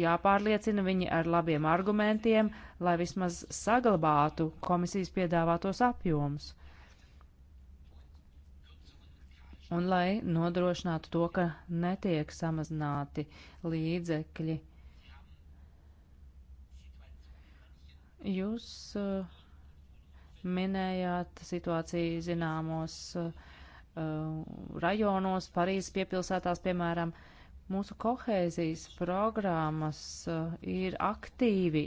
jāpārliecina viņi ar labiem argumentiem, lai vismaz saglabātu komisijas piedāvātos apjomus. un lai nodrošinātu to, ka netiek samazināti līdzekļi. Jūs uh, minējāt situāciju zināmos uh, uh, rajonos, Parīzes piepilsētās, piemēram, mūsu kohēzijas programmas uh, ir aktīvi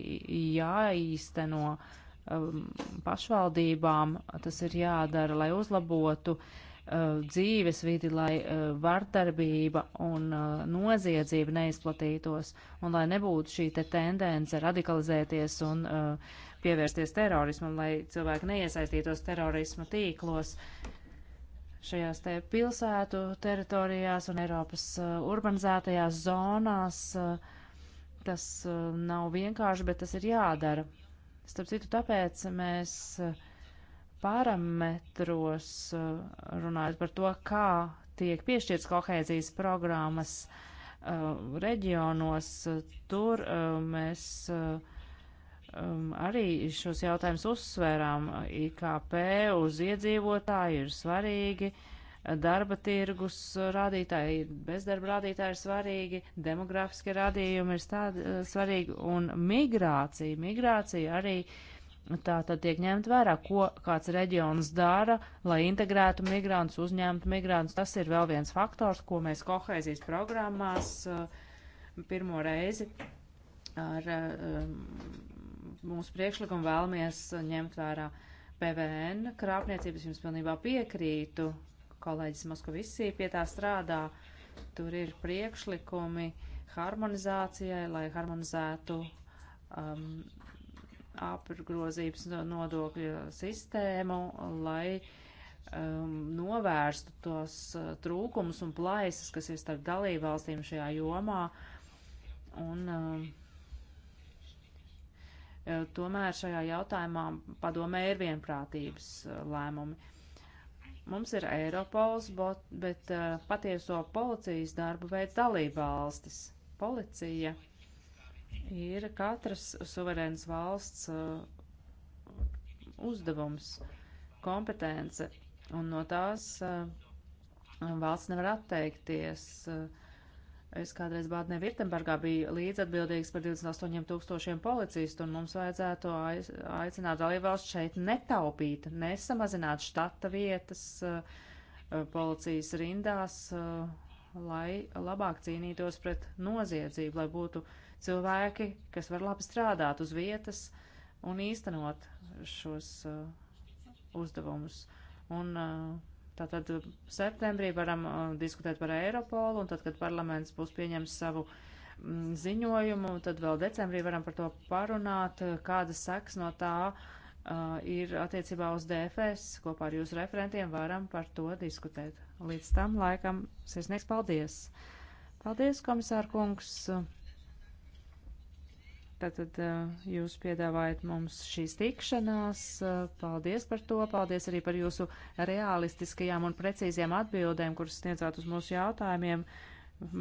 jāīsteno um, pašvaldībām, tas ir jādara, lai uzlabotu uh, Uh, dzīves vidi, lai uh, vardarbība un uh, noziedzība neizplatītos un lai nebūtu šī te tendence radikalizēties un pievērsties terorismam, lai cilvēki neiesaistītos terorisma tīklos šajās te pilsētu teritorijās un Eiropas urbanizētajās zonās. Tas nav vienkārši, bet tas ir jādara. Starp citu, tāpēc mēs uh, parametros, eh, runājot par to, kā tiek piešķirts kohēzijas programmas eh, reģionos, eh, tur mēs arī šos jautājumus uzsvērām. IKP uz iedzīvotāju ir svarīgi, darba tirgus rādītāji, bezdarba rādītāji ir svarīgi, demografiski rādījumi ir stādi, svarīgi un migrācija. Migrācija arī uh, Tā tad tiek ņemt vērā, ko kāds reģions dara, lai integrētu migrantus, uzņemtu migrantus. Tas ir vēl viens faktors, ko mēs kohēzijas programmās uh, pirmo reizi ar um, mūsu priekšlikumu vēlamies ņemt vērā. PVN krāpniecības jums pilnībā piekrītu. Kolēģis Moskavisī pie tā strādā. Tur ir priekšlikumi harmonizācijai, lai harmonizētu um, apgrozības nodokļu sistēmu, lai um, novērstu tos uh, trūkumus un plaisas, kas ir starp dalībvalstīm šajā jomā. Un, um, uh, Tomēr šajā jautājumā padomē ir vienprātības uh, lēmumi. Mums ir Eiropols, bot, bet uh, patieso policijas darbu veids dalībvalstis. Policija ir katras suverēnas valsts uh, uzdevums, kompetence, un no tās uh, valsts nevar atteikties. Uh, es kādreiz Bādnē Virtembergā biju līdzatbildīgs par 28 tūkstošiem policistu, un mums vajadzētu aicināt dalībvalsts šeit netaupīt, nesamazināt štata vietas policijas rindās, lai labāk cīnītos pret noziedzību, lai būtu uh, cilvēki, kas var labi strādāt uz vietas un īstenot šos uh, uzdevumus. Un uh, tātad septembrī varam uh, diskutēt par Eiropolu, un tad, kad parlaments būs pieņems savu mm, ziņojumu, tad vēl decembrī varam par to parunāt, kāda seks no tā uh, ir attiecībā uz DFS. Kopā ar jūsu referentiem varam par to diskutēt. Līdz tam laikam sirsnieks paldies! Paldies, komisār kungs! Tātad jūs piedāvājat mums šīs tikšanās. Paldies par to. Paldies arī par jūsu realistiskajām un precīzajām atbildēm, kuras sniedzāt uz mūsu jautājumiem.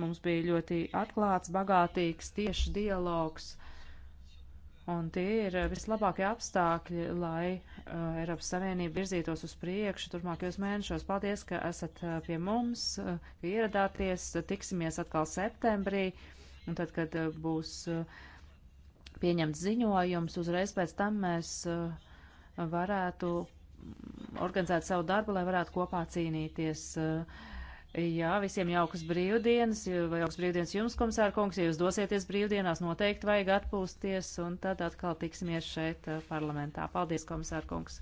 Mums bija ļoti atklāts, bagātīgs, tieši dialogs. Un tie ir vislabākie apstākļi, lai uh, Eiropas Savienība virzītos uz priekšu turpmākajos mēnešos. Paldies, ka esat uh, pie mums, uh, ka ieradāties. Tiksimies atkal septembrī, un tad, kad uh, būs. Uh, pieņemts ziņojums, uzreiz pēc tam mēs uh, varētu organizēt savu darbu, lai varētu kopā cīnīties. Uh, jā, visiem jaukas brīvdienas, vai jauks brīvdienas jums, komisāra kungs, ja jūs dosieties brīvdienās, noteikti vajag atpūsties, un tad atkal tiksimies šeit uh, parlamentā. Paldies, komisāra kungs!